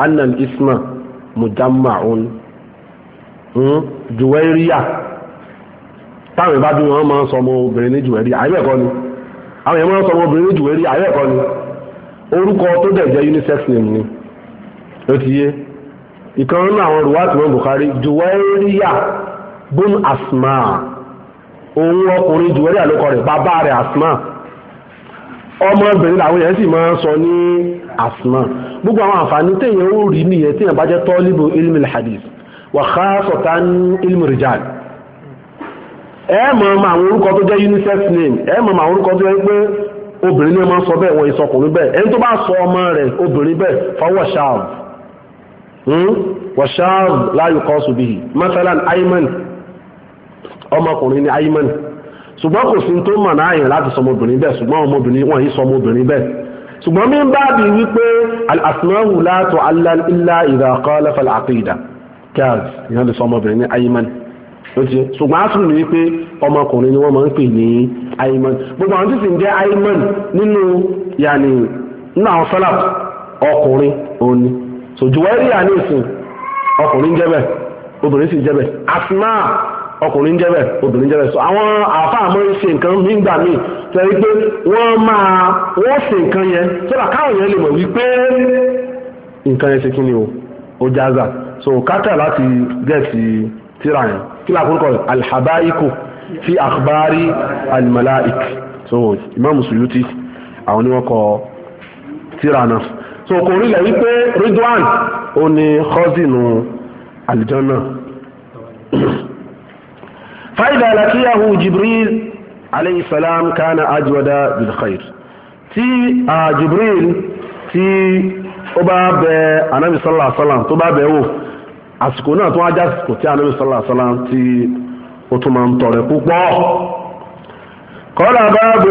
ó ti yé mujammaun hmm, juwẹ́ríyà táwọn ìbá bí wọn máa ń sọ ọmọ obìnrin ní juwẹ́ríyà àyẹ̀kọ́ ni àwọn èèyàn máa ń sọ ọmọ obìnrin ní juwẹ́ríyà àyẹ̀kọ́ ni orúkọ tó dẹ̀ jẹ́ unisex name ni ló ti yé ìkan nínú àwọn rúwàtí wọn Bukhari juwẹ́ríyà bun asma òun ọkùnrin juwẹ́ríyà ló kọ rẹ̀ bàbá rẹ̀ asma ọmọbìnrin làwọn èèyàn sì máa ń sọ ní asma gbogbo àwọn àǹfààní téèyàn ó rí nìyẹn téèyàn bá jẹ́ tọ́líbù ilmi hadith wà khasatan ilmi rijal ẹ mọ̀ ọmọ àwọn orúkọ tó jẹ́ unisex name ẹ mọ̀ ọmọ àwọn orúkọ tó jẹ́ pé obìnrin ní ọmọ sọ bẹ́ẹ̀ wọ́n ìsọkùnrin bẹ́ẹ̀ ẹni tó bá sọ ọmọ rẹ̀ obìnrin bẹ́ẹ̀ fọwọ́ ṣáàb wọ́n ṣáàb láàyò kan ṣùbí masalan ayman ọmọkùnrin ní ayman ṣùgbọ́n kò sí tó mọ̀ náà yẹn láti sọmọbìnrin bẹ́ẹ̀ ṣùgbọ́n ọmọbìnrin wọ́n yìí sọmọbìnrin bẹ́ẹ̀ ṣùgbọ́n mi bá bí wípé al'asmahu látọ̀ alálìlá ìdàkọ́lá falàkìdà kẹ́ẹ̀t ìyẹn lè sọ ọmọbìnrin ní ayman ló ti ṣùgbọ́n a tún ní wípé ọmọkùnrin ni wọ́n máa ń pè ní ayman gbogbo àwọn tí sì ń jẹ́ ayman nínú yàní nínú àwọn sọ́làp ọkùnrin jẹ́ bẹ́ẹ̀ obìnrin jẹ́ bẹ́ẹ̀ so àwọn àáfàá máa ń ṣe nǹkan nígbà míì tẹ̀lé pé wọ́n máa wọ́n ṣe nǹkan yẹn sọ́dà káwọn yẹn lè mọ̀ wípé nǹkan yẹn ṣe kí ni o ó jáza so kátà láti gẹ̀ẹ́sì tíra yẹn kí ni àkókò rẹ̀ alhabaiku fi akhbari almalaik so imam suyuti àwọn ni wọ́n kọ tíra náà so kò rí lẹ̀ wípé ridwan ó ní kọ́sìnù àlìjọ náà fáìdà làkíyàwó jibril aleyhisselam kánà ajwada bilkhair tí a jibril tí ó bá bẹ anabi sallallahu alaihi wasallam tó bá bẹ wò àsìkò náà tó wájá àsìkò tí anabi sallallahu alaihi wasallam tí ó tún máa ń tọrẹ púpọ̀ قال باب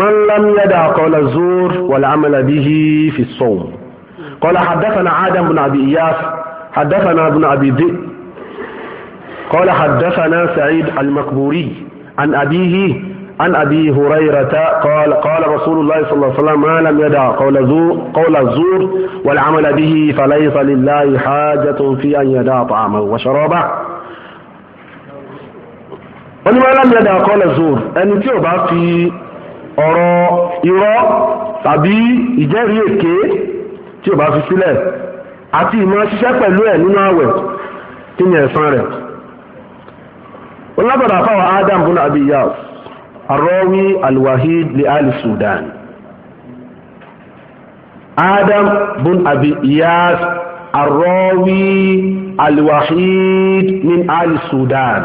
من لم يدع قول الزور والعمل به في الصوم قال حدثنا آدم بن أبي إياس حدثنا ابن أبي ذئب قال حدثنا سعيد المقبوري عن أبيه عن أبي هريرة قال قال رسول الله صلى الله عليه وسلم ما لم يدع قول زور قول الزور والعمل به فليس لله حاجة في أن يدع طعامه وشرابه wọ́n ní wọ́n yẹ̀dà àkọọ́lẹ̀ zoor ẹni tí ò bá fi ọ̀rọ̀ irọ́ tàbí ìjẹ́rìí èké tí ò bá fi sílẹ̀ àti ìmọ̀ ṣiṣẹ́ pẹ̀lú ẹ̀ nínú àwẹ̀ kí ni ẹ̀san rẹ̀ olùlàbàdà àfàwọ̀ adam bùnà abiyah arọ́wí alwahid li ali sudan adam bùn abiyah arọ́wí alwahid min ali sudan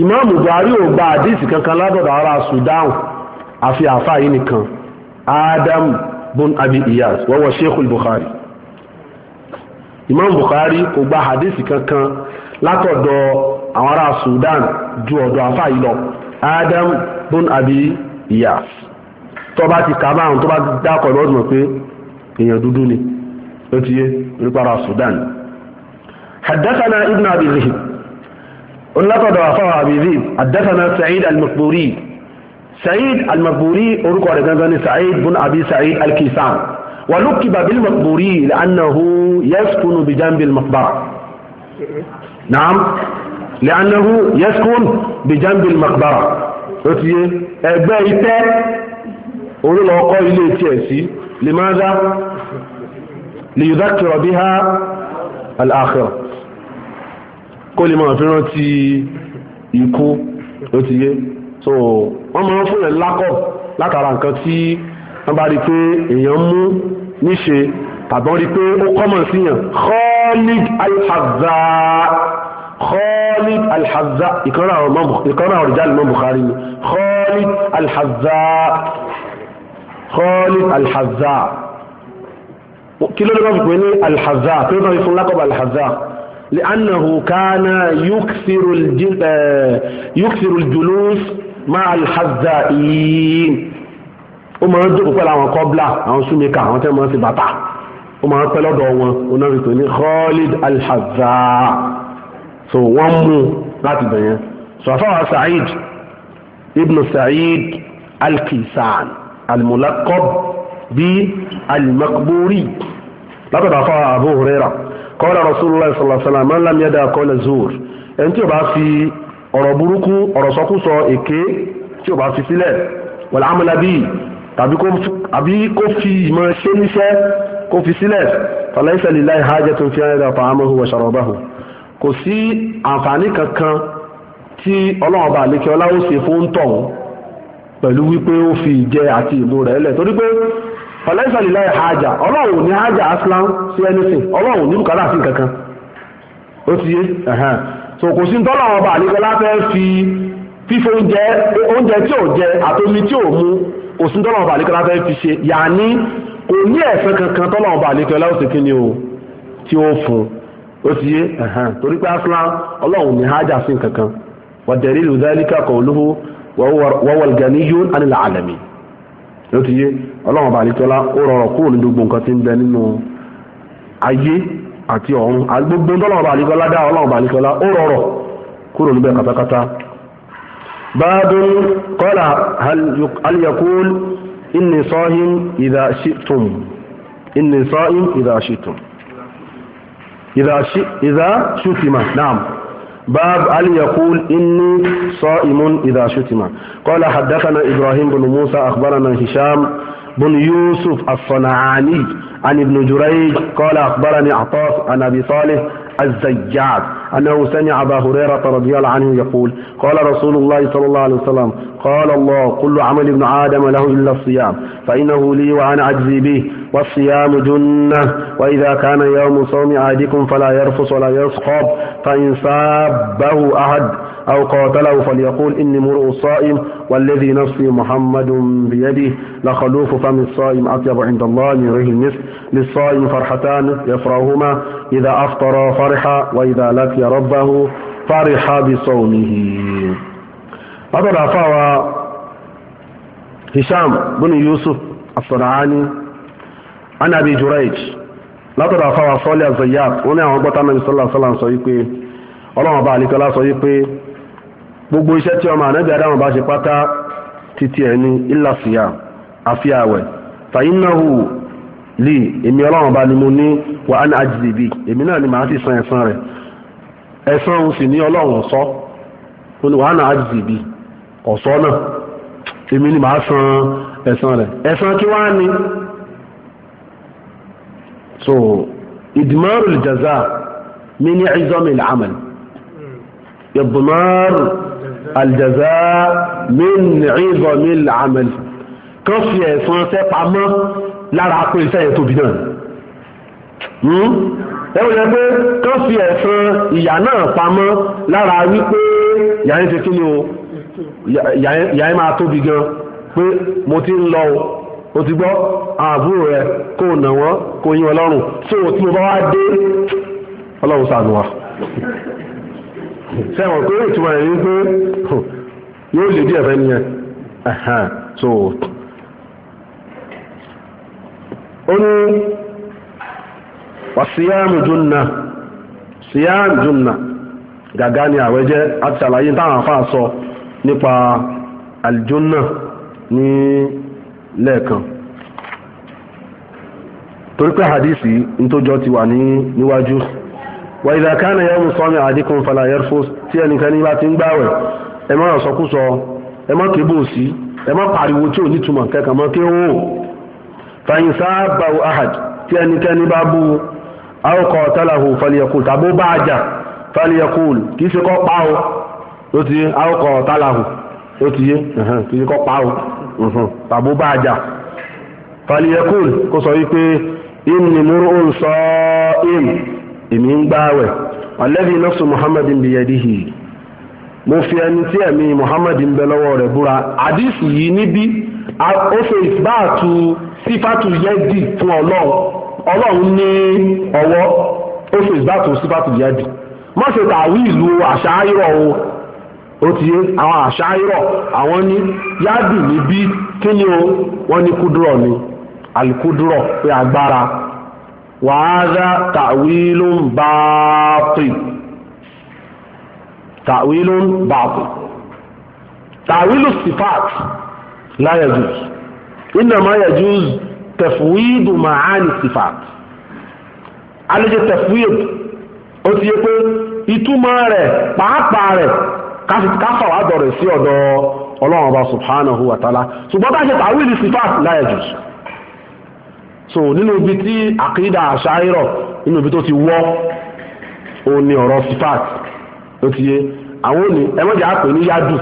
ìmáàmù buhari ò gba àdísì kankan látọ̀dọ̀ ará sudan àfi àfáà yìí nìkan adam bùn abiyah wọ́wọ́ sheikhul bukhari imam bukhari kò gba hadith kankan látọ̀dọ̀ àwọn ará Sudan ju ọ̀dọ̀ àfà yìí lọ Adam bun Abi Iyas tó bá ti kà márùn tó bá dákọ̀ lọ́dún pé èèyàn dúdú ni ó ti yé nípa ará Sudan حدثنا ابن أبي ذئب لقد رفع أبي ذئب حدثنا سعيد المقبوري سعيد المقبوري أرقى رجلان سعيد بن أبي سعيد الكيسان ولقب بالمقبوري لأنه يسكن بجنب المقبرة naam lẹ́anẹ́hu yẹ́skún bìjàmbìl makbara ó ti yé ẹgbẹ́ itẹ́ olólọ́kọ́ ilé tiẹ̀ sí limaza liyudakiro biha al-akhirah kó lè máa fi rántí ikú ó ti yé so wọ́n máa ń fún yẹn lákọ̀ látara nǹkan tí wọ́n bá rí i pé èèyàn mú níṣe tàbọ́n rí pé ó kọ́mọ̀ sí yàn Khalid al-Hazza Khalid al-Hazza ìkọ́nà àwọn ìjà lọ́mọ Bukhari ni Khalid al-Hazza Khalid al kí ló lọ́wọ́ pé ní al tó lọ́wọ́ fún lákọ̀ọ́ al-Hazza لأنه كان يكثر يكثر الجلوس مع الحذائين ó máa ń jókòó pẹ̀lú àwọn kọ́bla àwọn súnmẹ́kà àwọn tẹ́ máa ń bàtà ó máa pẹ́ lọ́dọ̀ wọn onáfi pè ní Khalid al-Hazza so wọ́n mú láti bẹ̀yẹn so àfáwà Sa'id ibn Sa'id al-Kisan al-mulaqab bí al-Maqburi látọ̀dọ̀ àfáwà Abu Hurairah qala Rasulullah sallallahu alaihi wasallam man lam yada qawla zuur ẹni tí ó bá fi ọ̀rọ̀ burúkú ọ̀rọ̀ sọkúsọ èké tí ó bá fi sílẹ̀ wal amala tàbí kó fi ìmọ̀ ṣe níṣẹ́ kó fi sílẹ̀ falaisa lillahi hajatun fi an yada ta'amahu wa sharabahu kò sí àǹfààní kankan tí ọlọ́run bá lékè ọlá ó ṣe fún tọ̀hún pẹ̀lú wípé ó fi ìjẹ àti ìmú rẹ̀ lẹ̀ torí pé falaisa lillahi haja ọlọ́run ní haja aslan sí anything ọlọ́run ní bùkálà sí kankan ó ti yé so kò sí tọ́lọ́run bá lékè ọlá fẹ́ fi fífo oúnjẹ oúnjẹ tí ò jẹ àtomi tí ò mu kò sí tọ́lọ́run bá lékè ọlá fi ṣe yàní kò ní kankan tọ́lọ̀ ọba àlejò aláwọ̀sẹ̀ kí o tí ó fún ó ti yé torí pé asúná ọlọ́run kankan wàdẹ̀rí lùdáríkà kọ̀ olúhu wọ́wọ́lgani yóò ánilà àlẹ́mì ó ti yé ọlọ́run ọba àlejò ọlá ó rọrọ̀ kúrò ní gbogbo nǹkan tí ń bẹ nínú ayé àti ọ̀run gbogbo tọ́lọ̀ ọba àlejò ọlá dá ọlọ́run ọba àlejò إني صائم إذا شئتم إني صائم إذا شئتم إذا ش... إذا شتم نعم باب علي يقول إني صائم إذا شتم قال حدثنا إبراهيم بن موسى أخبرنا هشام بن يوسف الصنعاني عن ابن جريج قال أخبرني عطاف عن أبي صالح الزيات أنه سمع أبا هريرة رضي الله عنه يقول قال رسول الله صلى الله عليه وسلم قال الله كل عمل ابن آدم له إلا الصيام فإنه لي وأنا أجزي به والصيام جنة وإذا كان يوم صوم عادكم فلا يرفص ولا يسقط فإن سابه أحد أو قاتله فليقول إني مرء صائم والذي نفسي محمد بيده لخلوف فم الصائم أطيب عند الله من ريح المسك للصائم فرحتان يفرهما إذا أفطر فرح وإذا لقي ربه فرح بصومه هذا فاوى هشام بن يوسف الصنعاني عن أبي جريج látọ̀dọ̀ àfáwà sọ́lẹ̀ zayat wọ́n ونعم àwọn gbọ́ta الله عليه وسلم sọ wípé ọlọ́run ọba àlìkọlá gbogbo iṣẹ́ tí ọmọ ànábì adáwọn bá ṣe pátá títí ẹni ìlàsíyà àfi àwẹ̀ fàyínnáhù lì èmi ọlọ́run bá ni mo ní wà á ní àjìdìbì èmi náà ni màá sì san ẹ̀san rẹ̀ ẹ̀san òun sì ní ọlọ́run ọ̀sọ́ ó ní wà á ní àjìdìbì ọ̀sọ́ náà èmi ni màá san ẹ̀san rẹ̀ ẹ̀san kí wàá ní so idmarul jaza min izamil amal idmar àlìjàzá min izomil amal kan fi ẹ̀sán ṣẹ́ pamọ́ lára pé iṣẹ́ yẹn tóbi náà hmm? ẹ wọ́n yẹ pé kan fi ẹ̀sán ìyà náà pamọ́ lára wípé yàyín ṣe kí ni o yàyín máa tóbi gan pé mo ti ń lọ o ti gbọ́ àbúrò rẹ kó nà wọ́n kó o ọlọ́run tí o tí mo bá wá dé ọlọ́run ṣàánú wa. sẹ́wọ̀n pé ìtumọ̀ a wípé yóò lè díẹ̀ so ó ní wàsíyáàmù júnà síyáàmù júnà gàgá ni àwẹ̀ jẹ́ àti àlàyé táwọn afá sọ nípa ní lẹ́ẹ̀kan wà ìdá na ya mú sọ́mi àdínkùn fàlà yẹ́rfó tí ẹnìkan bá ti ń gbàwẹ̀ ẹ má rọ̀ sọkúsọ ẹ má kébò sí ẹ má pariwo tí ò ahad tí ẹnikẹ́ni bá bú àwòkọ́ tálàhù fàlìyàkùl tàbó bá àjà fàlìyàkùl kì èmi ń gbààwẹ̀ alladhi nafsu muhammadin biyadihi mo fi ẹni tí ẹ̀mí muhammad ń bẹ lọ́wọ́ rẹ̀ búra àdìsí yìí níbí ó ṣe ìbáàtú sífàtú yẹ́dì fún ọlọ́run ọlọ́run ní ọwọ́ ó ṣe ìbáàtú sífàtú yẹ́dì má ṣe tàwí ìlú o ó ti yé ni o wọ́n ní ni وهذا تعويل باطل تعويل باطل تعويل الصفات لا يجوز إنما يجوز تفويض معاني الصفات alẹ́jẹ́ tẹ̀fúyè ó ti yẹ pé ìtumọ̀ rẹ̀ pàápàá rẹ̀ káfà wà dọ̀rẹ̀ sí ọ̀dọ̀ ọlọ́run ọba subhanahu atala. ta'ala ṣùgbọ́n sifat so nínú ibi tí àkídà àṣàírọ̀ nínú ibi tó ti wọ́ òun ni ọ̀rọ̀ sifat ló ti yé àwọn òní ẹmọ́jà pè ní yádù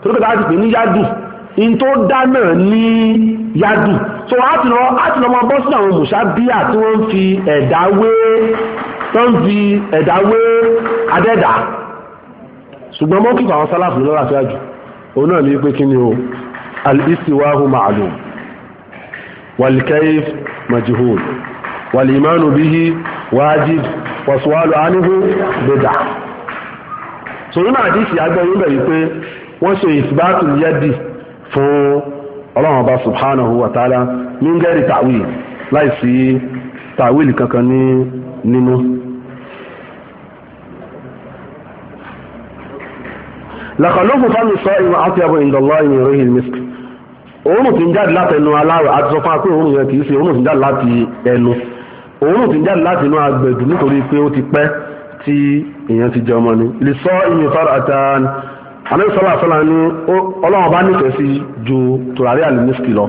tó lókè láti pè ní yádù in tó dá náà ní yádù so láti lọ mọ bọ́ sí àwọn mùsàbíà tí wọ́n ń fi ẹ̀dá wé tó ń fi ẹ̀dá wé adẹ́dà ṣùgbọ́n mọ́ kíkọ àwọn sálàfù lọ́la fi àjù òun náà ní pé kí ni o al-istiwa hu majhul wàlìmánu bihi wájib wàsùwàlù anihu bidà sòrí náà àdìsí agbẹ́yìn bẹ̀ wípé wọ́n ṣe ìsìbáàtù yẹ́dì fún ọlọ́run ọba subhanahu wa ta'ala ní gẹ́rì tàwíl láìsí tàwíl kankan ní nínú lẹ́kọ̀ọ́ ló kò fámi sọ ìmọ̀ àti àbọ̀ ìdọ̀lọ́ ìmọ̀ ìròyìn òórùn tí ń jáde láti ẹnu aláwẹ̀ àti sọ fún wa pé òórùn yẹn kì í ṣe òórùn tí ń jáde láti ẹnu òórùn tí ń jáde láti inú agbẹ̀dù nítorí pé ó ti pẹ́ tí èèyàn ti jẹ ọmọ ni lè sọ ìyìn fara àtàn àlẹ́sọ́lá sọ́lá ni ọlọ́run bá nífẹ̀ẹ́ sí ju tùràrí àlùmísìkì lọ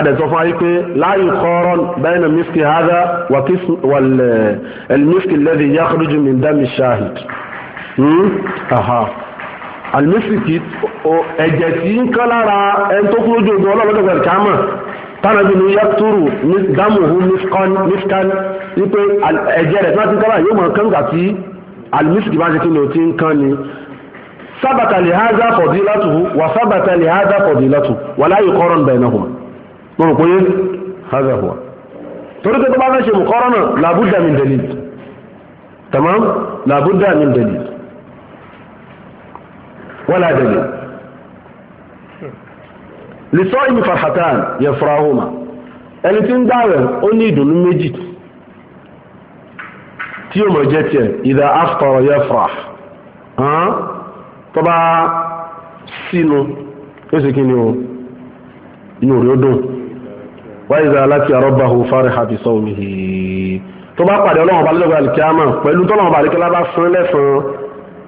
adẹ̀sọ́ fún pé láàyè kọ́rọ́ bẹ́ẹ̀nà mísìkì hádà wàlẹ̀ ẹ̀lmísìkì lẹ́dí yàkúrújú mi dá mi ṣáàhìd alimisiki ẹ̀jẹ̀ tí ń kán lára ẹni tó kúrò jòjò ọlọ́mọdé kàmà tánàbí ni yàtúrù dámùhù mifkan wípé ẹ̀jẹ̀ rẹ̀ tí wọ́n ti kán lára yóò mọ̀ kán gà tí alimisiki bá ń ṣe kí ni ò ti ń kán ni sábàtà lè háza fọ̀dí látùhù wà sábàtà lè háza fọ̀dí látù wà láyé kọ́rọ̀ bẹ̀rẹ̀ náà hùwà mo pé háza hùwà torí tó bá fẹ́ ṣe mùkọ́rọ̀ náà làbúdà min dalil tamam làbúdà min dalil ولا دليل لصائم فرحتان يفرحهما ẹni tí ń dáwẹ̀ ó ní ìdùnnú méjì tí yóò mọ̀ jẹ́ tiẹ̀ ìdá aftara yafrah tó bá sínú ó sì kí ni o inú rí ó dùn wa idha laqiya rabbahu fariha bi sawmihi tó bá pàdé ọlọ́run ọba lọ́gbà alìkíyàmà pẹ̀lú tọ́lọ́run ọba alìkíyàmà bá fún lẹ́sàn-án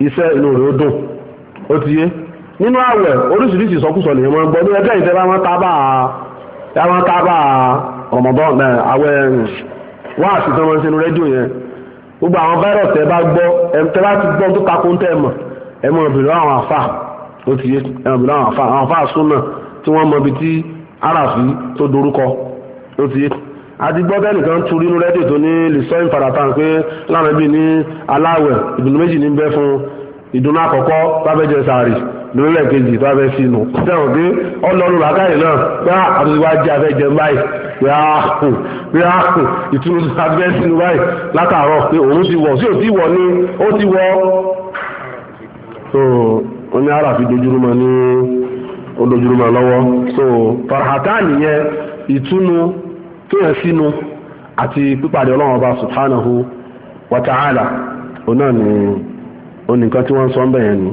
iṣẹ́ inú rí ó dùn ó ti yé nínú àwẹ̀ oríṣiríṣi ìsọkúsọ lèyàn máa ń gbọ́ ní ẹjọ́ ìfẹ́ bá wọn tábà bá wọn tábà ọmọdún àwẹ̀ wá àti tí wọ́n ń ṣe nu rédíò yẹn gbogbo àwọn fáírọ̀sì tẹ́ bá gbọ́ tẹ́ bá ti gbọ́ tó takun tẹ́ mọ̀ ẹ mọ̀ bìrì àwọn àfà ó ti yé ẹ mọ̀ bìrì àwọn àfà àwọn àfà súnà tí wọ́n mọ ibi tí àràfí tó dorúkọ ó ti yé àti gbọ́dọ̀ nìkan turu inú rédíò tó ní lè sọ ìfaratàn pé lánàá bíi ní aláwẹ̀ ìbùnú méjì ní bẹ́ fún ìdùnnú àkọ́kọ́ tábẹ́jẹ sàárì lórílẹ̀ kejì tábẹ́ sínú sẹ́wọ̀n pé ọlọ́run làákàyè náà pé ah, àtúntí wá jẹ́ afẹ́jẹ báyìí pé ààkùn ah, pé ààkùn ah, ìtúnú abẹ́ sínú báyìí látàárọ̀ pé òun ti wọ̀ sí ò ti wọ̀ ní ó ti wọ̀ so wọ́n ní ara fi dojúrúmọ ní ó lọ́wọ́ so farahata nìyẹn ìtúnú kéèyàn sínú àti pípàdé ọlọ́run ọba subhanahu wa ta'ala òun náà onìkan tí wọ́n sọ ń bẹ̀yẹn ni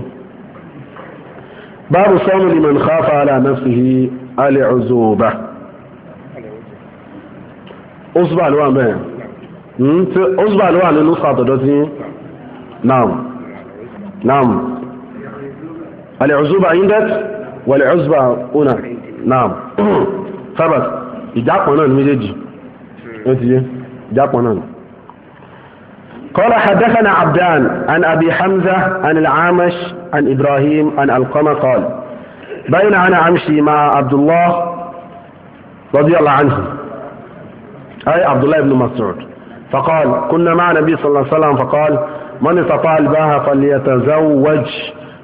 báàbù sọ́mù ni man khafa ala nafsihi alẹ́ ọzọ́ọ̀bá osùbà ló wà bẹ́ẹ̀ osùbà hmm? ló wà nínú sàtọ̀dọ̀ tí naam naam alẹ́ ọzọ́ọ̀bá indet wàlẹ́ ọzọ́ọ̀bá una naam sábà (clears throat) ìjápọ̀ náà ní méjèèjì ó ti yé ìjápọ̀ náà قال حدثنا عبدان عن أبي حمزة عن العامش عن إبراهيم عن القمة قال بين أنا أمشي مع عبد الله رضي الله عنه أي عبد الله بن مسعود فقال كنا مع النبي صلى الله عليه وسلم فقال من استطاع الباهة فليتزوج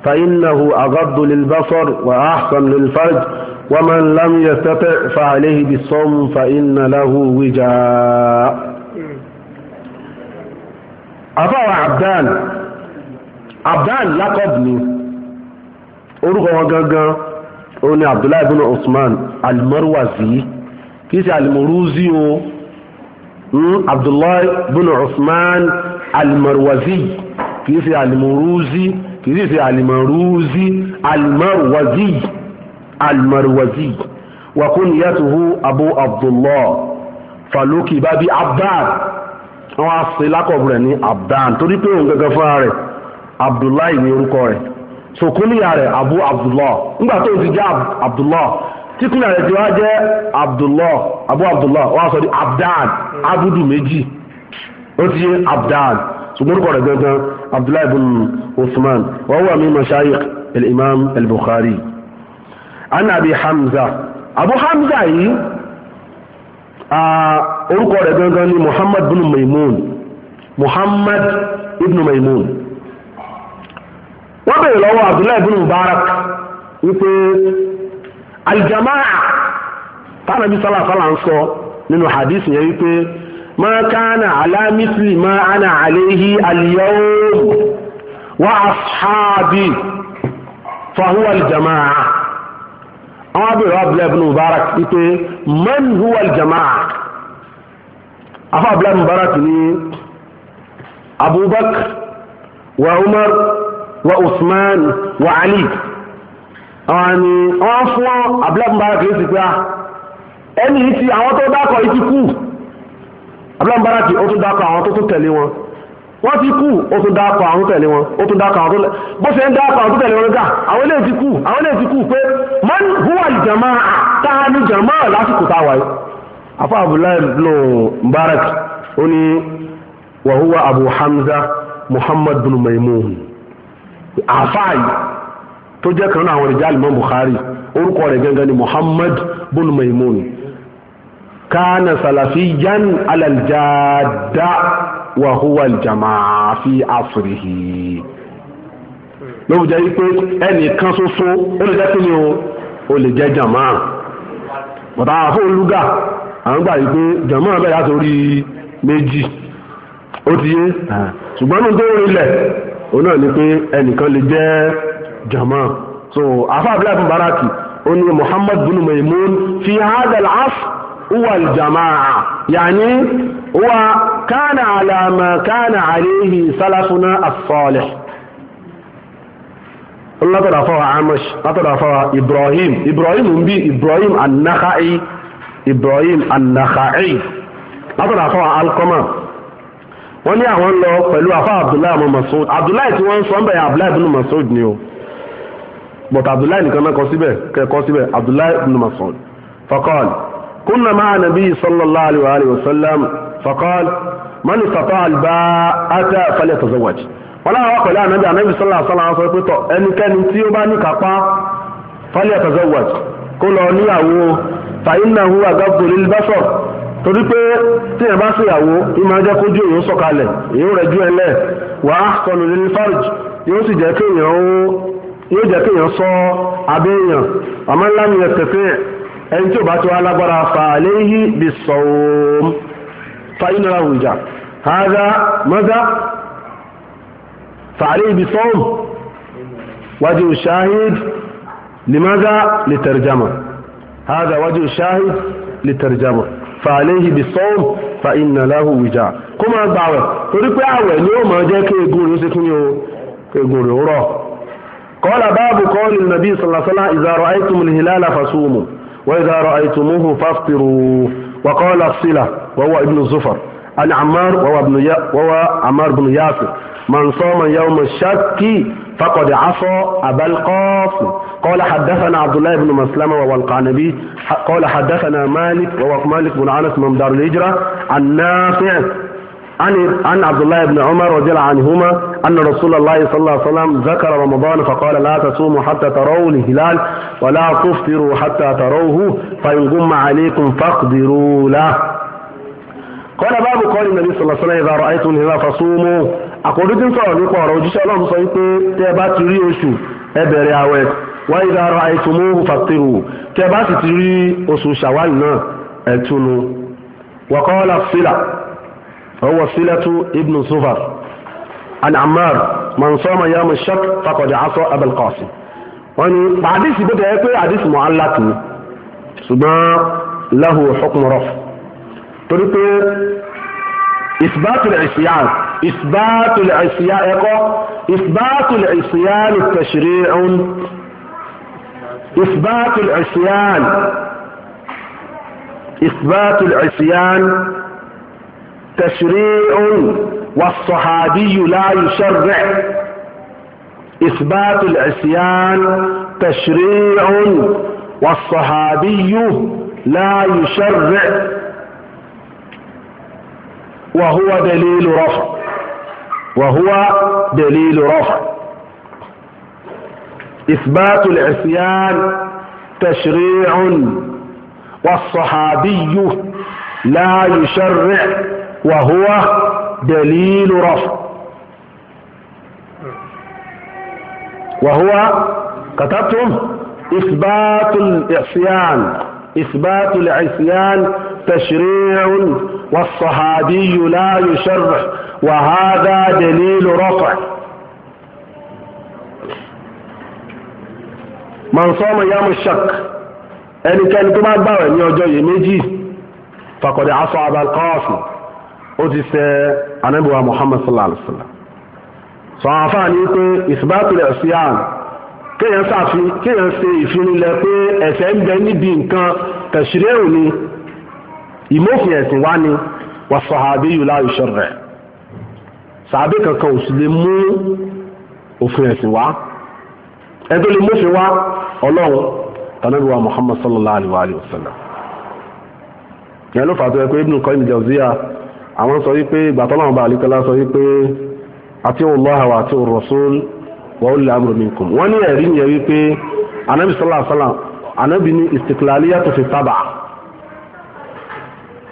فإنه أغض للبصر وأحسن للفرج ومن لم يستطع فعليه بالصوم فإن له وجاء àbáwọ̀ abdan abdan lakob ni orúkọ wọn gangan òun ni abdullahi ibn usman almarwazi kìí ṣe almuruzi o hmm, abdullahi ibn usman almarwazi kìí ṣe almuruzi kìí ṣe almaruzi almarwazi almarwazi wa kunyatuhu abu abdullah faluki babi abdan wọ́n á ṣe lákọ̀ọ́bù rẹ̀ ní abdan torí pé òun gẹ́gẹ́ fúnra rẹ̀ abdullahi ní orúkọ rẹ̀ sòkúnìyà rẹ̀ abu abdullah nígbà tó ti jẹ́ abdullah tíkúnìyà rẹ̀ ti wá jẹ́ abdullah abu abdullah wọ́n á sọ di abdan abudu méjì ó ti yé abdan ṣùgbọ́n orúkọ rẹ̀ gangan abdullahi ibn usman wa huwa min mashayikh al-imam el bukhari an abi hamza abu hamza yìí ah, orúkọ rẹ̀ gangan ni muhammad bin maimun muhammad ibn maimun wọ́n bèèrè lọ́wọ́ abdullahi bin mubarak wípé aljamaa tánàbí sálàsálà ń sọ nínú hadith yẹn wípé ma kana ala misli ma ana alayhi al-yawm wa ashabi fahuwa aljamaa àwọn abdullahi bin mubarak wípé man huwa aljamaa afa abdullahi mubarak ni abubakar wa umar wa usman wa ali àwọn ni wọ́n fún abdullahi mubarak lè sì pé a ah, ẹni tí àwọn tó dákọ̀ yìí ti kú abdullahi mubarak ó tún dákọ̀ àwọn tó tún tẹ̀lé wọn wọ́n ti kú ó tún dákọ̀ àwọn tẹ̀lé wọn ó tún dákọ̀ àwọn tó tẹ̀lé bó ṣe ń dákọ̀ àwọn tó tẹ̀lé wọn gà àwọn ilé ti kú àwọn ilé ti kú pé man huwa al jamaa ní jamaa lásìkò tá a afa abdullahi ibn mubarak ó ní wa huwa abu hamza muhammad bin maimun afa yìí tó jẹ́ kan náà àwọn ìjà alimọ́ bukhari orúkọ rẹ̀ gangan ni muhammad bin maimun kana salafiyan alaljada wa huwa aljamaa fi asrihi ló fi jẹ́ wípé ẹnìkan ṣoṣo ó lè jẹ́ kí ni o lè jẹ́ jamaa bàtà àfọ̀ olúgà à ń gbà yìí pé jọ̀mọ́ bẹ̀rẹ̀ látòrí méjì ó ti yé ṣùgbọ́n nínú tó rinlẹ̀ òun náà ni pé ẹnìkan lè jẹ́ jọ̀mọ́ so afa abdullahi bin baraki ó ní muhammad bin maimun fi hadha al-asr huwa al-jama'a yani huwa kana ala ma kana alayhi salafuna as-salih látọ̀dọ̀ afọ́wà amash látọ̀dọ̀ afọ́wà ibrahim ibrahim ń bí ibrahim an ibrahim an-nakha'i látọ̀dọ̀ àfọwà alkoma wọ́n ní àwọn lọ pẹ̀lú àfọ abdullahi ọmọ masoud abdullahi tí wọ́n ń sọ ń bẹ̀rẹ̀ abdullahi ibn masoud ni o but abdullahi nìkan náà kọ síbẹ̀ kẹ́kọ́ síbẹ̀ abdullahi ibn masoud faqal kunna ma'a nabi sallallahu alayhi wa sallam faqal man istata'a al-ba'ata falyatazawwaj wọ́n láwọn pẹ̀lú ànábì ànábì sallallahu alayhi wa sallam pé tọ̀ ẹnikẹ́ni tí ó bá ní kápá falyatazawwaj kó lọ níyàwó fàyínà hu àgbàgbò lè bẹ́sọ̀ torí pé tí èèyàn bá ṣèyàwó yìí máa jẹ́ kójú èèyàn sọ̀kalẹ̀ èèyàn rẹ̀ ju o wà á sọnù lè fárìj yóò sì jẹ́ kéèyàn ó yóò jẹ́ kéèyàn sọ abẹ́ èèyàn ńlá mi ẹ̀ ẹni tí ò bá ti wá lágbára fà léyìí bí sọ̀rọ̀ fàyínà àwùjá hàdá mọ́dá فعليه بصوم jama هذا وجه الشاهد للترجمة فعليه بالصوم فإن له وجاء كما دعوة تريد أعوى اليوم جاك يقول يسكن يقول راه قال باب قول النبي صلى الله عليه وسلم إذا رأيتم الهلال فصوموا وإذا رأيتموه فافطروا وقال الصلة وهو ابن الزفر عن عمار وهو, ابن ي... وهو عمار بن ياسر من صام يوم الشك فقد عصى أبا القاسم قال حدثنا عبد الله بن مسلمة والقعنبي قال حدثنا مالك وهو مالك بن عنس من دار الهجرة عن نافع عن عن عبد الله بن عمر رضي الله عنهما أن رسول الله صلى الله عليه وسلم ذكر رمضان فقال لا تصوموا حتى تروا الهلال ولا تفطروا حتى تروه فإن غم عليكم فاقدروا له قال باب قول النبي صلى الله عليه وسلم إذا رأيتم الهلال فصوموا اقول لكم rí ẹ bẹ̀rẹ̀ àwẹ̀ wọ́n yíra ara ìtumú fàtírù kẹ bá sì ti rí oṣù ṣàwáì náà ẹ túnú wàkọ́ọ́lá sílà ọwọ́ sílẹ̀tú ibn sufar an ammar man sọ́mọ ya mu shak fakọ̀dẹ̀ aṣọ wọ́n ní àdìsí bó tẹ̀ pé àdìsí mọ̀ aláàtú ṣùgbọ́n lahu hukm torí pé ìsìbátìlẹ̀ ìṣìyàn إثبات العصيان إيه إثبات العصيان تشريع إثبات العصيان إثبات العصيان تشريع والصحابي لا يشرع إثبات العصيان تشريع والصحابي لا يشرع وهو دليل رفض وهو دليل رفع إثبات العصيان تشريع والصحابي لا يشرع وهو دليل رفع وهو كتبتم إثبات العصيان إثبات العصيان تشريع والصحابي لا يشرع وهذا دليل رفع من صام يوم الشك ẹni kẹ́ni tó bá gbàwẹ̀ ní ọjọ́ yìí méjì fàkọ̀dẹ̀ aṣọ abalkọ́ọ̀sì ó ti ṣẹ anábíwá muhammad sallallahu alaihi wasallam sọ àǹfààní ní pé ìsìbátulẹ̀ ọ̀síàn kéèyàn ṣàfi kéèyàn ṣe ìfinilẹ̀ pé ẹ̀ṣẹ̀ ń bẹ níbi sàbẹ kankan ò sì lè mú òfin ẹ̀sìn wá ẹni tó lè mú òfin wá ọlọ́run tànàbíwá muhammad sallallahu alayhi wa sallam ìyẹn ló fà tó yẹ pé ibn qayyim jawziya àwọn sọ wípé ìgbà tọ́lọ́run bá àlíkọ́lá sọ wípé àti Allah wa àti rasul wa ulil amri minkum wọ́n ní ẹ̀rí yẹn wípé anabi sallallahu alayhi wa sallam anabi ní tó fi tábà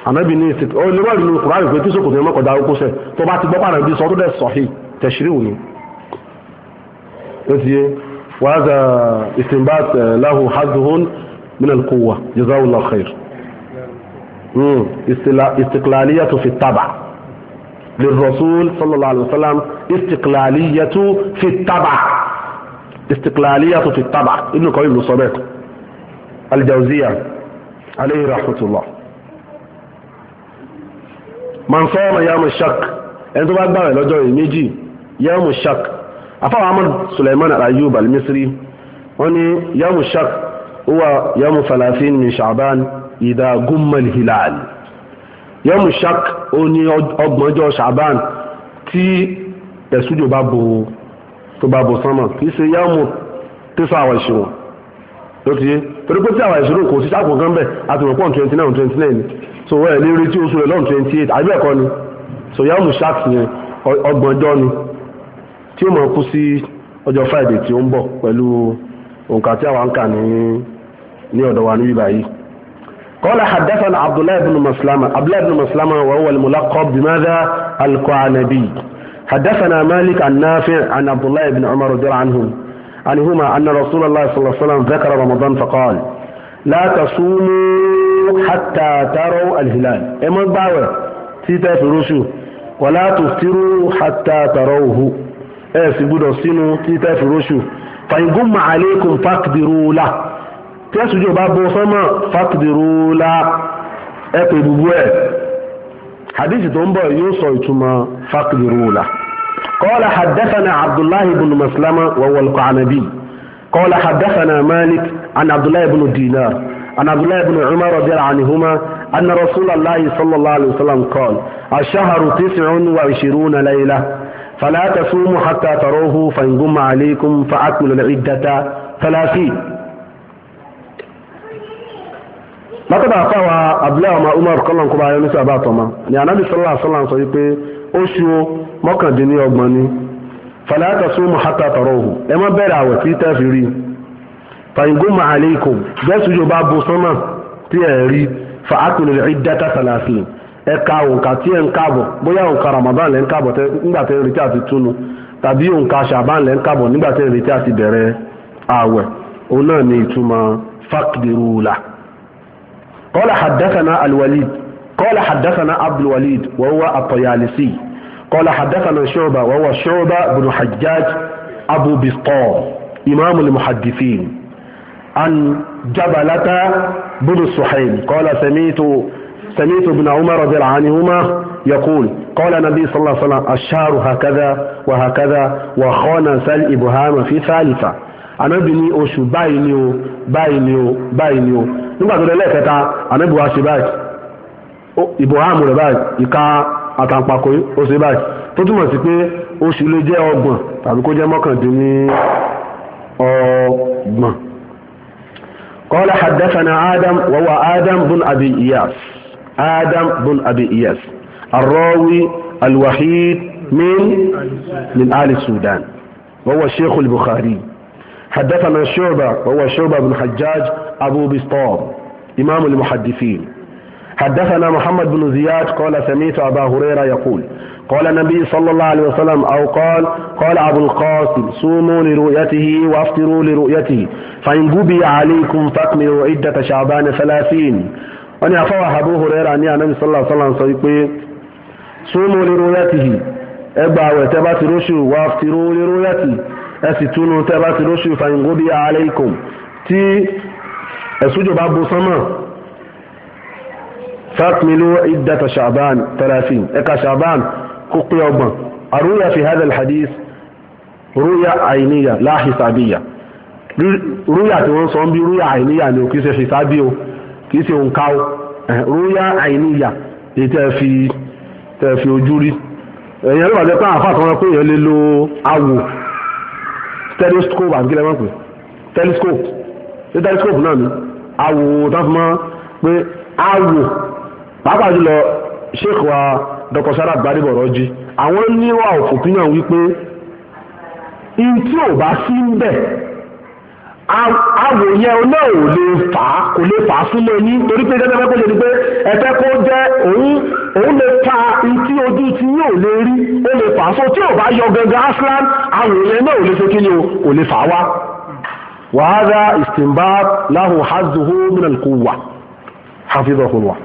ànábì ní ìsìnkú ọ lè wà nínú kùránì pé tí sòkòtò ẹmọ kọjá okó sẹ tó bá ti gbọ́ pàrọ̀ bí sọ tó dẹ̀ sọ̀hí tẹ̀sírí òní. ó ti yé wàhálà istinbat lahu hazuhun min alquwa jazakallahu khair istiqlaliyatu fi taba lirrasul sallallahu alayhi wa sallam istiqlaliyatu fi taba istiqlaliyatu fi taba inú kọ́ ìlú sọ bẹ́ẹ̀ aljawziya aleyhi rahmatulah. man sọ́ọ̀mà yàmù shak ẹni tó bá gbààwẹ̀ lọ́jọ́ rẹ̀ méjì yàmù shak afáwọn ahmad suleiman ayub al-misri wọ́n ní yàmù shak huwa yàmù falafin min sha'ban idha gumma al-hilal yàmù shak ó ní ọgbọ̀njọ́ sha'ban tí ẹ̀sùjò bá bo tó bá bo sánmà kì í ṣe yàmù tẹ́sà àwọn ìṣirò ló ti tí àwọn ìṣirò kò sí sáàpù kan bẹ́ẹ̀ àti mọ̀pọ̀ twenty nine so ẹ̀ ní retí oṣù rẹ̀ lọ́n twenty eight àbí ẹ̀kọ́ ni so yàrá musaq yẹn ọgbọ̀njọ́ ni tí ó mọ̀ kú sí ọjọ́ friday tí ó ń bọ̀ pẹ̀lú òǹkà tí àwa ń kà ní ní ọ̀dọ̀ wa níbí báyìí. قال حدثنا عبد الله بن مسلمة عبد الله بن مسلمة وهو الملقب بماذا القعنبي حدثنا مالك عن نافع عن عبد الله بن عمر رضي الله عنهم عنهما أن رسول الله صلى الله عليه وسلم ذكر رمضان فقال لا تصوموا hàtà tààrọ alhilal ẹ má gbààwẹ̀ títẹ fìrúṣù wàlá tuftiru hàtà tààrọ òhu ẹ sì gbúdọ̀ sínú títẹ fìrúṣù fàyìngún màálẹ́kùn fàkìdìrúlà tẹ́sùjò bá bọ́ sọ́mọ́ fàkìdìrúlà ẹ pè gbogbo ẹ̀ حديث دنبا يوصى يتما فقد رولا قال حدثنا عبد الله بن مسلمة وهو القعنبي قال حدثنا مالك عن عبد الله بن دينار عن عبد الله بن عمر رضي الله عنهما أن رسول الله صلى الله عليه وسلم قال الشهر تسع وعشرون ليلة فلا تصوموا حتى تروه فإن جم عليكم فأكملوا العدة ثلاثين látọ̀dọ̀ àfáwà abúlé ọmọ umar kọ́lọ̀ kọ́ba ayọ́ nísà bá tọ́mọ ni anábì sọ́lá sọ́lá sọ wípé oṣù mọ́kàndínlọ́gbọ̀n ni fàlẹ́ àtàsùn mọ̀hátà tọ̀rọ̀ òhù ẹ má bẹ̀rẹ̀ àwẹ̀ tí tẹ́ fi rí i fàyíngómà àlékò bẹ́ẹ̀sù yóò bá bo sánmà tí ẹ̀ ń rí fa àtúnlẹ̀ rí dátà sàlàsì ẹ ka òǹkà tí ẹ ń káàbọ̀ bóyá òǹkà ramadan lẹ́ ń káàbọ̀ nígbà tẹ́ ń retí àti túnu tàbí òǹkà ṣàbán lẹ́ ń káàbọ̀ nígbà tẹ́ ń retí àti bẹ̀rẹ̀ ààwẹ̀ òun náà ni ìtumọ̀ fàkìdìrúlà. قال حدثنا الوليد قال حدثنا عبد الوليد وهو الطيالسي قال حدثنا شعبة وهو شعبة بن حجاج أبو بسطام إمام المحدثين عن جبلة بن السحيم قال سميت سميت ابن عمر رضي الله عنهما يقول قال النبي صلى الله عليه وسلم الشهر هكذا وهكذا وخانس الإبهام في ثالثة anabi ní oṣù báyìí ni o báyìí ni o báyìí ni o nígbà tó délẹ̀ kẹta anabi wa ṣe báyìí ìbò hàmù rẹ̀ báyìí ìka àtàǹpàkò ó ṣe báyìí tó túmọ̀ sí pé oṣù lè jẹ́ ọgbọ̀n tàbí kó jẹ́ mọ́kàndínní ọgbọ̀n. قال حدثنا آدم وهو آدم بن أبي إياس آدم بن أبي إياس الراوي الوحيد من من آل السودان وهو شيخ البخاري حدثنا شعبة وهو شعبة بن حجاج أبو بسطام إمام المحدثين حدثنا محمد بن زياد قال سمعت أبا هريرة يقول قال النبي صلى الله عليه وسلم أو قال قال أبو القاسم صوموا لرؤيته وافطروا لرؤيته فإن قبي عليكم فاكملوا عدة شعبان ثلاثين وأن يفوى أبو هريرة أن النبي صلى الله عليه وسلم صيقين صوموا لرؤيته إبا وتبات رشو وافطروا لرؤيته أستونوا تبات رشو فإن قبي عليكم تي أسجو بابو سما فاكملوا عدة شعبان ثلاثين إكا شعبان kó pé ọgbọ̀n àrúyà fi hadha alhadith rúyà àìníyà láhìsàbíyà rúyà tí wọ́n sọ ń bí rúyà àìníyà ni kì í ṣe fìsábí o kì í ṣe òǹkà o eh, rúyà àìníyà èyí tẹ́ fi tẹ́ fi ojú rí ẹ̀yìn ẹ̀rọ àti ẹ̀pá àfáà kan pé èèyàn lè lo awò telescope náà ni awò táwọn fi máa pé awò pàápàá jùlọ sheikh wa. Dr. Sarat gbadebọ̀rọ̀ jí àwọn níwà òfòpin náà wípé in tí ò bá sí ń bẹ̀ àwòyẹ náà ò lè fà á kò lè fà á súnmọ́ ní torí pé gẹ́gẹ́ bẹ́ẹ̀ kó ṣe ni pé ẹ̀fẹ́ kó jẹ́ òun òun lè fa in tí ojú tí yín ò lè rí ó lè fà á so tí ò bá yọ gangan aslan àwòyẹ náà ò lè ṣe kí ni kò lè fà á wá. wàhálà ìsìnbá láhùn hazuhu minal kúwà hafizahulwa.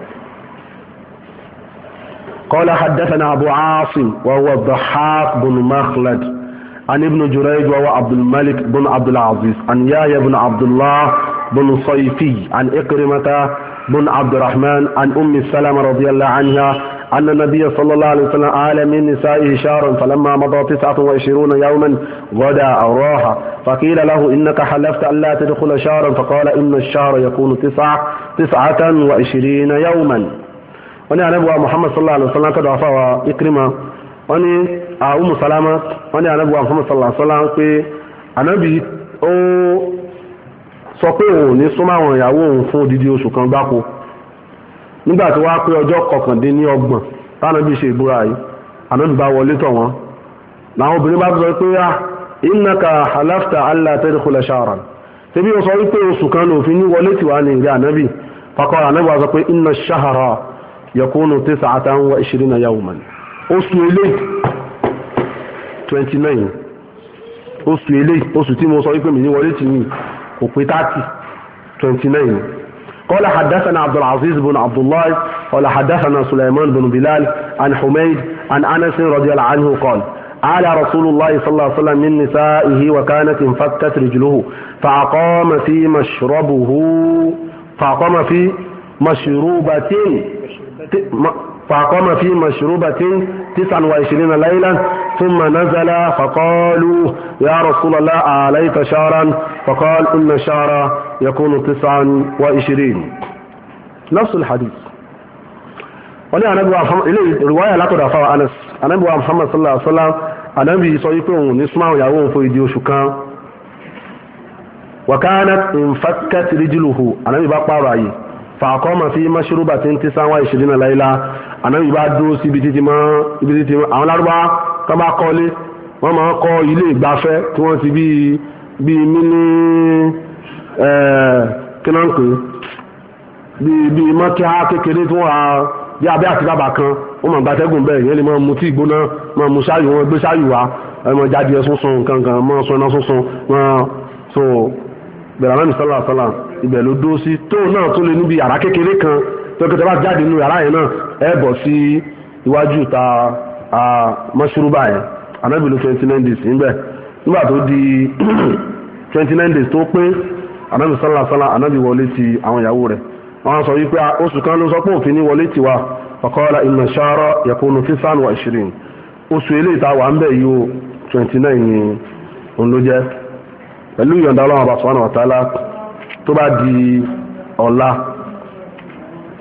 قال حدثنا أبو عاصم وهو الضحاك بن مخلد عن ابن جريج وهو عبد الملك بن عبد العزيز عن يايا بن عبد الله بن صيفي عن إكرمة بن عبد الرحمن عن أم سلمة رضي الله عنها أن النبي صلى الله عليه وسلم آل من نسائه شهرا فلما مضى 29 يوما غدا أو راح فقيل له إنك حلفت أن لا تدخل شهرا فقال إن الشهر يكون تسعة تسعة وعشرين يوما wọ́n ní anábíwá muhammad sallallahu alaihi wasallam tọ́dọ̀ afáwà ikrima wọ́n ní àwọn salama wọ́n ní anábíwá muhammad sallallahu alaihi wasallam pé anábì ó sọ pé òun ní súnmọ́ àwọn ìyàwó òun fún odidi oṣù kan gbáko nígbà tí wàá pé ọjọ́ kọkàndínlọ́gbọ̀n tánàbí ṣe ìbúra yìí anábì bá wọlé tọ̀ wọ́n làwọn obìnrin bá sọ pé ah innaka halafta allah tadkhula shahran tẹ́bí ó sọ wípé oṣù kan lòfin ní wọlé tìwá ní ìrẹ́ anábì fakọ́ anábì wá sọ pé inna shahra yakunu tis'atan wa ishirina yawman oṣù eléyìí twenty nine oṣù eléyìí oṣù tí mo sọ wípé mi ní wọlé tì yìí kò pé thirty twenty nine قال حدثنا عبد العزيز بن عبد الله قال حدثنا سليمان بن بلال عن حميد عن انس رضي الله عنه قال على رسول الله صلى الله عليه وسلم من نسائه وكانت انفكت رجله فأقام في مشربه فأقام في مشروبة فقام في مشروبة تسعا وعشرين ليلة ثم نزل فقالوا يا رسول الله عليك شهرا فقال إن الشهر يكون تسعا وعشرين نفس الحديث wọ́n ní ilé ìrìwáyà látọ̀dọ̀ àfáwà anas anábíwá muhammad sallallahu alaihi wasallam anábí sọ wípé òun ní súnmọ́ ìyàwó òun fún ìdí oṣù kan wàkánà ìfàkàtì ríjìlùhù anábí bá pààrọ̀ àyè fàkọ́mọ̀ sí mọ́ṣúrúbà tí ń tí sáwọn ìṣèlú náà láyé la ànábì bá dúró sí ibi títí mọ́ ibi títí mọ́ àwọn lárúbá tó bá kọ́lé wọ́n máa ń kọ́ ilé ìgbafẹ́ tí wọ́n ti bíi bíi mímí kí náà ń pè bíi bíi mọ́tíá kékeré tí wọ́n á bí abẹ́ àti bàbà kan wọ́n máa gbatẹ́gùn bẹ́ẹ̀ yẹn lè máa mu tí ìgbóná máa mu ṣáàyù wọn gbé ṣáàyù wa ẹ̀mọ jáde ẹ̀ sunsun kankan mọ́ sọ́nà sunsun mọ́ so bẹ̀rẹ̀ àmì sọ́là sọ́là ibẹ̀ ló dó sí tóun náà tó lè níbi yàrá kékeré kan tọ́kẹ́tẹ́ bá jáde nínú yàrá yẹn náà ẹ bọ̀ sí iwájú ta mọ́ṣúrúbà yẹn anábì ló twenty nine days níbẹ̀ nígbà tó di (clears throat) twenty nine days tó pé anábì sálà sálà anábì wọlé ti àwọn ìyàwó rẹ̀ wọ́n sọ wípé oṣù kan ló sọ pé òfin ní wọlé tiwa faqala inna shara yakunu fisan wa ishirin oṣù eléyìí tá a wà ń bẹ̀ yìí o twenty nine ni òun ló jẹ́ pẹ̀lú ìyọ̀ǹda ọlọ́run àbàṣọ́ ọ̀tá láàpù tó bá di ọ̀la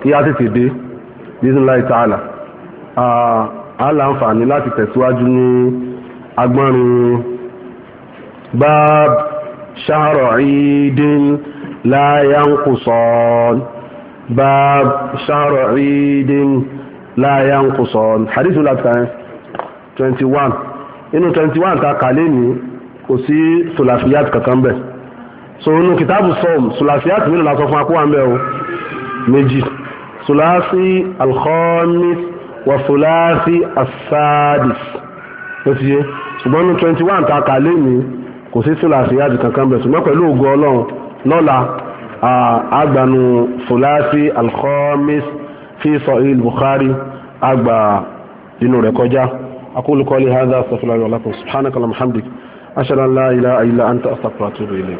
kí á tètè dé bisimilayi ta'ala a láǹfààní láti tẹ̀síwájú ní agbọ́nrin báb ṣáàrọ̀ ìdín láyánkusọ́n báb ṣáàrọ̀ ìdín láyánkusọ́n hadithu láti kàyẹn 21 inú 21 ta kàlẹ́ ní kò sí solafiyat kankan bẹ́ẹ̀ so inú kìtàbù sọm sùlàsì àti mílò lásọ fún akówà mbẹ o méjì sùlàsì alkhamis wà sùlàsì asadis ló ti yé ṣùgbọ́n ní twenty one ta kà lẹ́yìn kò sí sùlàsì àti kankan bẹ̀ ṣùgbọ́n pẹ̀lú ògo ọlọ́run lọ́la àgbànú sùlàsì alkhamis fi sahih bukhari àgbà inú rẹ̀ kọjá akólukọ́lé hadha astaghfirullah wa lakum subhanaka allahumma hamdik ashhadu